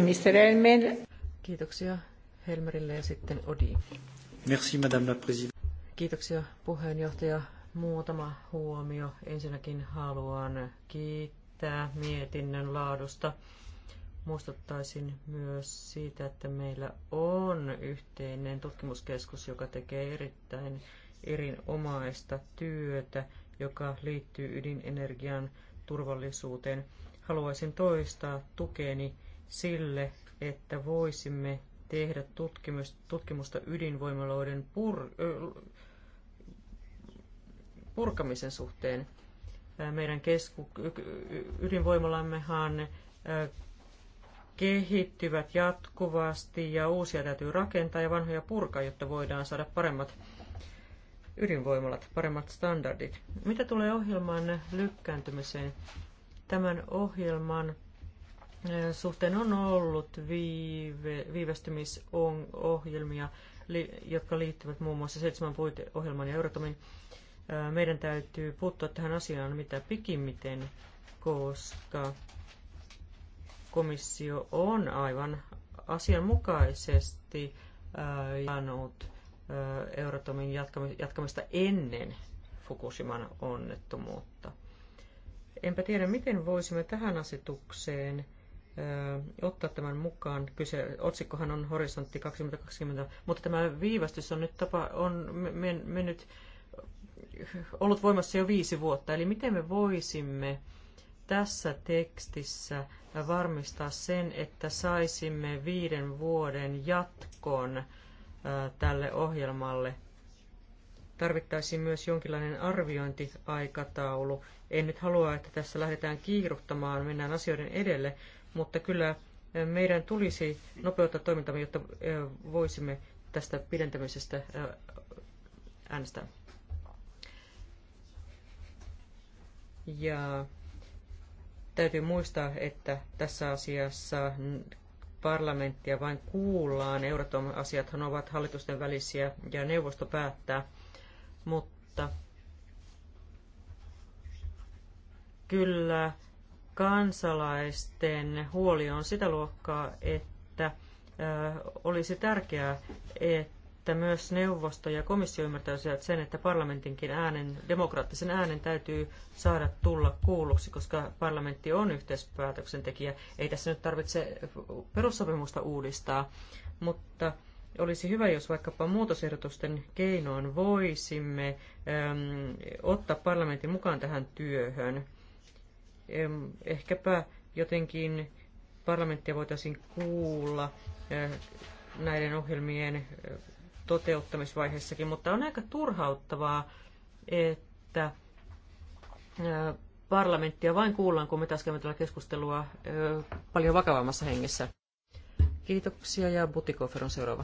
Mr. Elmer. Kiitoksia Helmerille ja sitten Odi. Merci, Madame la Présidente. Kiitoksia puheenjohtaja. Muutama huomio. Ensinnäkin haluan kiittää mietinnön laadusta. Muistuttaisin myös siitä, että meillä on yhteinen tutkimuskeskus, joka tekee erittäin erinomaista työtä, joka liittyy ydinenergian turvallisuuteen. Haluaisin toistaa tukeni sille, että voisimme tehdä tutkimus, tutkimusta ydinvoimaloiden pur, purkamisen suhteen. Meidän kesku, ydinvoimalammehan kehittyvät jatkuvasti ja uusia täytyy rakentaa ja vanhoja purkaa, jotta voidaan saada paremmat ydinvoimalat, paremmat standardit. Mitä tulee ohjelman lykkääntymiseen? Tämän ohjelman suhteen on ollut viive, viivästymisohjelmia, jotka liittyvät muun muassa seitsemän puiteohjelman ja Eurotomin. Meidän täytyy puuttua tähän asiaan mitä pikimmiten, koska komissio on aivan asianmukaisesti jäänyt Euratomin jatkamista ennen Fukushiman onnettomuutta. Enpä tiedä, miten voisimme tähän asetukseen ottaa tämän mukaan. Kyse, otsikkohan on Horisontti 2020, mutta tämä viivästys on nyt tapa, on men, mennyt, ollut voimassa jo viisi vuotta. Eli miten me voisimme tässä tekstissä varmistaa sen, että saisimme viiden vuoden jatkon tälle ohjelmalle. Tarvittaisiin myös jonkinlainen arviointiaikataulu. En nyt halua, että tässä lähdetään kiiruhtamaan, mennään asioiden edelle, mutta kyllä meidän tulisi nopeuttaa toimintamme, jotta voisimme tästä pidentämisestä äänestää. Ja täytyy muistaa, että tässä asiassa parlamenttia vain kuullaan. Euratom-asiathan ovat hallitusten välisiä ja neuvosto päättää, mutta kyllä kansalaisten huoli on sitä luokkaa, että olisi tärkeää, että myös neuvosto ja komissio ymmärtäisivät sen, että parlamentinkin äänen, demokraattisen äänen täytyy saada tulla kuulluksi, koska parlamentti on yhteispäätöksentekijä. Ei tässä nyt tarvitse perussopimusta uudistaa, mutta olisi hyvä, jos vaikkapa muutosehdotusten keinoin voisimme äm, ottaa parlamentin mukaan tähän työhön Ehkäpä jotenkin parlamenttia voitaisiin kuulla näiden ohjelmien toteuttamisvaiheessakin, mutta on aika turhauttavaa, että parlamenttia vain kuullaan, kun me taas käymme tällä keskustelua paljon vakavammassa hengessä. Kiitoksia ja Butikofer on seuraava.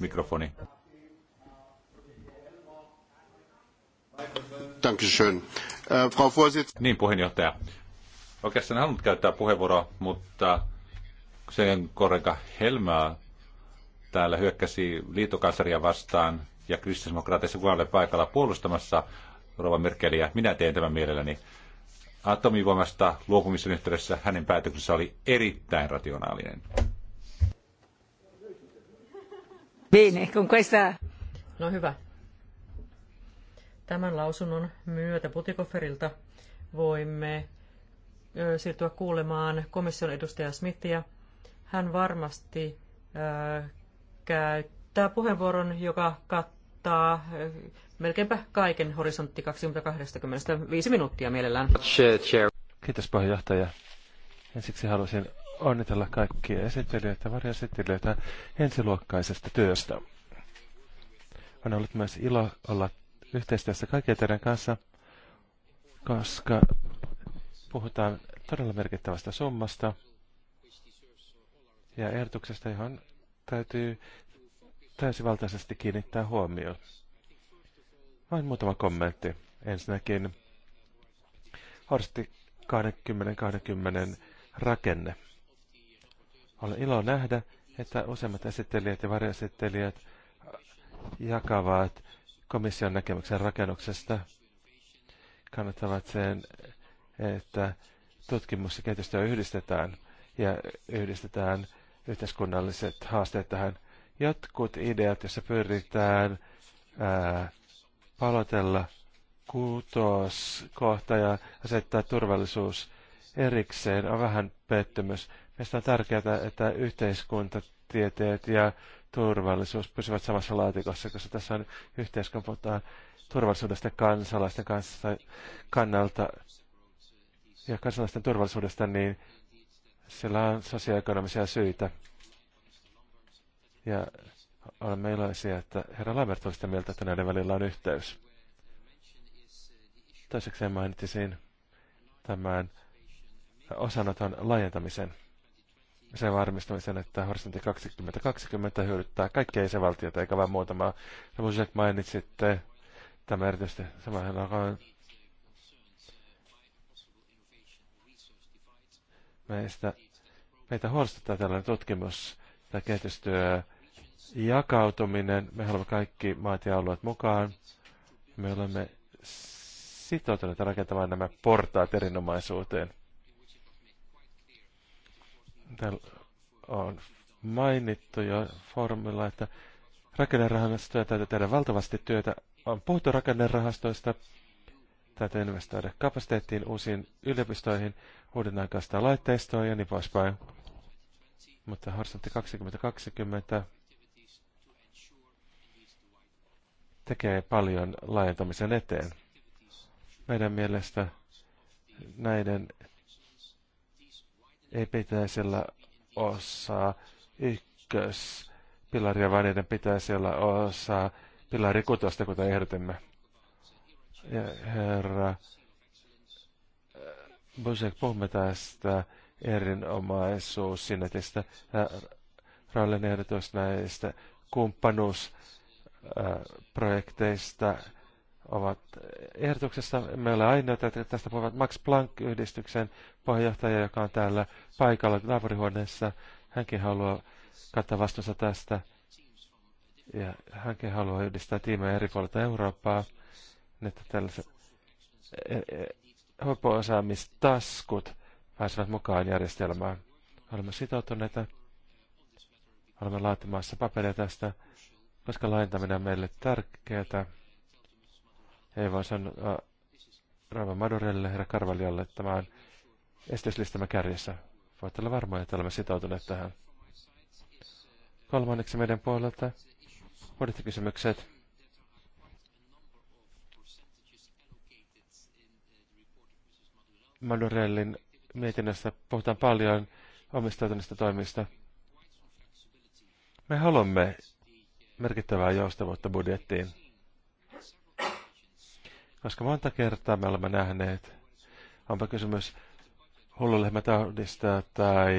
Mikrofoni. Äh, Frau Vorsitz... Niin, puheenjohtaja. Oikeastaan en halunnut käyttää puheenvuoroa, mutta sen korreka Helmaa täällä hyökkäsi liittokanssaria vastaan ja kristillisdemokraateissa kuvalle paikalla puolustamassa Rova Merkeliä. Minä teen tämän mielelläni. Atomivoimasta luopumisen yhteydessä hänen päätöksensä oli erittäin rationaalinen. Bene, con questa... No hyvä. Tämän lausunnon myötä Putikoferilta voimme siirtyä kuulemaan komission edustaja Smithia. Hän varmasti käyttää puheenvuoron, joka kattaa melkeinpä kaiken horisontti 2025 minuuttia mielellään. Kiitos puheenjohtaja. Ensiksi haluaisin onnitella kaikkia esittelijöitä varjoesittelijöitä ensiluokkaisesta työstä. On ollut myös ilo olla yhteistyössä kaikkien teidän kanssa, koska puhutaan todella merkittävästä summasta ja ehdotuksesta, johon täytyy täysivaltaisesti kiinnittää huomioon. Vain muutama kommentti. Ensinnäkin Horsti 20-20 rakenne. Olen ilo nähdä, että useimmat esittelijät ja varjoesittelijät jakavat komission näkemyksen rakennuksesta kannattavat sen, että tutkimus ja kehitystyö yhdistetään ja yhdistetään yhteiskunnalliset haasteet tähän. Jotkut ideat, joissa pyritään ää, palotella kuutoskohta ja asettaa turvallisuus erikseen, on vähän pettymys. Meistä on tärkeää, että yhteiskuntatieteet ja turvallisuus pysyvät samassa laatikossa, koska tässä on yhteiskunta turvallisuudesta kansalaisten kanssa, kannalta ja kansalaisten turvallisuudesta, niin sillä on sosioekonomisia syitä. Ja olemme iloisia, että herra Lambert oli sitä mieltä, että näiden välillä on yhteys. Toisekseen mainitsisin tämän osanoton laajentamisen sen varmistamisen, että horisontti 2020 hyödyttää kaikkia isävaltioita, eikä vain muutamaa. mainitsi, että tämä erityisesti samanhan aikaan. Meistä, meitä huolestuttaa tällainen tutkimus ja kehitystyö jakautuminen. Me haluamme kaikki maat ja alueet mukaan. Me olemme sitoutuneita rakentamaan nämä portaat erinomaisuuteen. Täällä on mainittu jo foorumilla, että rakennerahastoja täytyy tehdä valtavasti työtä. On puhuttu rakennerahastoista, täytyy investoida kapasiteettiin, uusiin yliopistoihin, uuden aikaista laitteistoa ja niin poispäin. Mutta Horisontti 2020 tekee paljon laajentamisen eteen. Meidän mielestä näiden ei pitäisi olla osaa ykköspilaria, vaan niiden pitäisi olla osaa pilari kutosta, kuten ehdotimme. Ja herra äh, Busek, puhumme tästä erinomaisuus sinetistä. Rallin ehdotus näistä kumppanuusprojekteista. Äh, ovat ehdotuksessa. Meillä ainoita, että tästä puhuvat Max Planck-yhdistyksen puheenjohtaja, joka on täällä paikalla naapurihuoneessa. Hänkin haluaa kattaa vastuunsa tästä. Ja hänkin haluaa yhdistää tiimejä eri puolilta Eurooppaa. Niin, että tällaiset e, e, huippuosaamistaskut pääsevät mukaan järjestelmään. Olemme sitoutuneita. Olemme laatimassa paperia tästä, koska laajentaminen on meille tärkeää. Ei vaan sanoa äh, Raiva Madurelle, herra että tämä on estyslistamme kärjessä. Voitte olla varmoja, että olemme sitoutuneet tähän. Kolmanneksi meidän puolelta budjettikysymykset. Madurellin mietinnöstä puhutaan paljon omistautuneista toimista. Me haluamme merkittävää joustavuutta budjettiin. Koska monta kertaa me olemme nähneet, onpa kysymys hullulehmätaudista tai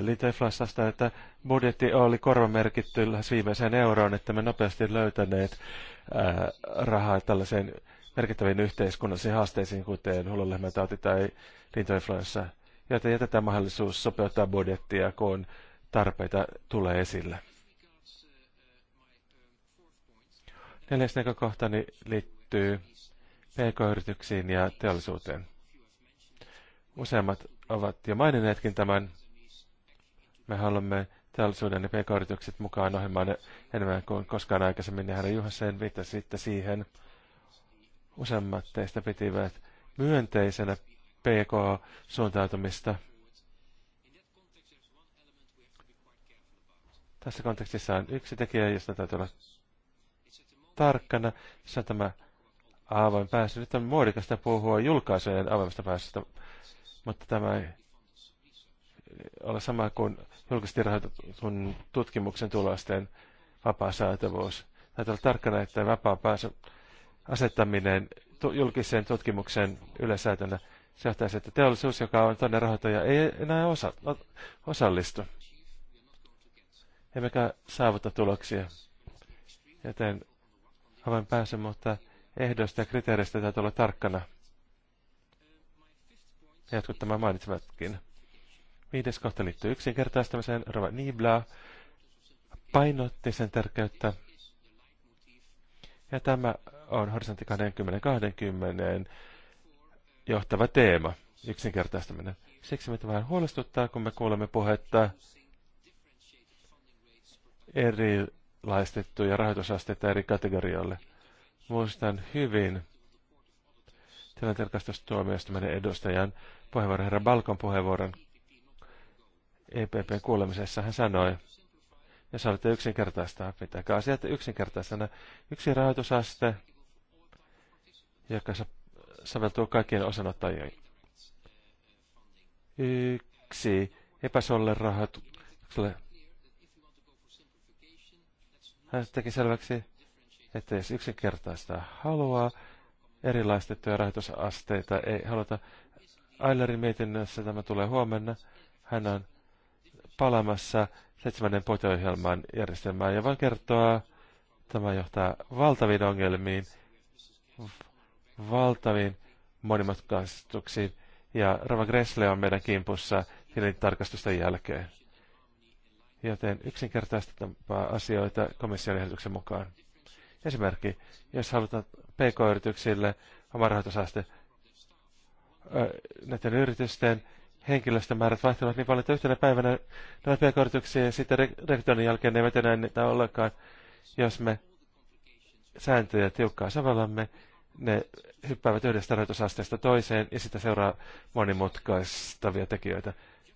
liiteinflassasta, että budjetti oli korvamerkitty lähes viimeiseen euroon, että me nopeasti löytäneet ää, rahaa tällaiseen merkittäviin yhteiskunnallisiin haasteisiin, kuten hullulehmätauti tai liiteinfluenssa, joten jätetään mahdollisuus sopeuttaa budjettia, kun tarpeita tulee esille. Neljäs näkökohtani liittyy liittyy pk-yrityksiin ja teollisuuteen. Useimmat ovat jo maininneetkin tämän. Me haluamme teollisuuden ja pk-yritykset mukaan ohjelmaan enemmän kuin koskaan aikaisemmin, ja herra Juhasen viittasi sitten siihen. Useimmat teistä pitivät myönteisenä pk-suuntautumista. Tässä kontekstissa on yksi tekijä, josta täytyy olla tarkkana. Se on tämä avoin päässä. Nyt on muodikasta puhua julkaisujen avoimesta päässä, mutta tämä ei ole sama kuin julkisesti rahoitetun tutkimuksen tulosten vapaa saatavuus. Täytyy olla tarkkana, että vapaa pääsy asettaminen julkiseen tutkimukseen yleisäätönä se johtaisi, että teollisuus, joka on toinen rahoittaja, ei enää osa, osallistu. Emmekä saavuta tuloksia. Joten avain pääsy, mutta ehdoista ja kriteereistä täytyy olla tarkkana. Jotkut tämä mainitsematkin. Viides kohta liittyy yksinkertaistamiseen. Rova Nibla painotti sen tärkeyttä. Ja tämä on horisontti 20-20 johtava teema, yksinkertaistaminen. Siksi meitä vähän huolestuttaa, kun me kuulemme puhetta erilaistettuja rahoitusasteita eri kategorioille. Muistan hyvin tilintarkastustuomioistuimen edustajan puheenvuoron, herra Balkon puheenvuoron EPPn kuulemisessa. Hän sanoi, ja sanoitte yksinkertaistaa, pitäkää asiat yksinkertaisena. Yksi rahoitusaste, joka soveltuu kaikkien osanottajien. Yksi epäsolle rahoitukselle. Hän teki selväksi, että jos yksinkertaista haluaa, erilaistettuja rahoitusasteita ei haluta. Eilerin mietinnössä tämä tulee huomenna. Hän on palamassa seitsemännen puiteohjelman järjestelmään ja voin kertoa, tämä johtaa valtaviin ongelmiin, valtaviin monimutkaistuksiin ja Rava Gressle on meidän kimpussa tilintarkastusten jälkeen. Joten yksinkertaistetaan asioita komission ehdotuksen mukaan. Esimerkki, jos halutaan PK-yrityksille rahoitusaste, näiden yritysten henkilöstömäärät vaihtelevat niin paljon, että yhtenä päivänä nämä pk-yrityksiä ja sitten rekrytoinnin jälkeen ne eivät enää niitä ollakaan, jos me sääntöjä tiukkaa sovellamme, ne hyppäävät yhdestä rahoitusasteesta toiseen ja sitä seuraa monimutkaistavia tekijöitä.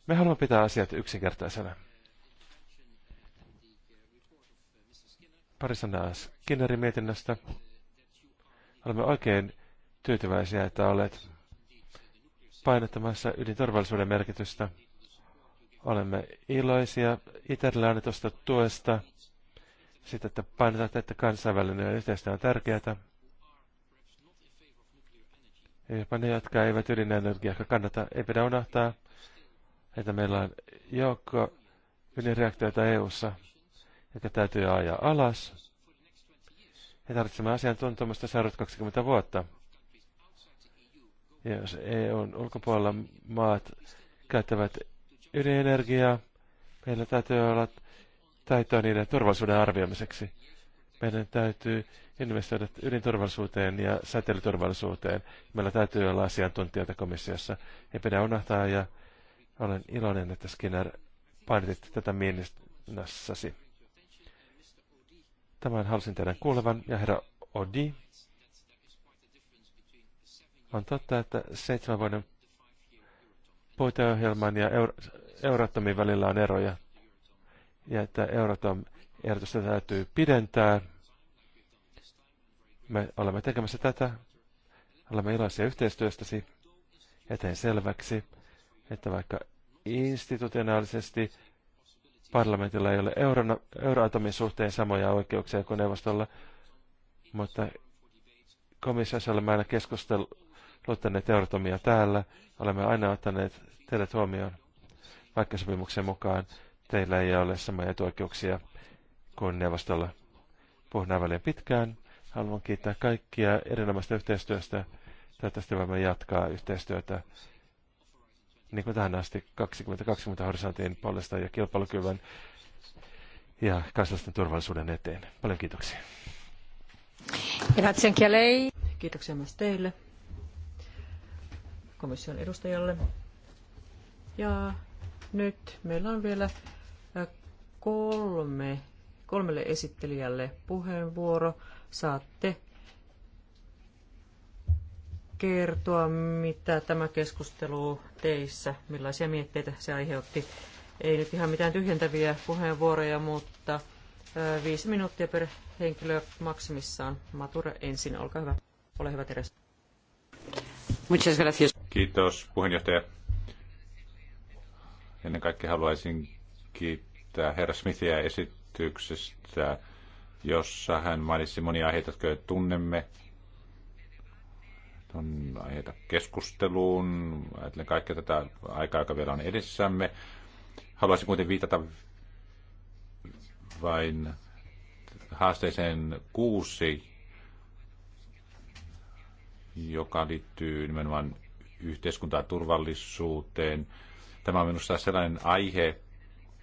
Me haluamme pitää asiat yksinkertaisena. Pari sanaa Skinnerin mietinnöstä. Olemme oikein tyytyväisiä, että olet painottamassa ydinturvallisuuden merkitystä. Olemme iloisia itselle annetusta tuesta, sitä, että painotat, että kansainvälinen yhteistyö on tärkeää. Ja jopa ne, jotka eivät ydinenergiaa kannata, ei pidä unohtaa, että meillä on joukko ydinreaktioita EU-ssa jotka täytyy ajaa alas. He tarvitsevat asiantuntemusta seuraavat 20 vuotta. Ja jos EUn ulkopuolella maat käyttävät ydinenergiaa, meillä täytyy olla taitoa niiden turvallisuuden arvioimiseksi. Meidän täytyy investoida ydinturvallisuuteen ja säteilyturvallisuuteen. Meillä täytyy olla asiantuntijoita komissiossa. Ei pidä unohtaa ja olen iloinen, että Skinner painitit tätä miinnassasi. Tämän halusin teidän kuulevan. Ja herra Odi, on totta, että seitsemän vuoden puiteohjelman ja Euratomin välillä on eroja. Ja että Euratom ehdotusta täytyy pidentää. Me olemme tekemässä tätä. Olemme iloisia yhteistyöstäsi. eteen selväksi, että vaikka institutionaalisesti Parlamentilla ei ole euron, euroatomin suhteen samoja oikeuksia kuin neuvostolla, mutta komissiossa olemme aina keskustelleet euroatomia täällä. Olemme aina ottaneet teidät huomioon, vaikka sopimuksen mukaan teillä ei ole samoja etuoikeuksia kuin neuvostolla. Puhun väliin pitkään. Haluan kiittää kaikkia erinomaista yhteistyöstä. Toivottavasti voimme jatkaa yhteistyötä niin kuin tähän asti 2020 horisontin puolesta ja kilpailukyvyn ja kansallisten turvallisuuden eteen. Paljon kiitoksia. Kiitoksia myös teille, komission edustajalle. Ja nyt meillä on vielä äh, kolme, kolmelle esittelijälle puheenvuoro. Saatte kertoa, mitä tämä keskustelu teissä, millaisia mietteitä se aiheutti. Ei nyt ihan mitään tyhjentäviä puheenvuoroja, mutta viisi minuuttia per henkilö maksimissaan. Matura ensin, olkaa hyvä. Ole hyvä, Teres. Muchas gracias. Kiitos, puheenjohtaja. Ennen kaikkea haluaisin kiittää herra Smithia esityksestä, jossa hän mainitsi monia aiheita, jotka tunnemme, on aiheita keskusteluun, Ajattelen kaikkea tätä aikaa, joka vielä on edessämme. Haluaisin kuitenkin viitata vain haasteeseen kuusi, joka liittyy nimenomaan yhteiskuntaan turvallisuuteen. Tämä on minusta sellainen aihe,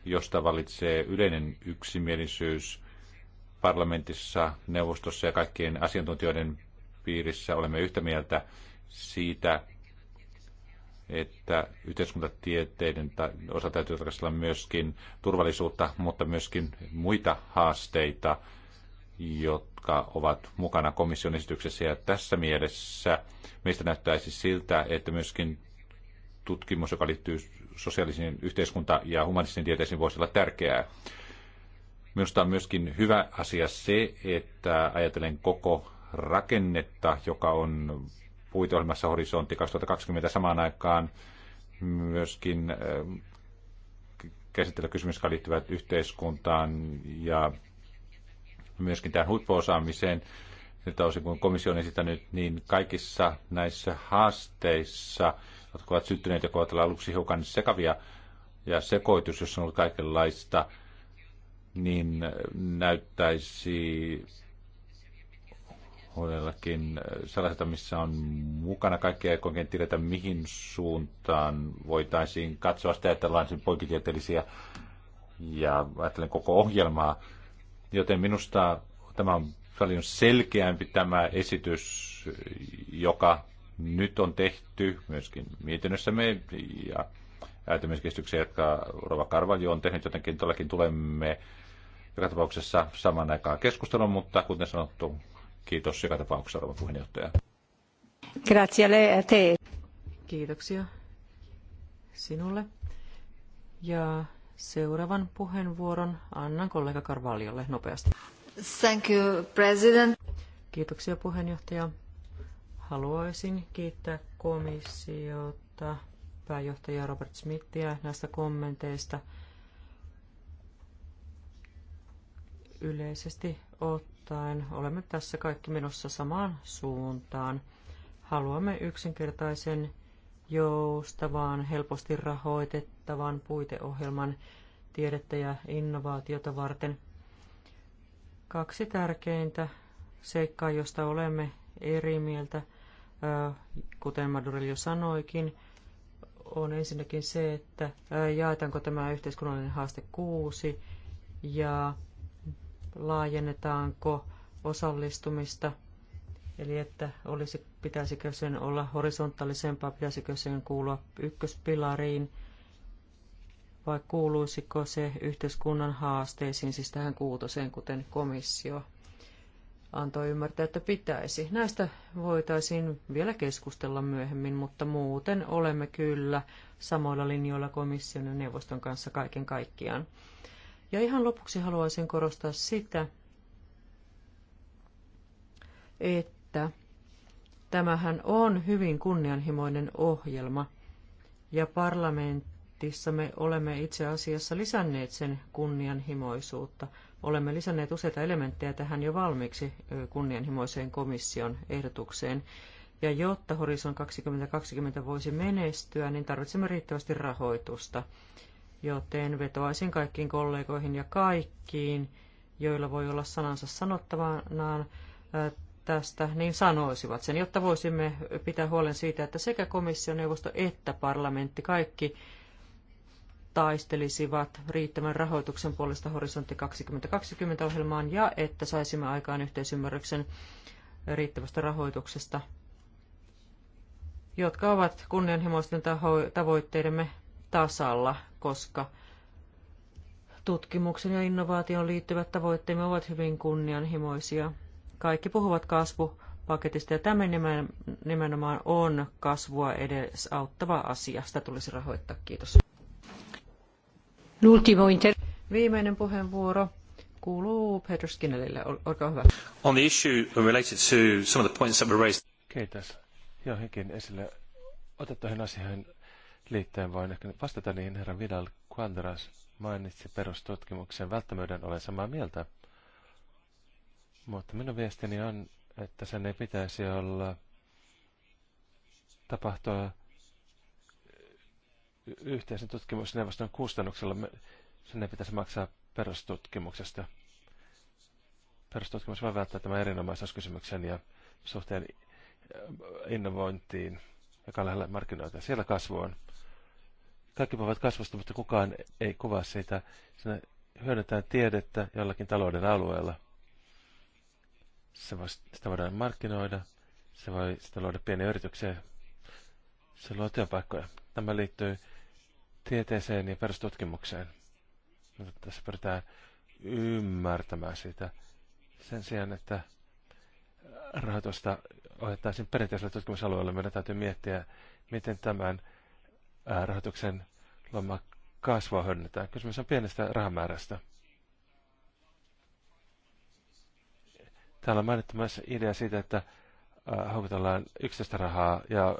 josta valitsee yleinen yksimielisyys parlamentissa, neuvostossa ja kaikkien asiantuntijoiden piirissä olemme yhtä mieltä siitä, että yhteiskuntatieteiden osa täytyy tarkastella myöskin turvallisuutta, mutta myöskin muita haasteita, jotka ovat mukana komission esityksessä. Ja tässä mielessä meistä näyttäisi siltä, että myöskin tutkimus, joka liittyy sosiaalisiin yhteiskunta- ja humanistisiin tieteisiin, voisi olla tärkeää. Minusta on myöskin hyvä asia se, että ajatellen koko rakennetta, joka on puiteohjelmassa Horisontti 2020 samaan aikaan myöskin äh, käsitellä kysymyksiä, jotka liittyvät yhteiskuntaan ja myöskin tähän huippuosaamiseen. Siltä osin kuin komissio on esittänyt, niin kaikissa näissä haasteissa, jotka ovat syttyneet, ja ovat aluksi hiukan sekavia ja sekoitus, jos on ollut kaikenlaista, niin näyttäisi monellakin äh, sellaiselta, missä on mukana kaikkea, ei oikein tiedetä, mihin suuntaan voitaisiin katsoa sitä, että ollaan poikitieteellisiä ja ajattelen koko ohjelmaa. Joten minusta tämä on paljon selkeämpi tämä esitys, joka nyt on tehty myöskin me ja äätymiskestyksiä, jotka Rova Karvalju on tehnyt, jotenkin todellakin tulemme joka tapauksessa saman aikaan keskustelun, mutta kuten sanottu, Kiitos joka tapauksessa, arvon puheenjohtaja. Grazie e te. Kiitoksia sinulle. Ja seuraavan puheenvuoron annan kollega Karvaliolle nopeasti. Thank you, President. Kiitoksia puheenjohtaja. Haluaisin kiittää komissiota, pääjohtaja Robert Smithia näistä kommenteista. Yleisesti ottaen vastaan. Olemme tässä kaikki menossa samaan suuntaan. Haluamme yksinkertaisen, joustavan, helposti rahoitettavan puiteohjelman tiedettä ja innovaatiota varten. Kaksi tärkeintä seikkaa, josta olemme eri mieltä, kuten Madurel jo sanoikin, on ensinnäkin se, että jaetaanko tämä yhteiskunnallinen haaste kuusi ja laajennetaanko osallistumista, eli että olisi, pitäisikö sen olla horisontaalisempaa, pitäisikö sen kuulua ykköspilariin, vai kuuluisiko se yhteiskunnan haasteisiin, siis tähän kuutoseen, kuten komissio antoi ymmärtää, että pitäisi. Näistä voitaisiin vielä keskustella myöhemmin, mutta muuten olemme kyllä samoilla linjoilla komission ja neuvoston kanssa kaiken kaikkiaan. Ja ihan lopuksi haluaisin korostaa sitä, että tämähän on hyvin kunnianhimoinen ohjelma, ja parlamentissa me olemme itse asiassa lisänneet sen kunnianhimoisuutta. Olemme lisänneet useita elementtejä tähän jo valmiiksi kunnianhimoiseen komission ehdotukseen. Ja jotta Horizon 2020 voisi menestyä, niin tarvitsemme riittävästi rahoitusta joten vetoaisin kaikkiin kollegoihin ja kaikkiin, joilla voi olla sanansa sanottavanaan tästä, niin sanoisivat sen, jotta voisimme pitää huolen siitä, että sekä komissioneuvosto että parlamentti kaikki taistelisivat riittävän rahoituksen puolesta Horisontti 2020-ohjelmaan ja että saisimme aikaan yhteisymmärryksen riittävästä rahoituksesta, jotka ovat kunnianhimoisten tavoitteidemme tasalla koska tutkimuksen ja innovaation liittyvät tavoitteemme ovat hyvin kunnianhimoisia. Kaikki puhuvat kasvupaketista ja tämä nimenomaan on kasvua edes auttava asia. Sitä tulisi rahoittaa. Kiitos. Viimeinen puheenvuoro kuuluu Peter Skinnerille. Olkaa hyvä. On the issue related to some of the points that were raised. Kiitos. Joihinkin esille otettuihin asioihin liitteen voin ehkä vastata niin, herra Vidal Quadras mainitsi perustutkimuksen välttämöiden olen samaa mieltä. Mutta minun viestini on, että sen ei pitäisi olla tapahtua yhteisen tutkimusneuvoston kustannuksella. Sen ei pitäisi maksaa perustutkimuksesta. Perustutkimus voi välttää tämän erinomaisuuskysymyksen ja suhteen innovointiin, joka on lähellä markkinoita. Siellä kasvu on. Kaikki ovat kasvusta, mutta kukaan ei kuvaa sitä. Siinä hyödyntää tiedettä jollakin talouden alueella. Se voi, sitä voidaan markkinoida, se voi sitä luoda pieniä yrityksiä, se luo työpaikkoja. Tämä liittyy tieteeseen ja perustutkimukseen. Mutta tässä pyritään ymmärtämään sitä sen sijaan, että rahoitusta ohjattaisiin perinteisellä tutkimusalueella. Meidän täytyy miettiä, miten tämän rahoituksen lomma kasvua hönnetään. Kysymys on pienestä rahamäärästä. Täällä on mainittu myös idea siitä, että äh, houkutellaan yksistä rahaa ja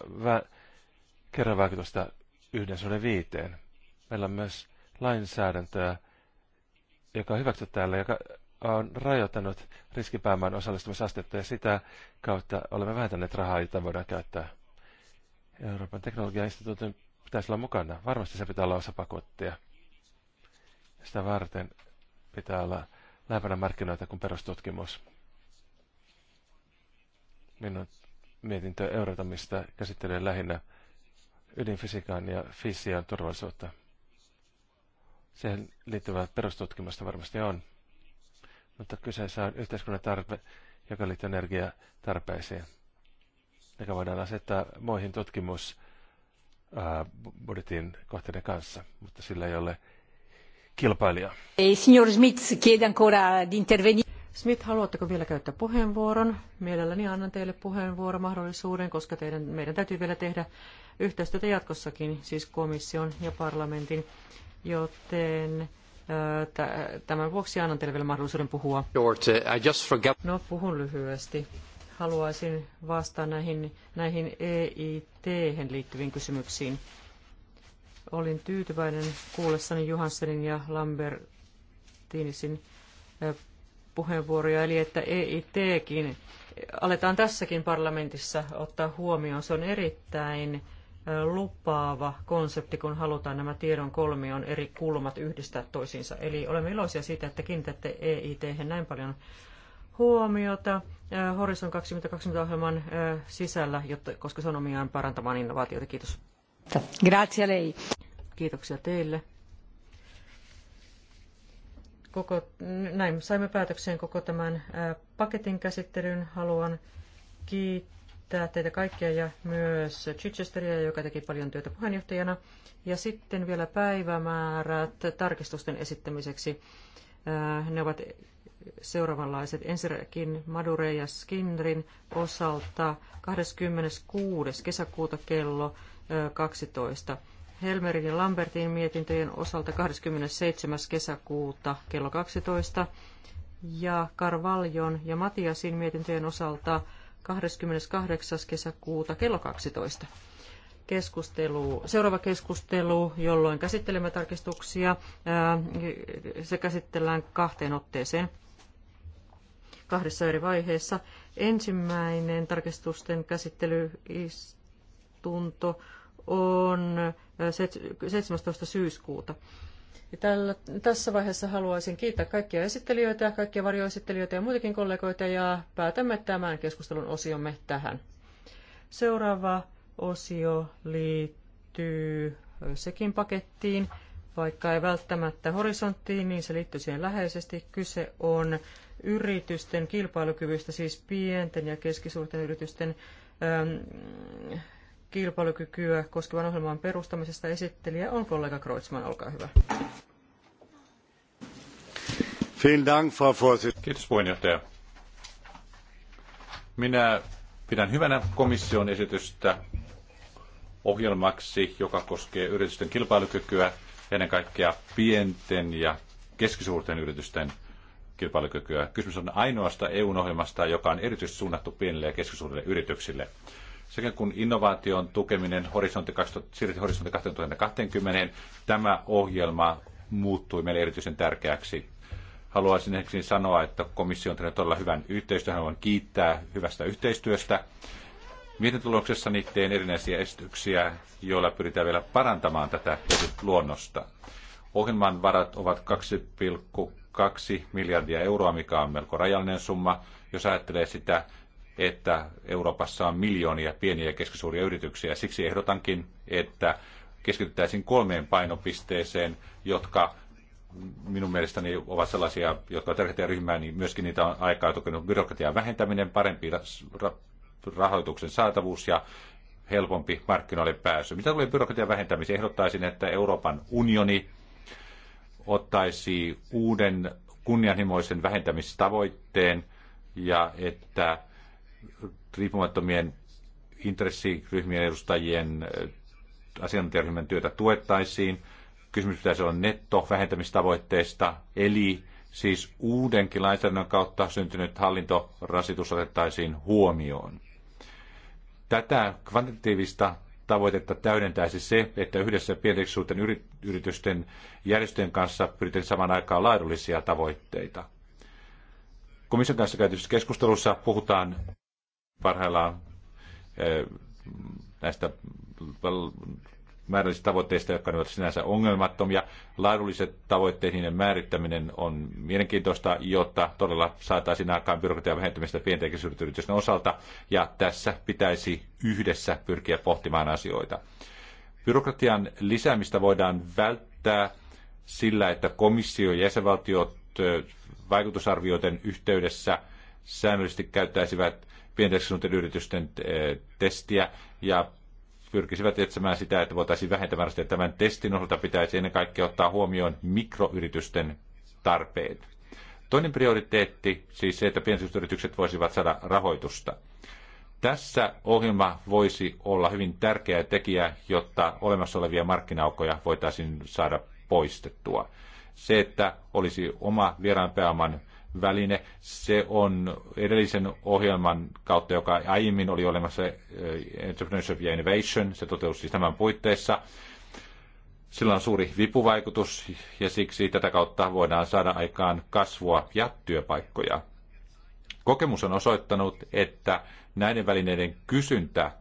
vä- vaikutusta yhden suhde viiteen. Meillä on myös lainsäädäntöä, joka on hyväksytty täällä, joka on rajoittanut riskipäämään osallistumisastetta ja sitä kautta olemme vähentäneet rahaa, jota voidaan käyttää. Euroopan teknologiainstituutin pitäisi olla mukana. Varmasti se pitää olla osa pakottia. Sitä varten pitää olla lämpänä markkinoita kuin perustutkimus. Minun mietintö Eurotomista käsittelee lähinnä ydinfysiikan ja fysian turvallisuutta. Siihen liittyvää perustutkimusta varmasti on, mutta kyseessä on yhteiskunnan tarve, joka liittyy energiatarpeisiin, joka voidaan asettaa muihin tutkimus- budjetin kohteiden kanssa, mutta sillä ei ole kilpailijaa. Signor Smith, chiede ancora di intervenire. Smith, haluatteko vielä käyttää puheenvuoron? Mielelläni annan teille puheenvuoron mahdollisuuden, koska teidän, meidän täytyy vielä tehdä yhteistyötä jatkossakin, siis komission ja parlamentin, joten tämän vuoksi annan teille vielä mahdollisuuden puhua. No, puhun lyhyesti haluaisin vastata näihin, näihin EIT liittyviin kysymyksiin. Olin tyytyväinen kuullessani Johanssenin ja Lambertinisin puheenvuoroja, eli että EITkin aletaan tässäkin parlamentissa ottaa huomioon. Se on erittäin lupaava konsepti, kun halutaan nämä tiedon kolmion eri kulmat yhdistää toisiinsa. Eli olemme iloisia siitä, että kiinnitätte EIT näin paljon huomiota äh, Horizon 2020-ohjelman äh, sisällä, jotta, koska se on omiaan parantamaan innovaatioita. Kiitos. Grazie lei. Kiitoksia teille. Koko, näin saimme päätökseen koko tämän äh, paketin käsittelyn. Haluan kiittää teitä kaikkia ja myös Chichesteria, joka teki paljon työtä puheenjohtajana. Ja sitten vielä päivämäärät tarkistusten esittämiseksi. Ne ovat seuraavanlaiset. Ensinnäkin Madure ja Skinrin osalta 26. kesäkuuta kello 12. Helmerin ja Lambertin mietintöjen osalta 27. kesäkuuta kello 12 ja Karvaljon ja Matiasin mietintöjen osalta 28. kesäkuuta kello 12. Keskustelu, seuraava keskustelu, jolloin käsittelemme tarkistuksia, se käsitellään kahteen otteeseen kahdessa eri vaiheessa. Ensimmäinen tarkistusten käsittelyistunto on 17. syyskuuta. Tällä, tässä vaiheessa haluaisin kiittää kaikkia esittelijöitä, kaikkia varjoesittelijöitä ja muitakin kollegoita ja päätämme tämän keskustelun osiomme tähän. Seuraava osio liittyy sekin pakettiin, vaikka ei välttämättä horisonttiin, niin se liittyy siihen läheisesti. Kyse on yritysten kilpailukyvystä, siis pienten ja keskisuurten yritysten ähm, kilpailukykyä koskevan ohjelman perustamisesta esittelijä on kollega Kreutzmann. Olkaa hyvä. Kiitos puheenjohtaja. Minä pidän hyvänä komission esitystä ohjelmaksi, joka koskee yritysten kilpailukykyä, ennen kaikkea pienten ja keskisuurten yritysten kilpailukykyä. Kysymys on ainoasta eu ohjelmasta, joka on erityisesti suunnattu pienille ja keskisuurille yrityksille. Sekä kun innovaation tukeminen horisontti 20, siirrettiin horisontti 2020, tämä ohjelma muuttui meille erityisen tärkeäksi. Haluaisin ehkä sanoa, että komissio on tehnyt todella hyvän yhteistyön. Haluan kiittää hyvästä yhteistyöstä. tuloksessa teen erinäisiä esityksiä, joilla pyritään vielä parantamaan tätä luonnosta. Ohjelman varat ovat Kaksi miljardia euroa, mikä on melko rajallinen summa. Jos ajattelee sitä, että Euroopassa on miljoonia pieniä ja keskisuuria yrityksiä, siksi ehdotankin, että keskityttäisiin kolmeen painopisteeseen, jotka minun mielestäni ovat sellaisia, jotka ovat tärkeitä ryhmää, niin myöskin niitä on tukenut byrokratian vähentäminen, parempi rahoituksen saatavuus ja helpompi markkinoille pääsy. Mitä tulee byrokratian vähentämiseen, ehdottaisin, että Euroopan unioni ottaisi uuden kunnianhimoisen vähentämistavoitteen ja että riippumattomien intressiryhmien edustajien asiantuntijaryhmän työtä tuettaisiin. Kysymys pitäisi olla nettovähentämistavoitteesta, eli siis uudenkin lainsäädännön kautta syntynyt hallintorasitus otettaisiin huomioon. Tätä kvantitatiivista tavoitetta täydentäisi se, että yhdessä pienteksuuden yritysten järjestöjen kanssa pyritään saman aikaan laadullisia tavoitteita. Komission kanssa käytössä keskustelussa puhutaan parhaillaan eh, näistä määrällisistä tavoitteista, jotka ovat sinänsä ongelmattomia. Laadulliset tavoitteet, niiden määrittäminen on mielenkiintoista, jotta todella saataisiin aikaan byrokratian vähentämistä pienten ja osalta, ja tässä pitäisi yhdessä pyrkiä pohtimaan asioita. Byrokratian lisäämistä voidaan välttää sillä, että komissio ja jäsenvaltiot vaikutusarvioiden yhteydessä säännöllisesti käyttäisivät pienten yritysten testiä ja pyrkisivät etsimään sitä, että voitaisiin vähentämään sitä. Tämän testin osalta pitäisi ennen kaikkea ottaa huomioon mikroyritysten tarpeet. Toinen prioriteetti, siis se, että pienet yritykset voisivat saada rahoitusta. Tässä ohjelma voisi olla hyvin tärkeä tekijä, jotta olemassa olevia markkinaukoja voitaisiin saada poistettua. Se, että olisi oma vieraan pääoman väline. Se on edellisen ohjelman kautta, joka aiemmin oli olemassa eh, Entrepreneurship ja Innovation, se toteutui siis tämän puitteissa. Sillä on suuri vipuvaikutus ja siksi tätä kautta voidaan saada aikaan kasvua ja työpaikkoja. Kokemus on osoittanut, että näiden välineiden kysyntä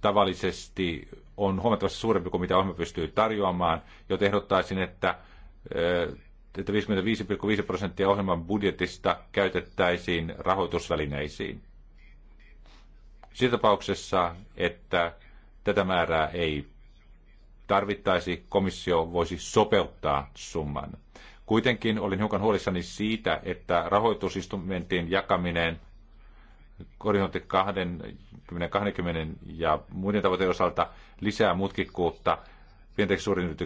tavallisesti on huomattavasti suurempi kuin mitä ohjelma pystyy tarjoamaan, joten ehdottaisin, että eh, että 55,5 prosenttia ohjelman budjetista käytettäisiin rahoitusvälineisiin. Siinä tapauksessa, että tätä määrää ei tarvittaisi, komissio voisi sopeuttaa summan. Kuitenkin olin hiukan huolissani siitä, että rahoitusinstrumentin jakaminen horisontti 20, 20 ja muiden tavoitteiden osalta lisää mutkikkuutta pienten suurin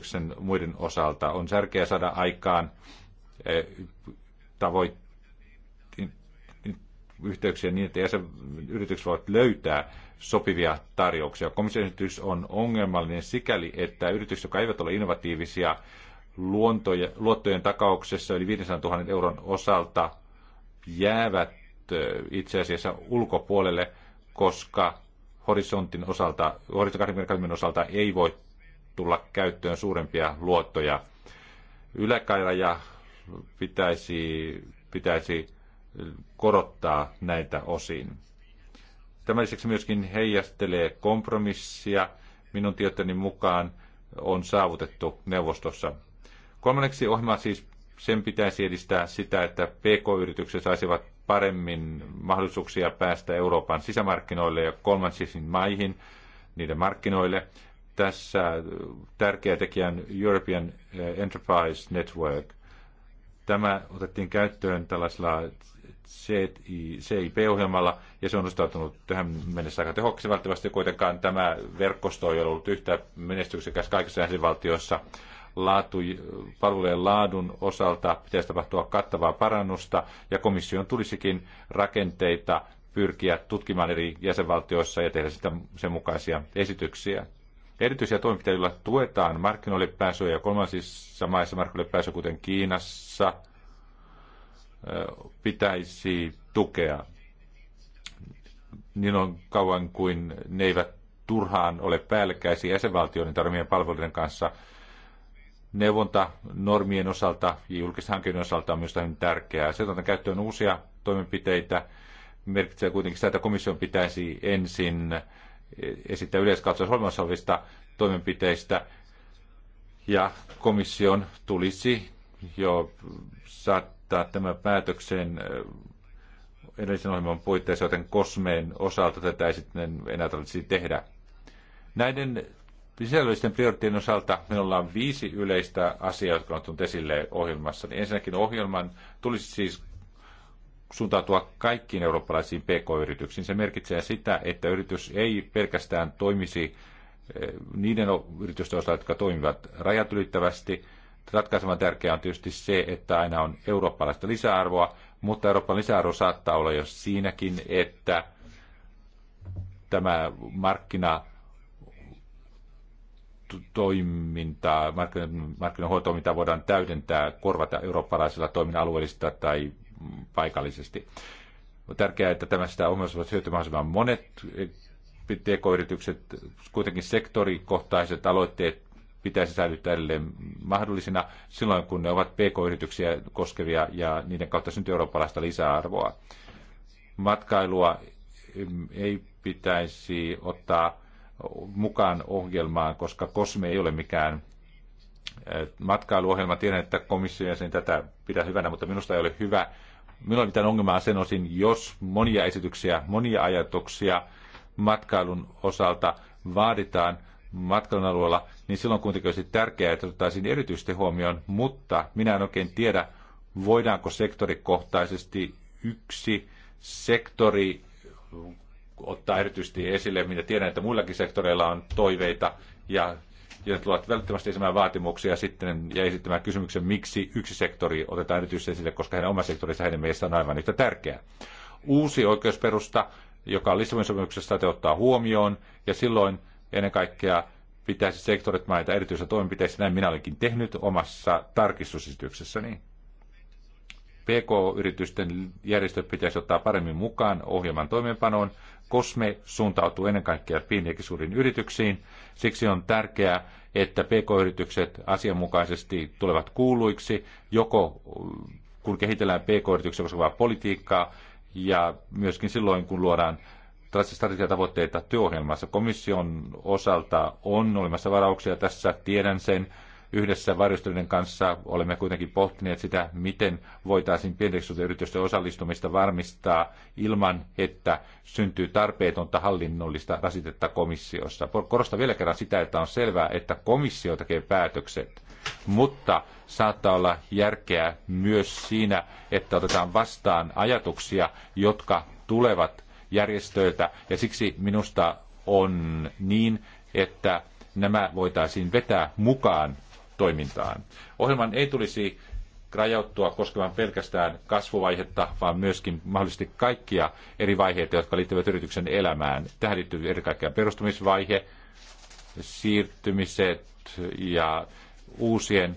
muiden osalta. On tärkeää saada aikaan eh, tavoit, yhteyksiä niin, että jäsen, yritykset voivat löytää sopivia tarjouksia. Komission esitys on ongelmallinen sikäli, että yritykset, jotka eivät ole innovatiivisia luontoja, luottojen takauksessa yli 500 000 euron osalta, jäävät eh, itse asiassa ulkopuolelle, koska horisontin osalta, horisontin osalta ei voi tulla käyttöön suurempia luottoja. Yläkairaja pitäisi, pitäisi korottaa näitä osin. Tämän lisäksi myöskin heijastelee kompromissia. Minun tietoni mukaan on saavutettu neuvostossa. Kolmanneksi ohjelma siis sen pitäisi edistää sitä, että PK-yritykset saisivat paremmin mahdollisuuksia päästä Euroopan sisämarkkinoille ja kolmansisiin maihin, niiden markkinoille tässä tärkeä tekijä on European eh, Enterprise Network. Tämä otettiin käyttöön tällaisella CIP-ohjelmalla, ja se on nostautunut tähän mennessä aika tehokkaaksi. Välttämättä kuitenkaan tämä verkosto ei ollut yhtä menestyksekäs kaikissa jäsenvaltioissa. Laatu, palvelujen laadun osalta pitäisi tapahtua kattavaa parannusta, ja komission tulisikin rakenteita pyrkiä tutkimaan eri jäsenvaltioissa ja tehdä sitä sen mukaisia esityksiä erityisiä toimenpiteitä, joilla tuetaan markkinoille pääsyä ja kolmansissa maissa markkinoille pääsyä, kuten Kiinassa, pitäisi tukea niin on kauan kuin ne eivät turhaan ole päällekkäisiä jäsenvaltioiden tarvitsemien palveluiden kanssa. Neuvonta normien osalta ja julkisten osalta on myös hyvin tärkeää. Se otetaan käyttöön uusia toimenpiteitä. Merkitsee kuitenkin sitä, että komission pitäisi ensin esittää yleiskatsaus olemassa olevista toimenpiteistä. Ja komission tulisi jo saattaa tämä päätöksen edellisen ohjelman puitteissa, joten Kosmeen osalta tätä ei sitten enää tarvitsisi tehdä. Näiden sisällöllisten prioriteettien osalta meillä on viisi yleistä asiaa, jotka on tullut esille ohjelmassa. Niin ensinnäkin ohjelman tulisi siis suuntautua kaikkiin eurooppalaisiin pk-yrityksiin. Se merkitsee sitä, että yritys ei pelkästään toimisi eh, niiden yritysten osalta, jotka toimivat rajat ylittävästi. Ratkaisevan tärkeää on tietysti se, että aina on eurooppalaista lisäarvoa, mutta Euroopan lisäarvo saattaa olla jo siinäkin, että tämä markkina toimintaa, markkinoiden hoitoimintaa voidaan täydentää, korvata eurooppalaisella toiminnan alueellista tai paikallisesti. On tärkeää, että tämästä ohjelmasta ovat hyöty mahdollisimman monet tekoyritykset, kuitenkin sektorikohtaiset aloitteet pitäisi säilyttää edelleen mahdollisina silloin, kun ne ovat PK-yrityksiä koskevia ja niiden kautta syntyy eurooppalaista lisäarvoa. Matkailua ei pitäisi ottaa mukaan ohjelmaan, koska Kosme ei ole mikään eh, matkailuohjelma. Tiedän, että komissio sen tätä pidä hyvänä, mutta minusta ei ole hyvä, Minulla on mitään ongelmaa sen osin, jos monia esityksiä, monia ajatuksia matkailun osalta vaaditaan matkailun alueella, niin silloin kuitenkin olisi tärkeää, että otettaisiin erityisesti huomioon, mutta minä en oikein tiedä, voidaanko sektorikohtaisesti yksi sektori ottaa erityisesti esille, minä tiedän, että muillakin sektoreilla on toiveita ja ja tulevat välttämättä esimään vaatimuksia sitten ja esittämään kysymyksen, miksi yksi sektori otetaan erityisesti esille, koska heidän oma sektorinsa heidän mielestään on aivan yhtä tärkeä. Uusi oikeusperusta, joka Lissabonin sopimuksessa te ottaa huomioon, ja silloin ennen kaikkea pitäisi sektorit mainita erityisissä toimenpiteissä. Näin minä olinkin tehnyt omassa tarkistusesityksessäni. PK-yritysten järjestöt pitäisi ottaa paremmin mukaan ohjelman toimeenpanoon. Kosme suuntautuu ennen kaikkea pieniäkin suuriin yrityksiin. Siksi on tärkeää, että pk-yritykset asianmukaisesti tulevat kuuluiksi, joko mm, kun kehitellään pk-yrityksiä koskevaa politiikkaa ja myöskin silloin, kun luodaan tällaisia strategisia tavoitteita työohjelmassa. Komission osalta on olemassa varauksia tässä, tiedän sen, Yhdessä varjostelujen kanssa olemme kuitenkin pohtineet sitä, miten voitaisiin yritysten osallistumista varmistaa ilman, että syntyy tarpeetonta hallinnollista rasitetta komissiossa. Korostan vielä kerran sitä, että on selvää, että komissio tekee päätökset, mutta saattaa olla järkeä myös siinä, että otetaan vastaan ajatuksia, jotka tulevat järjestöiltä, ja siksi minusta on niin, että nämä voitaisiin vetää mukaan toimintaan. Ohjelman ei tulisi rajauttua koskemaan pelkästään kasvuvaihetta, vaan myöskin mahdollisesti kaikkia eri vaiheita, jotka liittyvät yrityksen elämään. Tähän liittyy eri kaikkea perustumisvaihe, siirtymiset ja uusien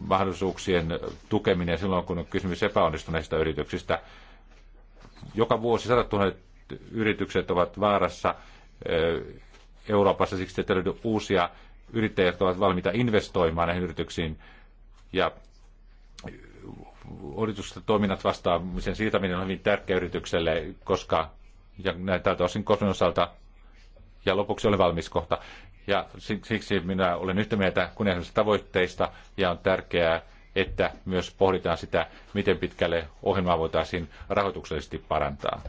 mahdollisuuksien tukeminen silloin, kun on kysymys epäonnistuneista yrityksistä. Joka vuosi 100 000 yritykset ovat vaarassa Euroopassa siksi, että löydy uusia yrittäjät jotka ovat valmiita investoimaan näihin yrityksiin ja yritysten toiminnat vastaamisen siirtäminen on hyvin tärkeä yritykselle, koska ja näin tältä osin Kosmin osalta ja lopuksi olen valmis kohta. Ja siksi minä olen yhtä mieltä kunnianhimoisista tavoitteista ja on tärkeää, että myös pohditaan sitä, miten pitkälle ohjelmaa voitaisiin rahoituksellisesti parantaa.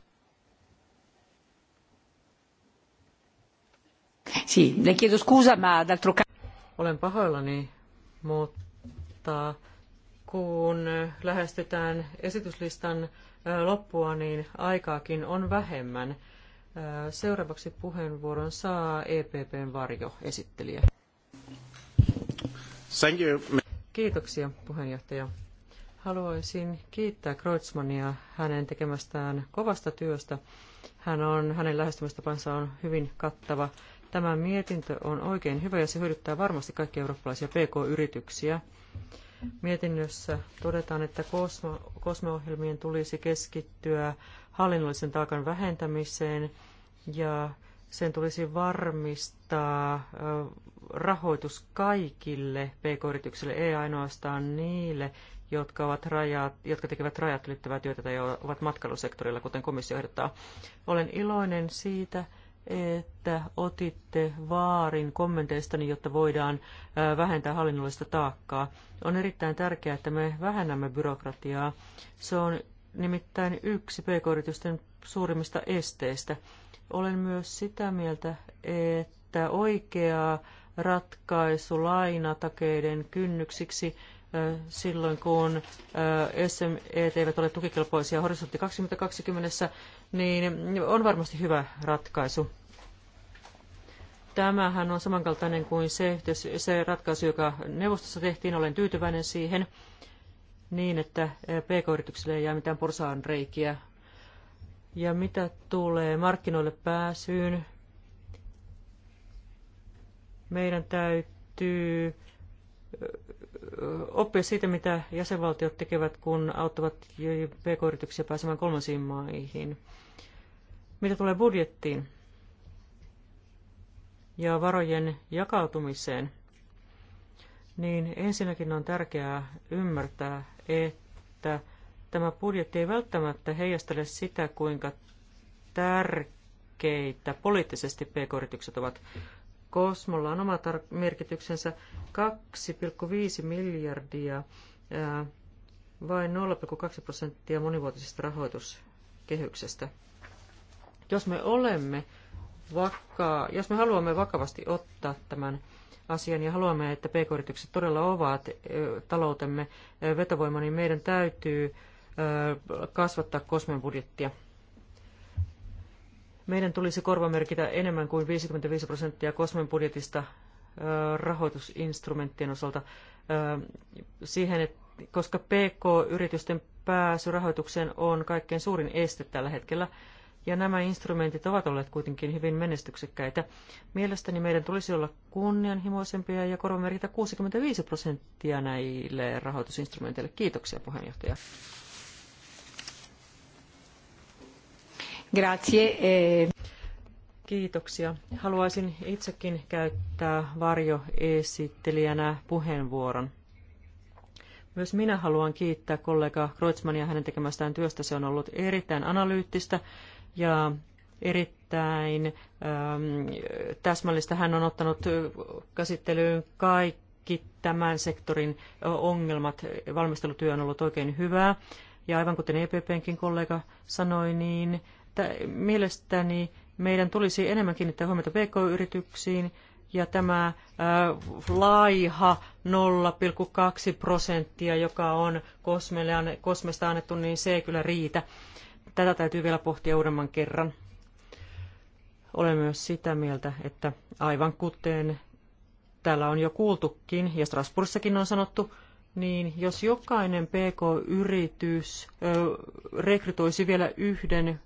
Olen pahoillani, mutta kun lähestytään esityslistan loppua, niin aikaakin on vähemmän. Seuraavaksi puheenvuoron saa EPPn varjoesittelijä. Thank you. Kiitoksia puheenjohtaja. Haluaisin kiittää Kreutzmania hänen tekemästään kovasta työstä. Hän on, hänen lähestymistapansa on hyvin kattava. Tämä mietintö on oikein hyvä ja se hyödyttää varmasti kaikkia eurooppalaisia PK-yrityksiä. Mietinnössä todetaan, että kosmeohjelmien tulisi keskittyä hallinnollisen taakan vähentämiseen ja sen tulisi varmistaa rahoitus kaikille pk-yrityksille, ei ainoastaan niille, jotka, ovat rajat, jotka tekevät rajat ylittävää työtä tai ovat matkailusektorilla, kuten komissio ehdottaa. Olen iloinen siitä, että otitte vaarin kommenteistani, jotta voidaan vähentää hallinnollista taakkaa. On erittäin tärkeää, että me vähennämme byrokratiaa. Se on nimittäin yksi pk-yritysten suurimmista esteistä. Olen myös sitä mieltä, että oikea ratkaisu lainatakeiden kynnyksiksi silloin, kun SME eivät ole tukikelpoisia horisontti 2020 niin on varmasti hyvä ratkaisu. Tämähän on samankaltainen kuin se, se ratkaisu, joka neuvostossa tehtiin. Olen tyytyväinen siihen niin, että pk-yrityksille ei jää mitään porsaan reikiä. Ja mitä tulee markkinoille pääsyyn, meidän täytyy oppia siitä, mitä jäsenvaltiot tekevät, kun auttavat pk-yrityksiä pääsemään kolmansiin maihin. Mitä tulee budjettiin ja varojen jakautumiseen, niin ensinnäkin on tärkeää ymmärtää, että tämä budjetti ei välttämättä heijastele sitä, kuinka tärkeitä poliittisesti pk-yritykset ovat. Kosmolla on oma tar- merkityksensä 2,5 miljardia, ää, vain 0,2 prosenttia monivuotisesta rahoituskehyksestä. Jos me olemme vaikka, jos me haluamme vakavasti ottaa tämän asian ja haluamme, että pk-yritykset todella ovat taloutemme vetovoima, niin meidän täytyy kasvattaa kosmen budjettia. Meidän tulisi korvamerkitä enemmän kuin 55 prosenttia kosmen budjetista rahoitusinstrumenttien osalta siihen, että koska PK-yritysten pääsy rahoitukseen on kaikkein suurin este tällä hetkellä ja nämä instrumentit ovat olleet kuitenkin hyvin menestyksekkäitä. Mielestäni meidän tulisi olla kunnianhimoisempia ja korvamerkitä 65 prosenttia näille rahoitusinstrumenteille. Kiitoksia puheenjohtaja. Grazie. Eh. Kiitoksia. Haluaisin itsekin käyttää varjoesittelijänä puheenvuoron. Myös minä haluan kiittää kollega Kreutzmania hänen tekemästään työstä. Se on ollut erittäin analyyttistä ja erittäin ähm, täsmällistä hän on ottanut äh, käsittelyyn kaikki tämän sektorin ongelmat. Valmistelutyö on ollut oikein hyvää. Ja aivan kuten EPPnkin kollega sanoi, niin mielestäni meidän tulisi enemmän kiinnittää huomiota pk-yrityksiin, ja tämä äh, laiha 0,2 prosenttia, joka on Kosmesta annettu, niin se ei kyllä riitä. Äh, Tätä täytyy vielä pohtia uudemman kerran. Olen myös sitä mieltä, että aivan kuten täällä on jo kuultukin ja Strasbourgissakin on sanottu, niin jos jokainen PK-yritys rekrytoisi vielä yhden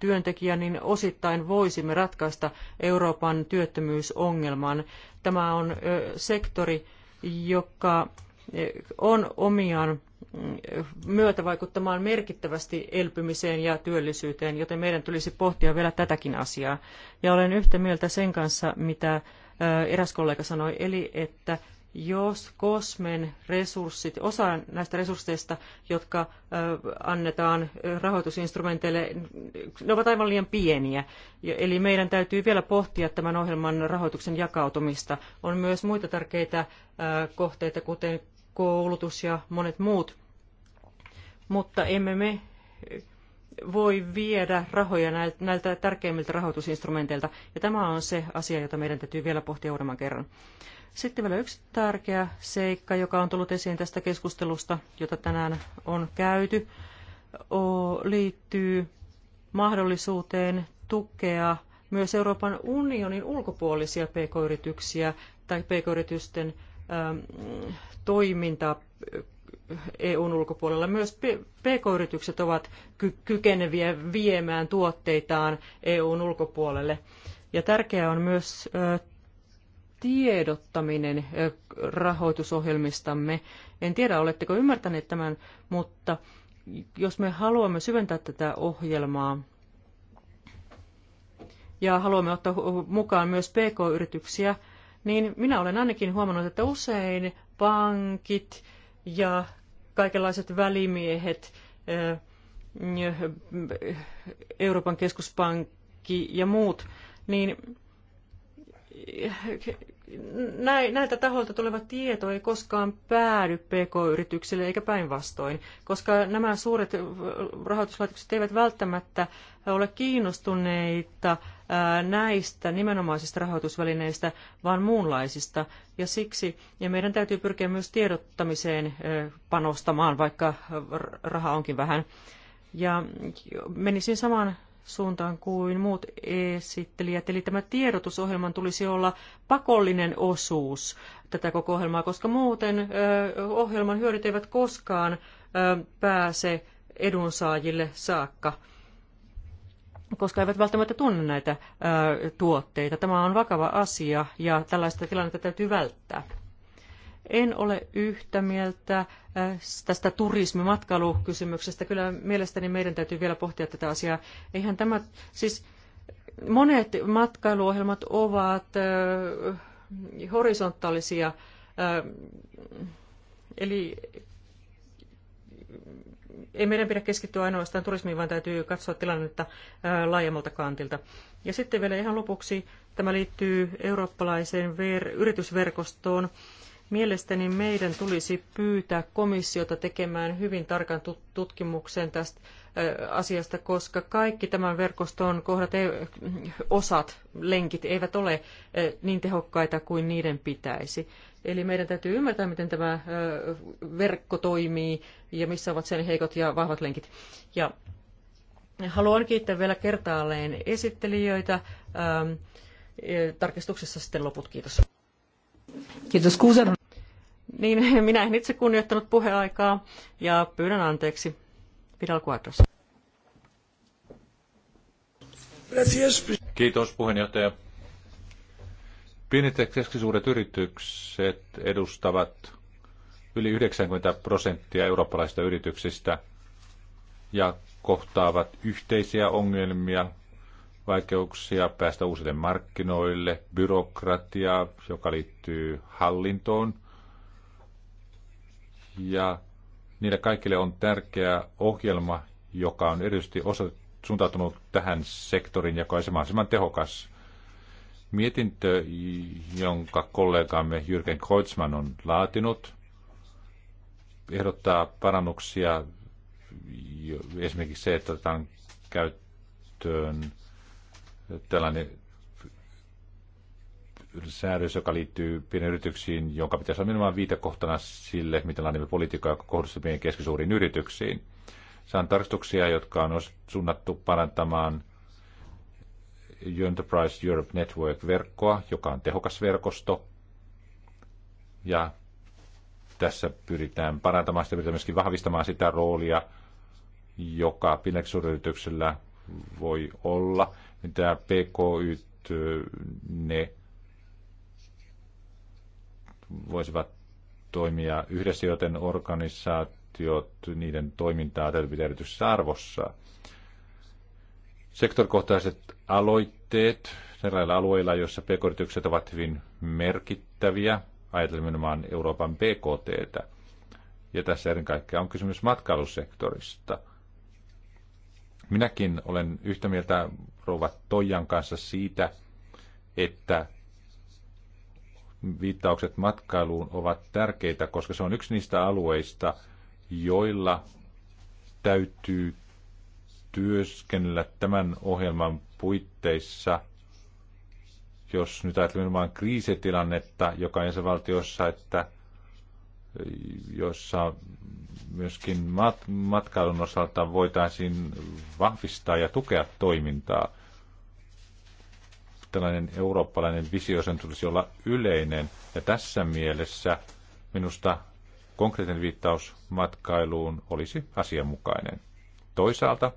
työntekijän, niin osittain voisimme ratkaista Euroopan työttömyysongelman. Tämä on sektori, joka on omiaan myötävaikuttamaan merkittävästi elpymiseen ja työllisyyteen, joten meidän tulisi pohtia vielä tätäkin asiaa. Ja olen yhtä mieltä sen kanssa, mitä eräs kollega sanoi, eli että jos kosmen resurssit, osa näistä resursseista, jotka annetaan rahoitusinstrumenteille, ne ovat aivan liian pieniä. Eli meidän täytyy vielä pohtia tämän ohjelman rahoituksen jakautumista. On myös muita tärkeitä kohteita, kuten koulutus ja monet muut. Mutta emme me voi viedä rahoja näiltä tärkeimmiltä rahoitusinstrumenteilta. Ja tämä on se asia, jota meidän täytyy vielä pohtia uudemman kerran. Sitten vielä yksi tärkeä seikka, joka on tullut esiin tästä keskustelusta, jota tänään on käyty, liittyy mahdollisuuteen tukea myös Euroopan unionin ulkopuolisia pk-yrityksiä tai pk-yritysten Ähm, toimintaa äh, EUn ulkopuolella. Myös PK-yritykset ovat kykeneviä viemään tuotteitaan EUn ulkopuolelle. Ja tärkeää on myös äh, tiedottaminen äh, rahoitusohjelmistamme. En tiedä, oletteko ymmärtäneet tämän, mutta jos me haluamme syventää tätä ohjelmaa ja haluamme ottaa mukaan myös PK-yrityksiä, niin minä olen ainakin huomannut, että usein pankit ja kaikenlaiset välimiehet, Euroopan keskuspankki ja muut, niin näiltä taholta tuleva tieto ei koskaan päädy PK-yrityksille eikä päinvastoin, koska nämä suuret rahoituslaitokset eivät välttämättä ole kiinnostuneita näistä nimenomaisista rahoitusvälineistä, vaan muunlaisista. Ja siksi ja meidän täytyy pyrkiä myös tiedottamiseen panostamaan, vaikka raha onkin vähän. Ja menisin samaan suuntaan kuin muut esittelijät. Eli tämä tiedotusohjelman tulisi olla pakollinen osuus tätä koko ohjelmaa, koska muuten ohjelman hyödyt eivät koskaan pääse edunsaajille saakka koska eivät välttämättä tunne näitä tuotteita. Tämä on vakava asia ja tällaista tilannetta täytyy välttää. En ole yhtä mieltä äh, tästä turismimatkailukysymyksestä. Kyllä mielestäni meidän täytyy vielä pohtia tätä asiaa. Eihän tämä, siis monet matkailuohjelmat ovat äh, horisontaalisia, äh, eli ei meidän pidä keskittyä ainoastaan turismiin, vaan täytyy katsoa tilannetta laajemmalta kantilta. Ja sitten vielä ihan lopuksi, tämä liittyy eurooppalaiseen ver- yritysverkostoon. Mielestäni meidän tulisi pyytää komissiota tekemään hyvin tarkan tutkimuksen tästä asiasta, koska kaikki tämän verkoston kohdat, osat, lenkit eivät ole niin tehokkaita kuin niiden pitäisi. Eli meidän täytyy ymmärtää, miten tämä verkko toimii ja missä ovat sen heikot ja vahvat lenkit. Ja haluan kiittää vielä kertaalleen esittelijöitä. Tarkistuksessa sitten loput. Kiitos. Kiitos Kuusen. Niin, minä en itse kunnioittanut puheaikaa ja pyydän anteeksi. Vidal Quadros. Kiitos puheenjohtaja. Pienet ja keskisuuret yritykset edustavat yli 90 prosenttia eurooppalaisista yrityksistä ja kohtaavat yhteisiä ongelmia, vaikeuksia päästä uusille markkinoille, byrokratiaa, joka liittyy hallintoon, ja niille kaikille on tärkeä ohjelma, joka on erityisesti osa, suuntautunut tähän sektorin, joka on mahdollisimman tehokas. Mietintö, jonka kollegamme Jürgen Kreutzmann on laatinut, ehdottaa parannuksia esimerkiksi se, että otetaan käyttöön tällainen säädös, joka liittyy yrityksiin, jonka pitäisi olla nimenomaan viitekohtana sille, miten laadimme politiikkaa, joka kohdistuu pieniin keskisuuriin yrityksiin. on tarkistuksia, jotka on suunnattu parantamaan Enterprise Europe Network-verkkoa, joka on tehokas verkosto. Ja tässä pyritään parantamaan sitä, pyritään myöskin vahvistamaan sitä roolia, joka pienellä voi olla, mitä PKY ne voisivat toimia yhdessä, joten organisaatiot, niiden toimintaa täytyy pitää erityisessä arvossa. Sektorikohtaiset aloitteet sellaisilla alueilla, joissa pk ovat hyvin merkittäviä, ajatellen nimenomaan Euroopan tä. Ja tässä ennen kaikkea on kysymys matkailusektorista. Minäkin olen yhtä mieltä rouva Toijan kanssa siitä, että viittaukset matkailuun ovat tärkeitä, koska se on yksi niistä alueista, joilla täytyy työskennellä tämän ohjelman puitteissa, jos nyt ajatellaan vain kriisitilannetta, joka jäsenvaltiossa, että jossa myöskin mat- matkailun osalta voitaisiin vahvistaa ja tukea toimintaa tällainen eurooppalainen visio, sen tulisi olla yleinen. Ja tässä mielessä minusta konkreettinen viittaus matkailuun olisi asianmukainen. Toisaalta,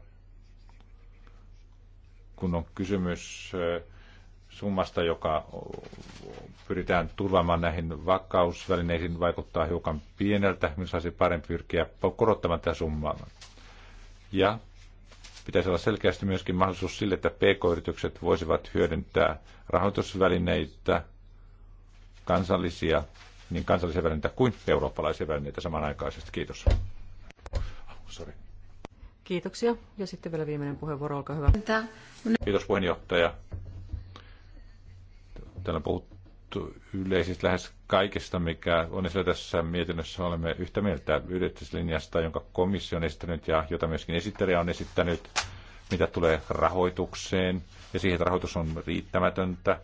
kun on kysymys summasta, joka pyritään turvaamaan näihin vakausvälineisiin, vaikuttaa hiukan pieneltä, missä olisi parempi pyrkiä korottamaan tätä summaa. Ja Pitäisi olla selkeästi myöskin mahdollisuus sille, että pk-yritykset voisivat hyödyntää rahoitusvälineitä, kansallisia, niin kansallisia välineitä kuin eurooppalaisia välineitä samanaikaisesti. Kiitos. Oh, sorry. Kiitoksia. Ja sitten vielä viimeinen puheenvuoro, olkaa hyvä. Kiitos puheenjohtaja. Täällä puhuttu yleisesti lähes kaikesta, mikä on esillä tässä mietinnössä. Olemme yhtä mieltä yhdistyslinjasta, jonka komissio on esittänyt ja jota myöskin esittelijä on esittänyt, mitä tulee rahoitukseen ja siihen, että rahoitus on riittämätöntä.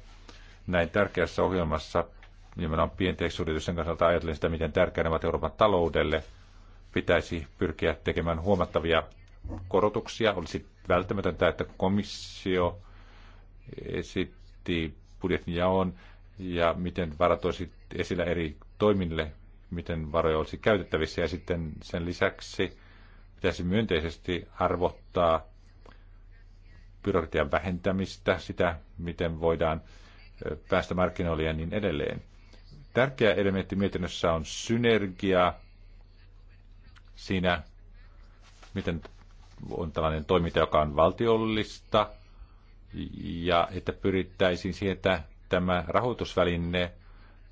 Näin tärkeässä ohjelmassa nimenomaan pienteksuyritysten kannalta ajatellen sitä, miten tärkeänä ovat Euroopan taloudelle, pitäisi pyrkiä tekemään huomattavia korotuksia. Olisi välttämätöntä, että komissio esitti budjetin jaon ja miten varat olisi esillä eri toimille, miten varoja olisi käytettävissä ja sitten sen lisäksi pitäisi myönteisesti arvottaa byrokratian vähentämistä, sitä miten voidaan päästä markkinoille ja niin edelleen. Tärkeä elementti mietinnössä on synergia siinä, miten on tällainen toiminta, joka on valtiollista, ja että pyrittäisiin siihen, että tämä rahoitusväline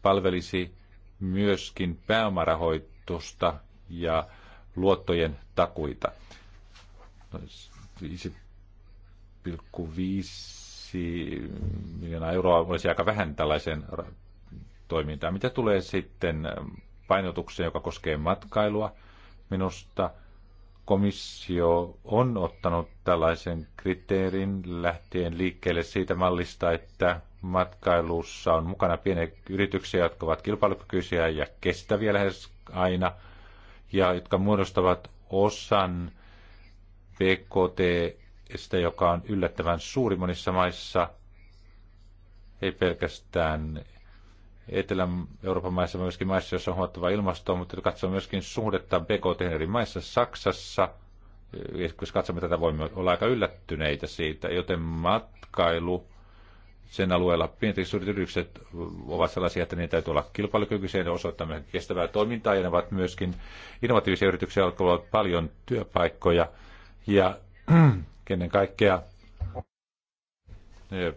palvelisi myöskin pääomarahoitusta ja luottojen takuita. 5,5 no, miljoonaa euroa olisi aika vähän tällaiseen toimintaan. Mitä tulee sitten painotukseen, joka koskee matkailua, minusta – komissio on ottanut tällaisen kriteerin lähtien liikkeelle siitä mallista, että matkailussa on mukana pieniä yrityksiä, jotka ovat kilpailukykyisiä ja kestäviä lähes aina, ja jotka muodostavat osan BKT, joka on yllättävän suuri monissa maissa, ei pelkästään Etelä-Euroopan maissa, myöskin maissa, joissa on huomattava ilmastoa, mutta katsoo myöskin suhdetta BKT eri maissa. Saksassa, jos eh, katsomme tätä, voimme olla aika yllättyneitä siitä, joten matkailu sen alueella pienet yritykset ovat sellaisia, että niitä täytyy olla kilpailukykyisiä ja osoittaa kestävää toimintaa ja ne ovat myöskin innovatiivisia yrityksiä, jotka ovat paljon työpaikkoja ja kenen kaikkea eh,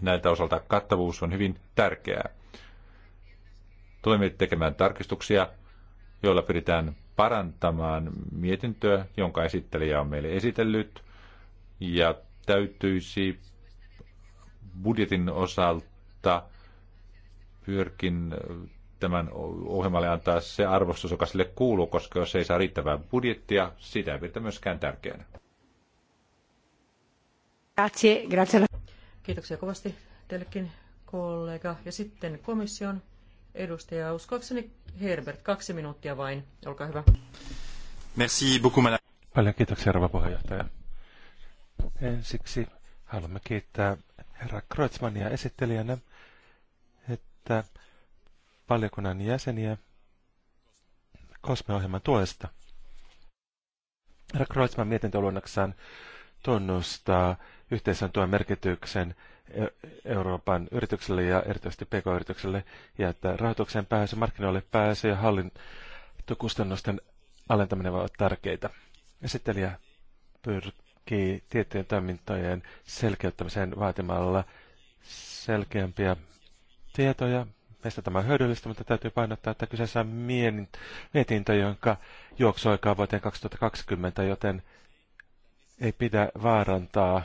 näiltä osalta kattavuus on hyvin tärkeää. Tulemme tekemään tarkistuksia, joilla pyritään parantamaan mietintöä, jonka esittelijä on meille esitellyt, ja täytyisi budjetin osalta pyrkin tämän ohjelmalle antaa se arvostus, joka sille kuuluu, koska jos ei saa riittävää budjettia, sitä ei pidetä myöskään tärkeänä. Grazie, grazie. Kiitoksia kovasti teillekin, kollega. Ja sitten komission edustaja, uskoakseni Herbert, kaksi minuuttia vain. Olkaa hyvä. Merci beaucoup, madame. Paljon kiitoksia, rouva puheenjohtaja. Ensiksi haluamme kiittää herra Kreutzmannia esittelijänä, että valiokunnan jäseniä Kosme-ohjelman tuesta. Herra Kreutzmann mietintöluonnoksaan tunnustaa yhteisön tuen merkityksen e- Euroopan yritykselle ja erityisesti pk-yritykselle, ja että rahoitukseen pääsy, markkinoille pääsy ja hallintokustannusten alentaminen ovat tärkeitä. Esittelijä pyrkii tiettyjen toimintojen selkeyttämiseen vaatimalla selkeämpiä tietoja. Meistä tämä on hyödyllistä, mutta täytyy painottaa, että kyseessä on mietintö, jonka juoksuaikaa vuoteen 2020, joten ei pidä vaarantaa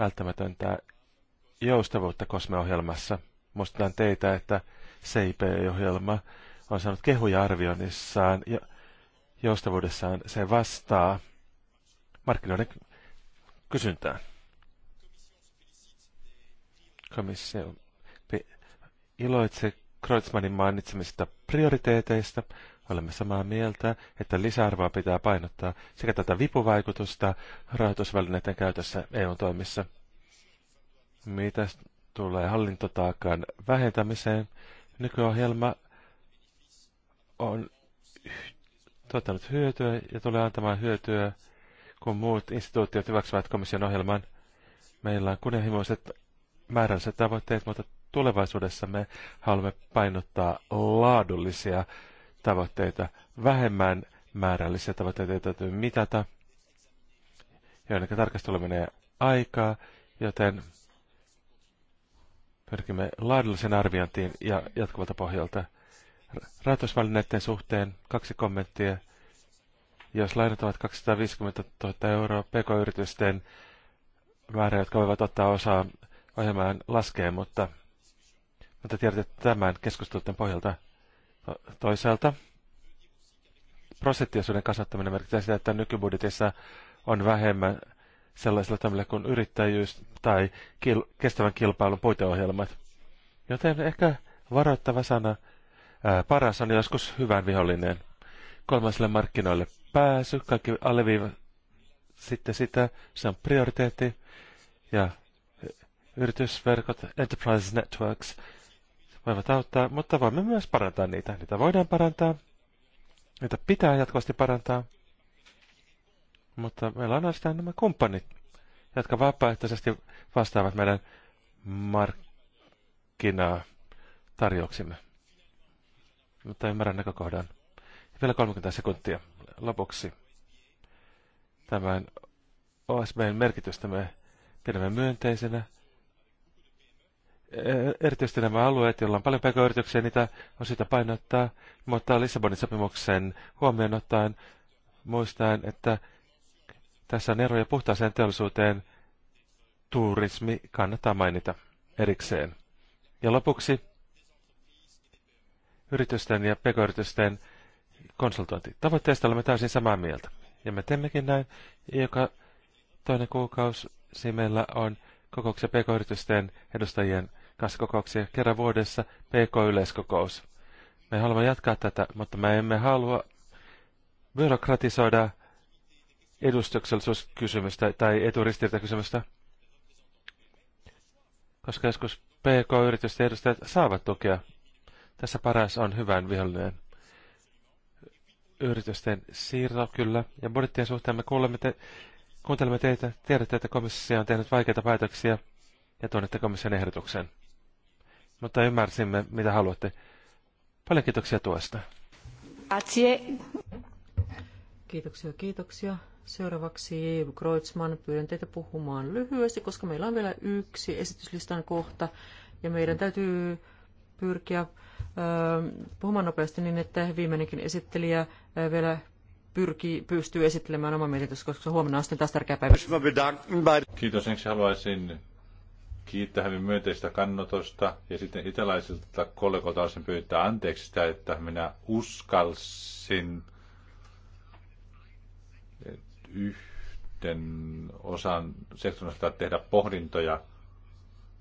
välttämätöntä joustavuutta kosmeohjelmassa. muistutan teitä, että CIP-ohjelma on saanut kehuja arvioinnissaan ja joustavuudessaan se vastaa markkinoiden kysyntään. Komissio iloitsee Kreutzmannin mainitsemista prioriteeteista, Olemme samaa mieltä, että lisäarvoa pitää painottaa sekä tätä vipuvaikutusta rahoitusvälineiden käytössä EU-toimissa. Mitä tulee hallintotaakan vähentämiseen, nykyohjelma on tuottanut hyötyä ja tulee antamaan hyötyä, kun muut instituutiot hyväksyvät komission ohjelman. Meillä on kunnianhimoiset määrälliset tavoitteet, mutta tulevaisuudessa me haluamme painottaa laadullisia tavoitteita, vähemmän määrällisiä tavoitteita, joita täytyy mitata, ainakin tarkastelu menee aikaa, joten pyrkimme laadulliseen arviointiin ja jatkuvalta pohjalta. Rahoitusvälineiden suhteen kaksi kommenttia. Jos lainat ovat 250 000 euroa, pk-yritysten määrä, jotka voivat ottaa osaa ohjelmaan laskee, mutta, mutta tiedätte että tämän keskustelun pohjalta Toisaalta prosenttiosuuden kasvattaminen merkitsee sitä, että nykybudjetissa on vähemmän sellaisilla tämmöillä kuin yrittäjyys tai kil- kestävän kilpailun puiteohjelmat. Joten ehkä varoittava sana ää, paras on joskus hyvän vihollinen. Kolmasille markkinoille pääsy, kaikki alleviiva sitten sitä, se on prioriteetti. Ja yritysverkot, enterprise networks, voivat auttaa, mutta voimme myös parantaa niitä. Niitä voidaan parantaa, niitä pitää jatkuvasti parantaa, mutta meillä on ainoastaan nämä kumppanit, jotka vapaaehtoisesti vastaavat meidän markkinaa tarjouksimme. Mutta ymmärrän näkökohdan. Vielä 30 sekuntia lopuksi tämän OSBn merkitystä me pidämme myönteisenä. Eh, erityisesti nämä alueet, joilla on paljon pk-yrityksiä, niitä on syytä painottaa, mutta Lissabonin sopimuksen huomioon ottaen muistaen, että tässä on eroja puhtaaseen teollisuuteen. Turismi kannattaa mainita erikseen. Ja lopuksi yritysten ja pk-yritysten konsultointi. Tavoitteesta olemme täysin samaa mieltä. Ja me teemmekin näin, joka toinen kuukausi meillä on kokouksia pk-yritysten edustajien asiakaskokouksia kerran vuodessa PK-yleiskokous. Me haluamme jatkaa tätä, mutta me emme halua byrokratisoida edustuksellisuuskysymystä tai eturistiriitakysymystä, koska joskus PK-yritysten edustajat saavat tukea. Tässä paras on hyvän vihollinen. Yritysten siirto kyllä, ja budjettien suhteen me kuulemme te, kuuntelemme teitä, tiedätte, että komissio on tehnyt vaikeita päätöksiä, ja tunnette komission ehdotuksen mutta ymmärsimme, mitä haluatte. Paljon kiitoksia tuosta. Grazie. Kiitoksia, kiitoksia. Seuraavaksi Kreutzmann, pyydän teitä puhumaan lyhyesti, koska meillä on vielä yksi esityslistan kohta ja meidän täytyy pyrkiä puhumaan nopeasti niin, että viimeinenkin esittelijä vielä pyrkii, pystyy esittelemään oma mietintönsä, koska huomenna on sitten taas tärkeä päivä. Kiitos, ensin haluaisin kiittää hänen myönteistä kannatosta ja sitten italaisilta kollegoilta olisin pyytää anteeksi sitä, että minä uskalsin yhden osan sektorista tehdä pohdintoja.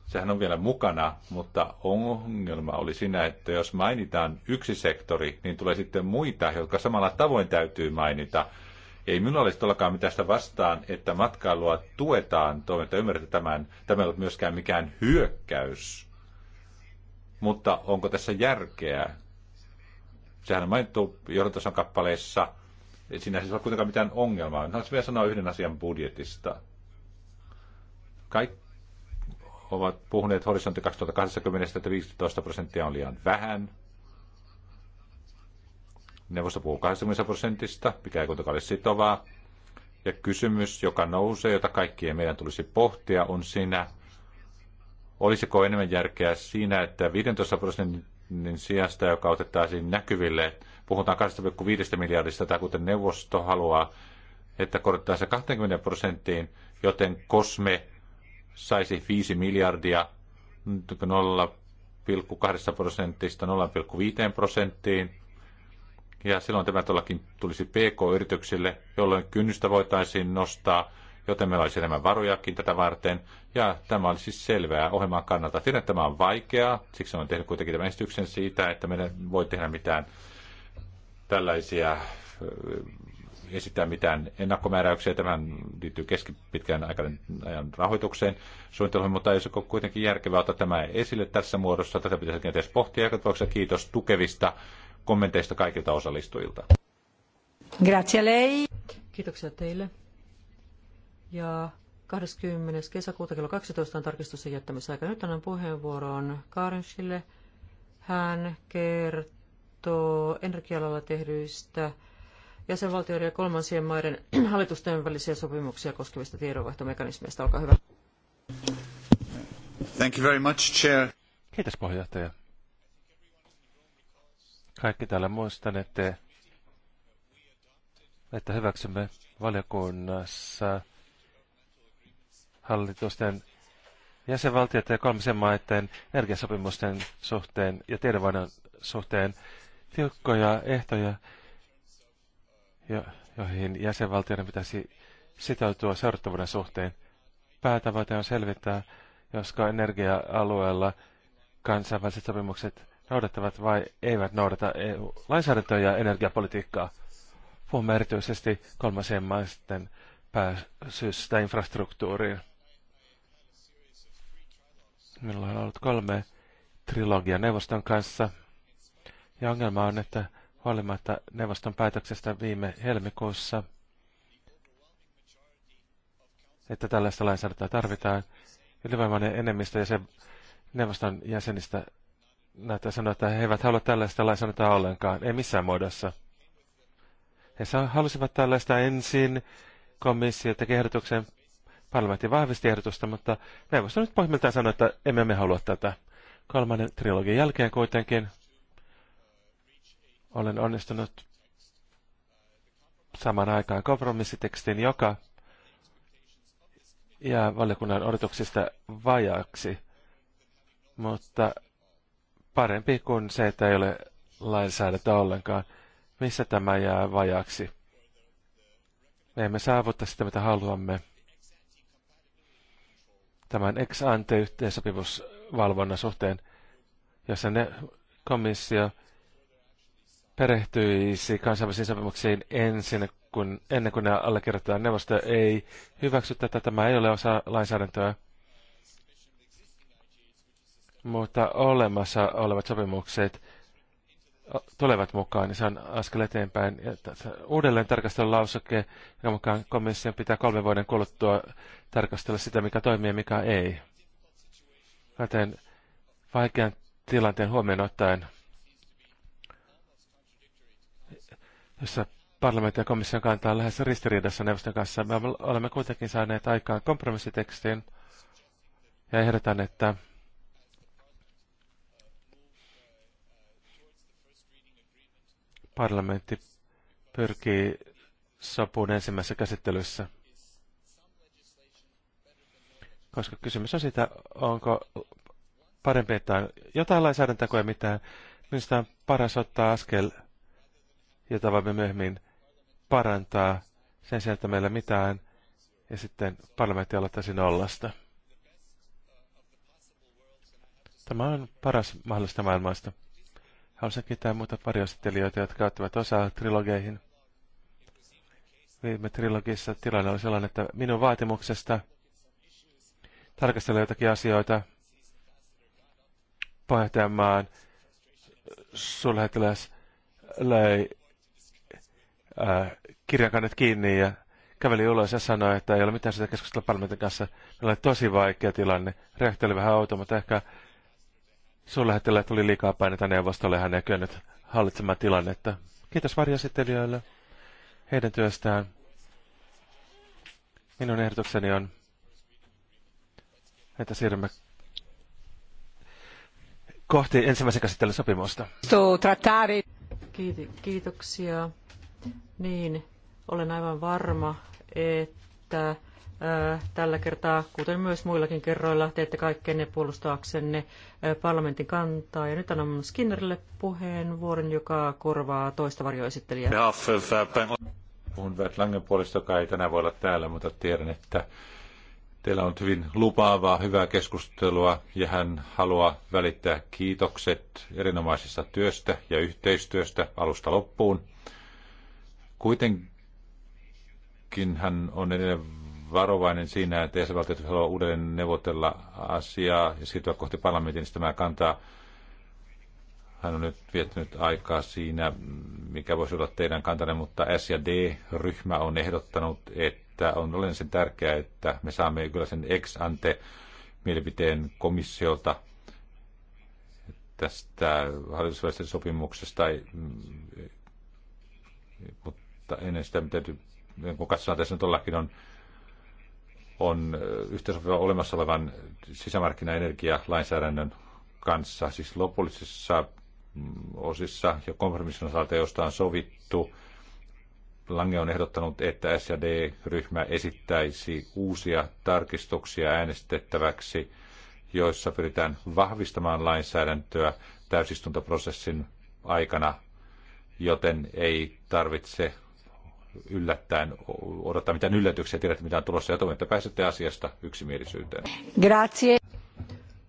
Sehän on vielä mukana, mutta ongelma oli siinä, että jos mainitaan yksi sektori, niin tulee sitten muita, jotka samalla tavoin täytyy mainita – ei minulla ole tuollakaan mitään sitä vastaan, että matkailua tuetaan. Toivon, että ymmärrätte tämän. Tämä ei ole myöskään mikään hyökkäys. Mutta onko tässä järkeä? Sehän on mainittu johdantason kappaleissa. Siinä ei siis ole kuitenkaan mitään ongelmaa. Haluaisin vielä sanoa yhden asian budjetista. Kaikki ovat puhuneet horisontti 2020, että 15 prosenttia on liian vähän. Neuvosto puhuu 20 prosentista, mikä ei kuitenkaan ole sitovaa. Ja kysymys, joka nousee, jota kaikkien meidän tulisi pohtia, on siinä, olisiko enemmän järkeä siinä, että 15 prosentin sijasta, joka otettaisiin näkyville, puhutaan 2,5 miljardista, tai kuten neuvosto haluaa, että korottaa se 20 prosenttiin, joten Kosme saisi 5 miljardia 0,2 prosentista 0,5 prosenttiin, ja silloin tämä todellakin tulisi PK-yrityksille, jolloin kynnystä voitaisiin nostaa, joten meillä olisi enemmän varojakin tätä varten, ja tämä olisi siis selvää ohjelman kannalta. Tiedän, että tämä on vaikeaa, siksi on tehnyt kuitenkin tämän esityksen siitä, että meidän voi tehdä mitään tällaisia esittää mitään ennakkomääräyksiä. Tämän liittyy keskipitkään aikavälin ajan rahoitukseen suunnitelmiin, mutta ei se ole kuitenkin järkevää ottaa tämä esille tässä muodossa. Tätä pitäisi kenties pohtia. Kiitos tukevista kommenteista kaikilta osallistujilta. Grazie lei. Kiitoksia teille. Ja 20. kesäkuuta kello 12 on tarkistuksen jättämisaika. Nyt annan puheenvuoron Karinsille. Hän kertoo energialalla tehdyistä jäsenvaltioiden ja kolmansien maiden hallitusten välisiä sopimuksia koskevista tiedonvaihtomekanismeista. Olkaa hyvä. Thank you very much, Chair. Kiitos puheenjohtaja. Kaikki täällä muistanette, että hyväksymme valiokunnassa hallitusten jäsenvaltioiden ja kolmisen maiden energiasopimusten suhteen ja tiedonvaihdon suhteen tiukkoja ehtoja, jo, joihin jäsenvaltioiden pitäisi sitoutua seurattavuuden suhteen. Päätavoite on selvittää, josko energia-alueella kansainväliset sopimukset noudattavat vai eivät noudata EU-lainsäädäntöä ja energiapolitiikkaa. Puhumme erityisesti kolmasien maisten pääsystä infrastruktuuriin. Minulla on ollut kolme trilogia neuvoston kanssa. Ja ongelma on, että huolimatta neuvoston päätöksestä viime helmikuussa, että tällaista lainsäädäntöä tarvitaan, ylivoimainen enemmistö ja se neuvoston jäsenistä näitä sanoa, että he eivät halua tällaista lainsäädäntöä ollenkaan, ei missään muodossa. He halusivat tällaista ensin, komissio teki ehdotuksen, parlamentti vahvisti ehdotusta, mutta neuvosto nyt pohjimmiltaan sanoi, että emme me halua tätä. Kolmannen trilogian jälkeen kuitenkin olen onnistunut saman aikaan kompromissitekstin, joka jää valiokunnan odotuksista vajaaksi. mutta parempi kuin se, että ei ole lainsäädäntöä ollenkaan. Missä tämä jää vajaksi? Me emme saavuta sitä, mitä haluamme. Tämän ex ante yhteensopivuusvalvonnan suhteen, jossa ne komissio perehtyisi kansainvälisiin sopimuksiin ensin, kun, ennen kuin ne allekirjoitetaan. Neuvosto ei hyväksy tätä. Tämä ei ole osa lainsäädäntöä mutta olemassa olevat sopimukset tulevat mukaan, niin se on askel eteenpäin. Ja uudelleen tarkastelun lausukke, jonka mukaan komission pitää kolmen vuoden kuluttua tarkastella sitä, mikä toimii ja mikä ei. Joten vaikean tilanteen huomioon ottaen, jossa parlamentin ja komission kantaa lähes ristiriidassa neuvoston kanssa, me olemme kuitenkin saaneet aikaan kompromissitekstin ja ehdotan, että parlamentti pyrkii sopuun ensimmäisessä käsittelyssä. Koska kysymys on siitä, onko parempi, että on jotain lainsäädäntöä kuin mitään. Minusta on paras ottaa askel, jota voimme myöhemmin parantaa sen sijaan, että meillä mitään, ja sitten parlamentti aloittaisi nollasta. Tämä on paras mahdollista maailmasta. Haluaisin kiittää muita varjoesittelijöitä, jotka ottivat osaa trilogeihin. Viime trilogissa tilanne oli sellainen, että minun vaatimuksesta tarkastella jotakin asioita puheenjohtajamaan suurlähettiläs löi äh, kirjakannet kiinni ja käveli ulos ja sanoi, että ei ole mitään sitä keskustella parlamentin kanssa. Meillä oli tosi vaikea tilanne. Reaktio oli vähän outo, mutta ehkä Suurlähettilä tuli liikaa painetta neuvostolle ja hän ei kyennyt hallitsemaan tilannetta. Kiitos varjasittelijöille heidän työstään. Minun ehdotukseni on, että siirrymme kohti ensimmäisen käsittelyn sopimusta. Kiitoksia. Niin, olen aivan varma, että tällä kertaa, kuten myös muillakin kerroilla, teette kaikkenne puolustaaksenne parlamentin kantaa. Ja nyt annan Skinnerille puheenvuoron, joka korvaa toista varjoesittelijää. Puhun Bert Langen puolesta, joka ei tänään voi olla täällä, mutta tiedän, että teillä on hyvin lupaavaa, hyvää keskustelua ja hän haluaa välittää kiitokset erinomaisesta työstä ja yhteistyöstä alusta loppuun. Kuitenkin hän on edelleen varovainen siinä, että jäsenvaltiot haluaa uudelleen neuvotella asiaa ja siirtyä kohti parlamentin, niin tämä kantaa hän on nyt viettänyt aikaa siinä, mikä voisi olla teidän kantanne, mutta S- ja D-ryhmä on ehdottanut, että on olennaisen tärkeää, että me saamme kyllä sen ex ante mielipiteen komissiolta tästä hallitusvälisestä sopimuksesta, mutta ennen sitä, mitä kun katsotaan, tässä nyt ollakin on on yhteensopiva olemassa olevan sisämarkkinaenergialainsäädännön kanssa, siis lopullisissa mm, osissa ja kompromissin osalta, josta on sovittu. Lange on ehdottanut, että S&D-ryhmä esittäisi uusia tarkistuksia äänestettäväksi, joissa pyritään vahvistamaan lainsäädäntöä täysistuntoprosessin aikana, joten ei tarvitse yllättäen odottaa mitään yllätyksiä, tiedät mitä on tulossa ja toivon, että pääsette asiasta yksimielisyyteen. Grazie.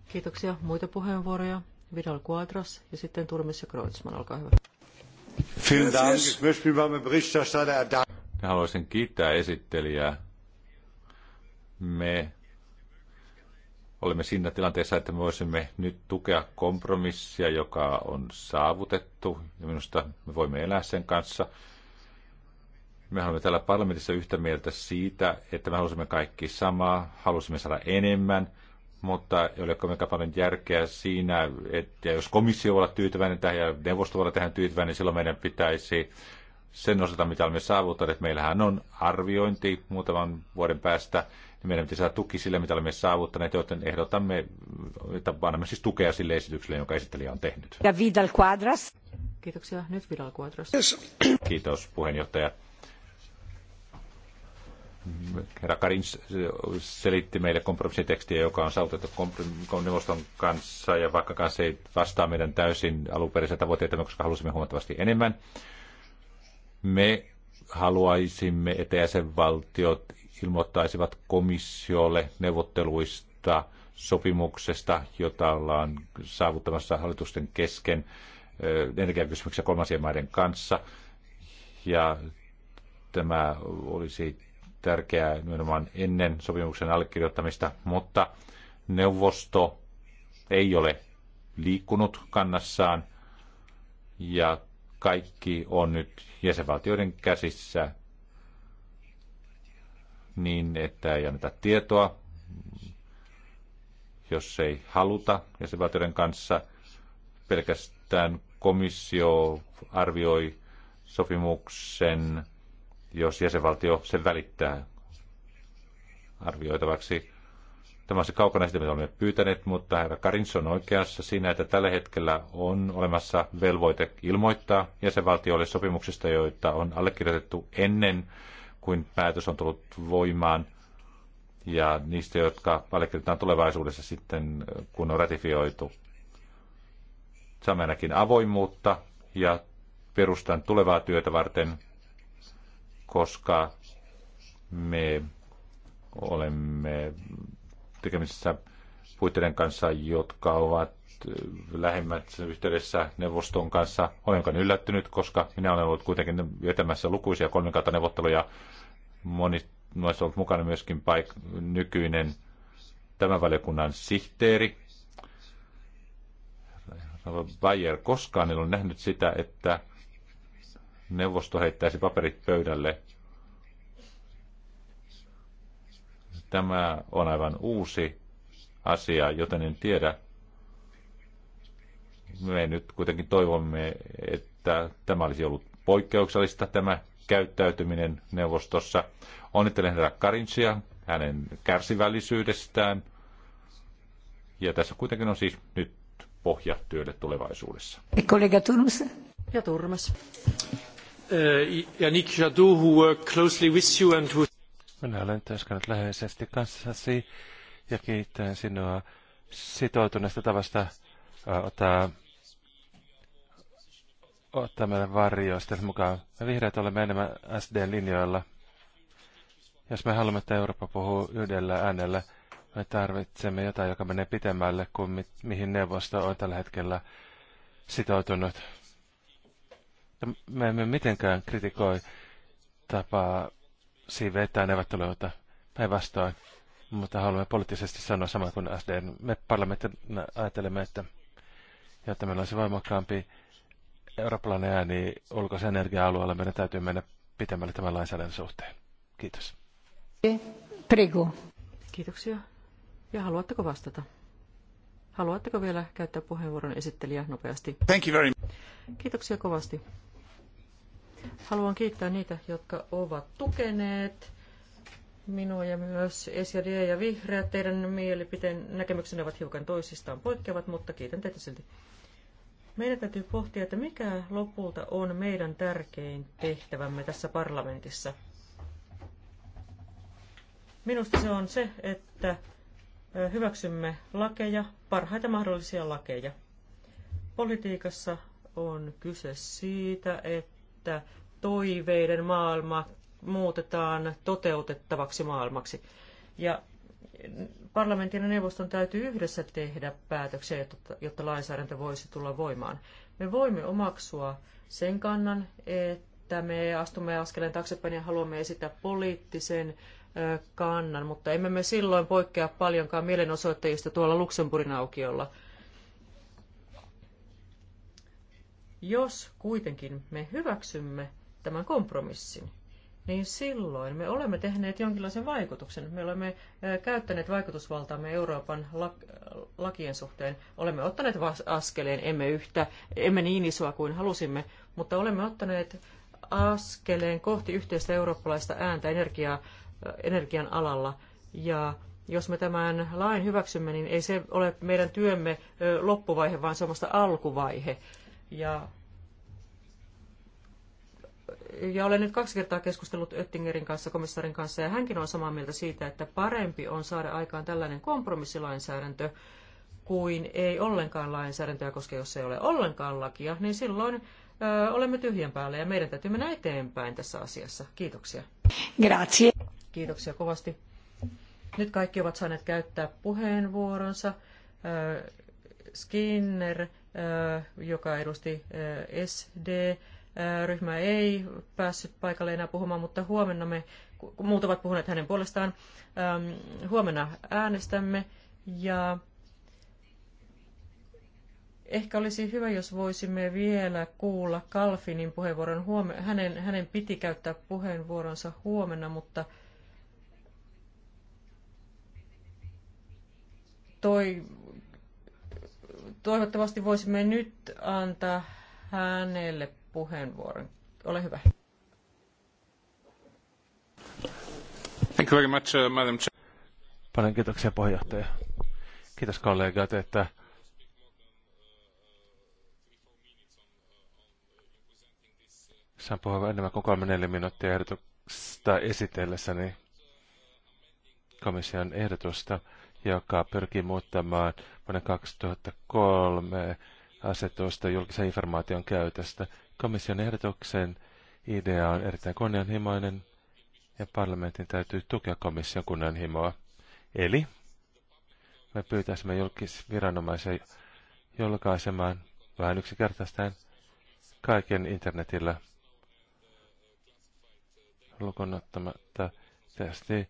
Kiitoksia. Muita puheenvuoroja? Vidal Quadras ja sitten Turmis ja Kreutzmann, olkaa hyvä. Minä haluaisin kiittää esittelijää. Me olemme siinä tilanteessa, että me voisimme nyt tukea kompromissia, joka on saavutettu, ja minusta me voimme elää sen kanssa – me olemme täällä parlamentissa yhtä mieltä siitä, että me halusimme kaikki samaa, halusimme saada enemmän, mutta ei ole paljon järkeä siinä, että jos komissio voi olla tyytyväinen tähän ja neuvosto voi olla tähän tyytyväinen, niin silloin meidän pitäisi sen osalta, mitä olemme saavuttaneet, meillähän on arviointi muutaman vuoden päästä, niin meidän pitäisi saada tuki sille, mitä olemme saavuttaneet, joten ehdotamme, että annamme siis tukea sille esitykselle, jonka esittelijä on tehnyt. Ja Vidal Quadras. Kiitoksia. Nyt Vidal Quadras. Kiitos puheenjohtaja Herra Karin selitti meille kompromissitekstiä, joka on saavutettu neuvoston kanssa, ja vaikka kanssa ei vastaa meidän täysin alunperäisiä tavoitteita, koska halusimme huomattavasti enemmän. Me haluaisimme, että jäsenvaltiot ilmoittaisivat komissiolle neuvotteluista, sopimuksesta, jota ollaan saavuttamassa hallitusten kesken energiakysymyksiä kolmansien maiden kanssa. Ja tämä olisi tärkeää nimenomaan ennen sopimuksen allekirjoittamista, mutta neuvosto ei ole liikkunut kannassaan ja kaikki on nyt jäsenvaltioiden käsissä niin, että ei anneta tietoa, jos ei haluta jäsenvaltioiden kanssa. Pelkästään komissio arvioi sopimuksen jos jäsenvaltio sen välittää arvioitavaksi. Tämä on se kaukana sitä, mitä olemme pyytäneet, mutta herra Karins on oikeassa siinä, että tällä hetkellä on olemassa velvoite ilmoittaa jäsenvaltioille sopimuksista, joita on allekirjoitettu ennen kuin päätös on tullut voimaan, ja niistä, jotka allekirjoitetaan tulevaisuudessa sitten, kun on ratifioitu. Saamme ainakin avoimuutta ja perustan tulevaa työtä varten koska me olemme tekemisissä puitteiden kanssa, jotka ovat lähemmät yhteydessä neuvoston kanssa. Olenkaan yllättynyt, koska minä olen ollut kuitenkin vetämässä lukuisia neuvotteluja Moni noissa ollut mukana myöskin paik- nykyinen tämän valiokunnan sihteeri. Bayer koskaan en ole nähnyt sitä, että neuvosto heittäisi paperit pöydälle. Tämä on aivan uusi asia, joten en tiedä. Me nyt kuitenkin toivomme, että tämä olisi ollut poikkeuksellista, tämä käyttäytyminen neuvostossa. Onnittelen herra Karinsia hänen kärsivällisyydestään. Ja tässä kuitenkin on siis nyt pohja työlle tulevaisuudessa. Kollega Turmas. Ja Turmas. Uh, Yannick Jadot, who worked closely with you and who... Minä olen työskennellyt läheisesti kanssasi ja kiitän sinua sitoutuneesta tavasta ottaa, ottaa meidän varjoista mukaan. Me vihreät olemme enemmän SD-linjoilla. Jos me haluamme, että Eurooppa puhuu yhdellä äänellä, me tarvitsemme jotain, joka menee pitemmälle kuin mi- mihin neuvosto on tällä hetkellä sitoutunut me emme mitenkään kritikoi tapaa siivettää neuvotteluita päinvastoin, mutta haluamme poliittisesti sanoa samaa kuin SD. Me parlamenttina ajattelemme, että jotta meillä olisi voimakkaampi eurooppalainen ääni ulkoisen energia-alueella, meidän täytyy mennä pitemmälle tämän lainsäädännön suhteen. Kiitos. Prigo. Kiitoksia. Ja haluatteko vastata? Haluatteko vielä käyttää puheenvuoron esittelijä nopeasti? Thank you very much. Kiitoksia kovasti. Haluan kiittää niitä, jotka ovat tukeneet minua ja myös SD ja Vihreät. Teidän mielipiteen näkemyksenne ovat hiukan toisistaan poikkeavat, mutta kiitän teitä silti. Meidän täytyy pohtia, että mikä lopulta on meidän tärkein tehtävämme tässä parlamentissa. Minusta se on se, että hyväksymme lakeja, parhaita mahdollisia lakeja. Politiikassa on kyse siitä, että että toiveiden maailma muutetaan toteutettavaksi maailmaksi. Ja parlamentin ja neuvoston täytyy yhdessä tehdä päätöksiä, jotta, jotta lainsäädäntö voisi tulla voimaan. Me voimme omaksua sen kannan, että me astumme askeleen taaksepäin ja haluamme esittää poliittisen kannan, mutta emme me silloin poikkea paljonkaan mielenosoittajista tuolla Luxemburgin aukiolla – Jos kuitenkin me hyväksymme tämän kompromissin, niin silloin me olemme tehneet jonkinlaisen vaikutuksen. Me olemme käyttäneet vaikutusvaltaamme Euroopan lakien suhteen. Olemme ottaneet askeleen, emme yhtä, emme niin isoa kuin halusimme, mutta olemme ottaneet askeleen kohti yhteistä eurooppalaista ääntä energia- energian alalla. Ja jos me tämän lain hyväksymme, niin ei se ole meidän työmme loppuvaihe, vaan se on vasta alkuvaihe. Ja, ja olen nyt kaksi kertaa keskustellut Öttingerin kanssa, komissarin kanssa, ja hänkin on samaa mieltä siitä, että parempi on saada aikaan tällainen kompromissilainsäädäntö, kuin ei ollenkaan lainsäädäntöä, koska jos ei ole ollenkaan lakia, niin silloin ö, olemme tyhjän päällä ja meidän täytyy mennä eteenpäin tässä asiassa. Kiitoksia. Grazie. Kiitoksia kovasti. Nyt kaikki ovat saaneet käyttää puheenvuoronsa. Ö, Skinner, joka edusti SD. Ryhmä ei päässyt paikalle enää puhumaan, mutta huomenna me, muut ovat puhuneet hänen puolestaan, huomenna äänestämme ja ehkä olisi hyvä, jos voisimme vielä kuulla Kalfinin puheenvuoron. hänen, hänen piti käyttää puheenvuoronsa huomenna, mutta toi, Toivottavasti voisimme nyt antaa hänelle puheenvuoron. Ole hyvä. Thank you very much, uh, Madam Paljon kiitoksia puheenjohtaja. Kiitos kollegat, että saan puhua enemmän kuin kolme neljä minuuttia ehdotusta esitellessäni komission ehdotusta joka pyrkii muuttamaan vuonna 2003 asetusta julkisen informaation käytöstä. Komission ehdotuksen idea on erittäin kunnianhimoinen ja parlamentin täytyy tukea komission kunnianhimoa. Eli me pyytäisimme julkisviranomaisia julkaisemaan vähän yksinkertaistaen kaiken internetillä lukunottamatta testi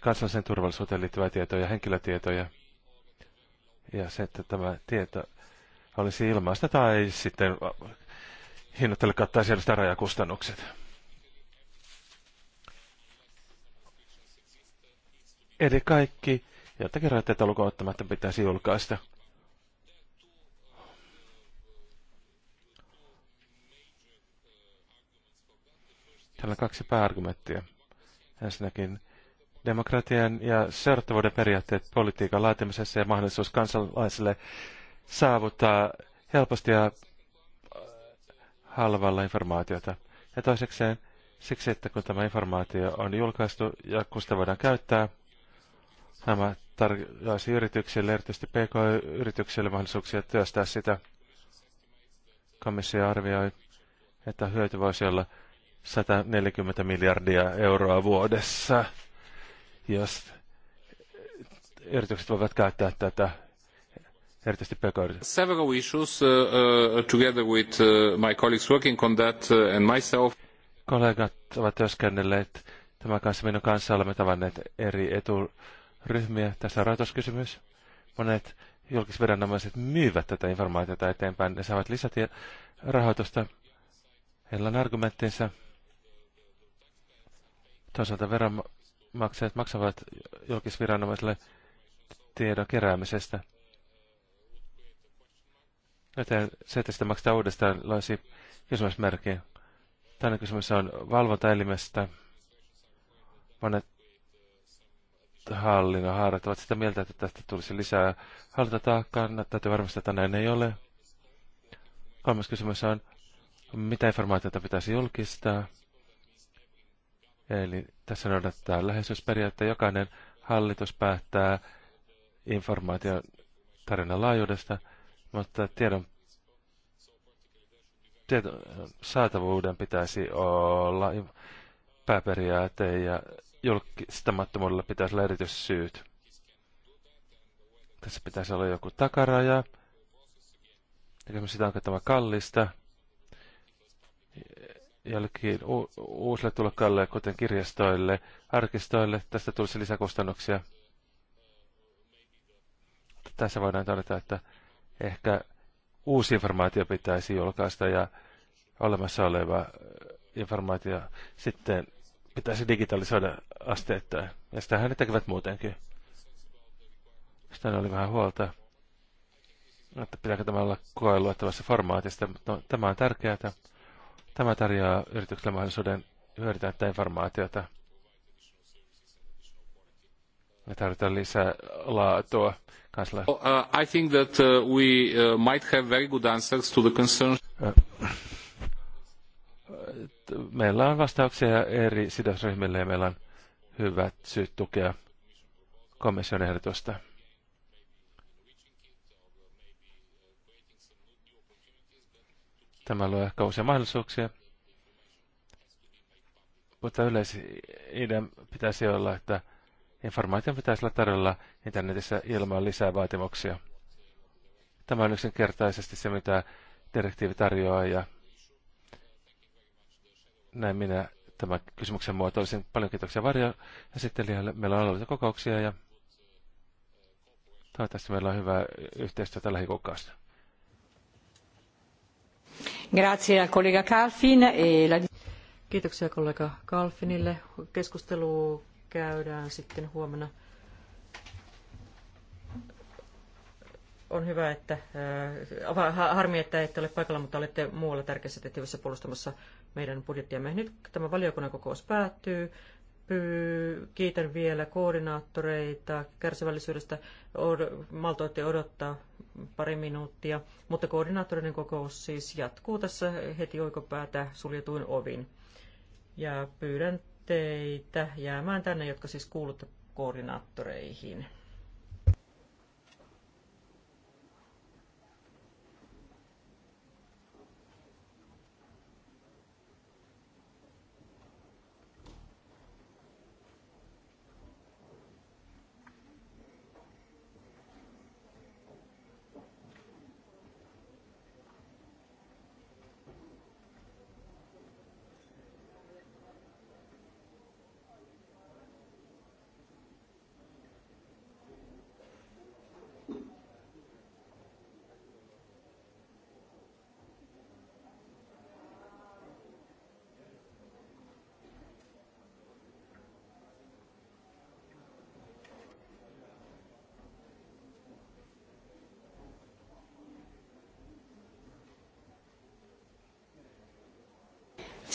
kansalliseen turvallisuuteen liittyvää tietoja, henkilötietoja. Ja se, että tämä tieto olisi ilmaista tai sitten kattaa kattaisi sitä rajakustannukset. Eli kaikki, jotakin rajoitteita lukuun ottamatta pitäisi julkaista. Täällä on kaksi pääargumenttia. Ensinnäkin demokratian ja seurattavuuden periaatteet politiikan laatimisessa ja mahdollisuus kansalaisille saavuttaa helposti ja äh, halvalla informaatiota. Ja toisekseen siksi, että kun tämä informaatio on julkaistu ja kun sitä voidaan käyttää, nämä tarjoaisi yrityksille, erityisesti PK-yrityksille mahdollisuuksia työstää sitä. Komissio arvioi, että hyöty voisi olla 140 miljardia euroa vuodessa jos yritykset voivat käyttää tätä erityisesti pk Several issues uh, uh, together with uh, my colleagues working on that uh, and myself. Kollegat ovat työskennelleet tämän kanssa minun kanssa olemme tavanneet eri eturyhmiä. Tässä on rahoituskysymys. Monet julkisviranomaiset myyvät tätä informaatiota eteenpäin. Ne saavat lisätie rahoitusta. Heillä on argumenttinsa. Toisaalta veron maksajat maksavat julkisviranomaiselle tiedon keräämisestä. Joten se, että sitä maksetaan uudestaan, loisi kysymysmerkkiä. Tänne kysymys on valvontaelimestä. Monet hallinnon haarat ovat sitä mieltä, että tästä tulisi lisää hallintotaakkaa. No, täytyy varmistaa, että näin ei ole. Kolmas kysymys on, mitä informaatiota pitäisi julkistaa? Eli tässä noudatetaan läheisyysperiaatteita. Jokainen hallitus päättää informaation tarinan laajuudesta, mutta tiedon, tiedon saatavuuden pitäisi olla pääperiaate ja julkistamattomuudella pitäisi olla erityissyyt. Tässä pitäisi olla joku takaraja. ja sitä on tämä kallista jollekin uusille tulokkaille, kuten kirjastoille, arkistoille. Tästä tulisi lisäkustannuksia. Tässä voidaan todeta, että ehkä uusi informaatio pitäisi julkaista ja olemassa oleva äh, informaatio sitten pitäisi digitalisoida asteittain. Ja sitähän ne tekevät muutenkin. Sitä oli vähän huolta, että pitääkö tämä olla koeluettavassa formaatista, mutta no, tämä on tärkeää Tämä tarjoaa yritykselle mahdollisuuden hyödyntää tätä informaatiota. Me tarvitaan lisää laatua Uh, I think that uh, we uh, might have very good answers to the concerns. Meillä on vastauksia eri sidosryhmille ja meillä on hyvät syyt tukea komission ehdotusta. Tämä luo ehkä uusia mahdollisuuksia, mutta yleisidea pitäisi olla, että informaation pitäisi olla tarjolla internetissä ilman lisää vaatimuksia. Tämä on yksinkertaisesti se, mitä direktiivi tarjoaa ja näin minä tämän kysymyksen muotoisin. Paljon kiitoksia Varjo esittelijälle. Meillä on ollut kokouksia ja toivottavasti meillä on hyvää yhteistyötä lähikuukausina. E Kiitoksia kollega Kalfinille. Keskustelu käydään sitten huomenna. On hyvä, että, äh, harmi, että ette ole paikalla, mutta olette muualla tärkeässä tehtävässä puolustamassa meidän budjettiamme. Nyt tämä valiokunnan kokous päättyy. Kiitän vielä koordinaattoreita kärsivällisyydestä. Maltoitte odottaa pari minuuttia, mutta koordinaattorinen kokous siis jatkuu tässä heti oikopäätä suljetuin ovin. Ja pyydän teitä jäämään tänne, jotka siis kuulutte koordinaattoreihin.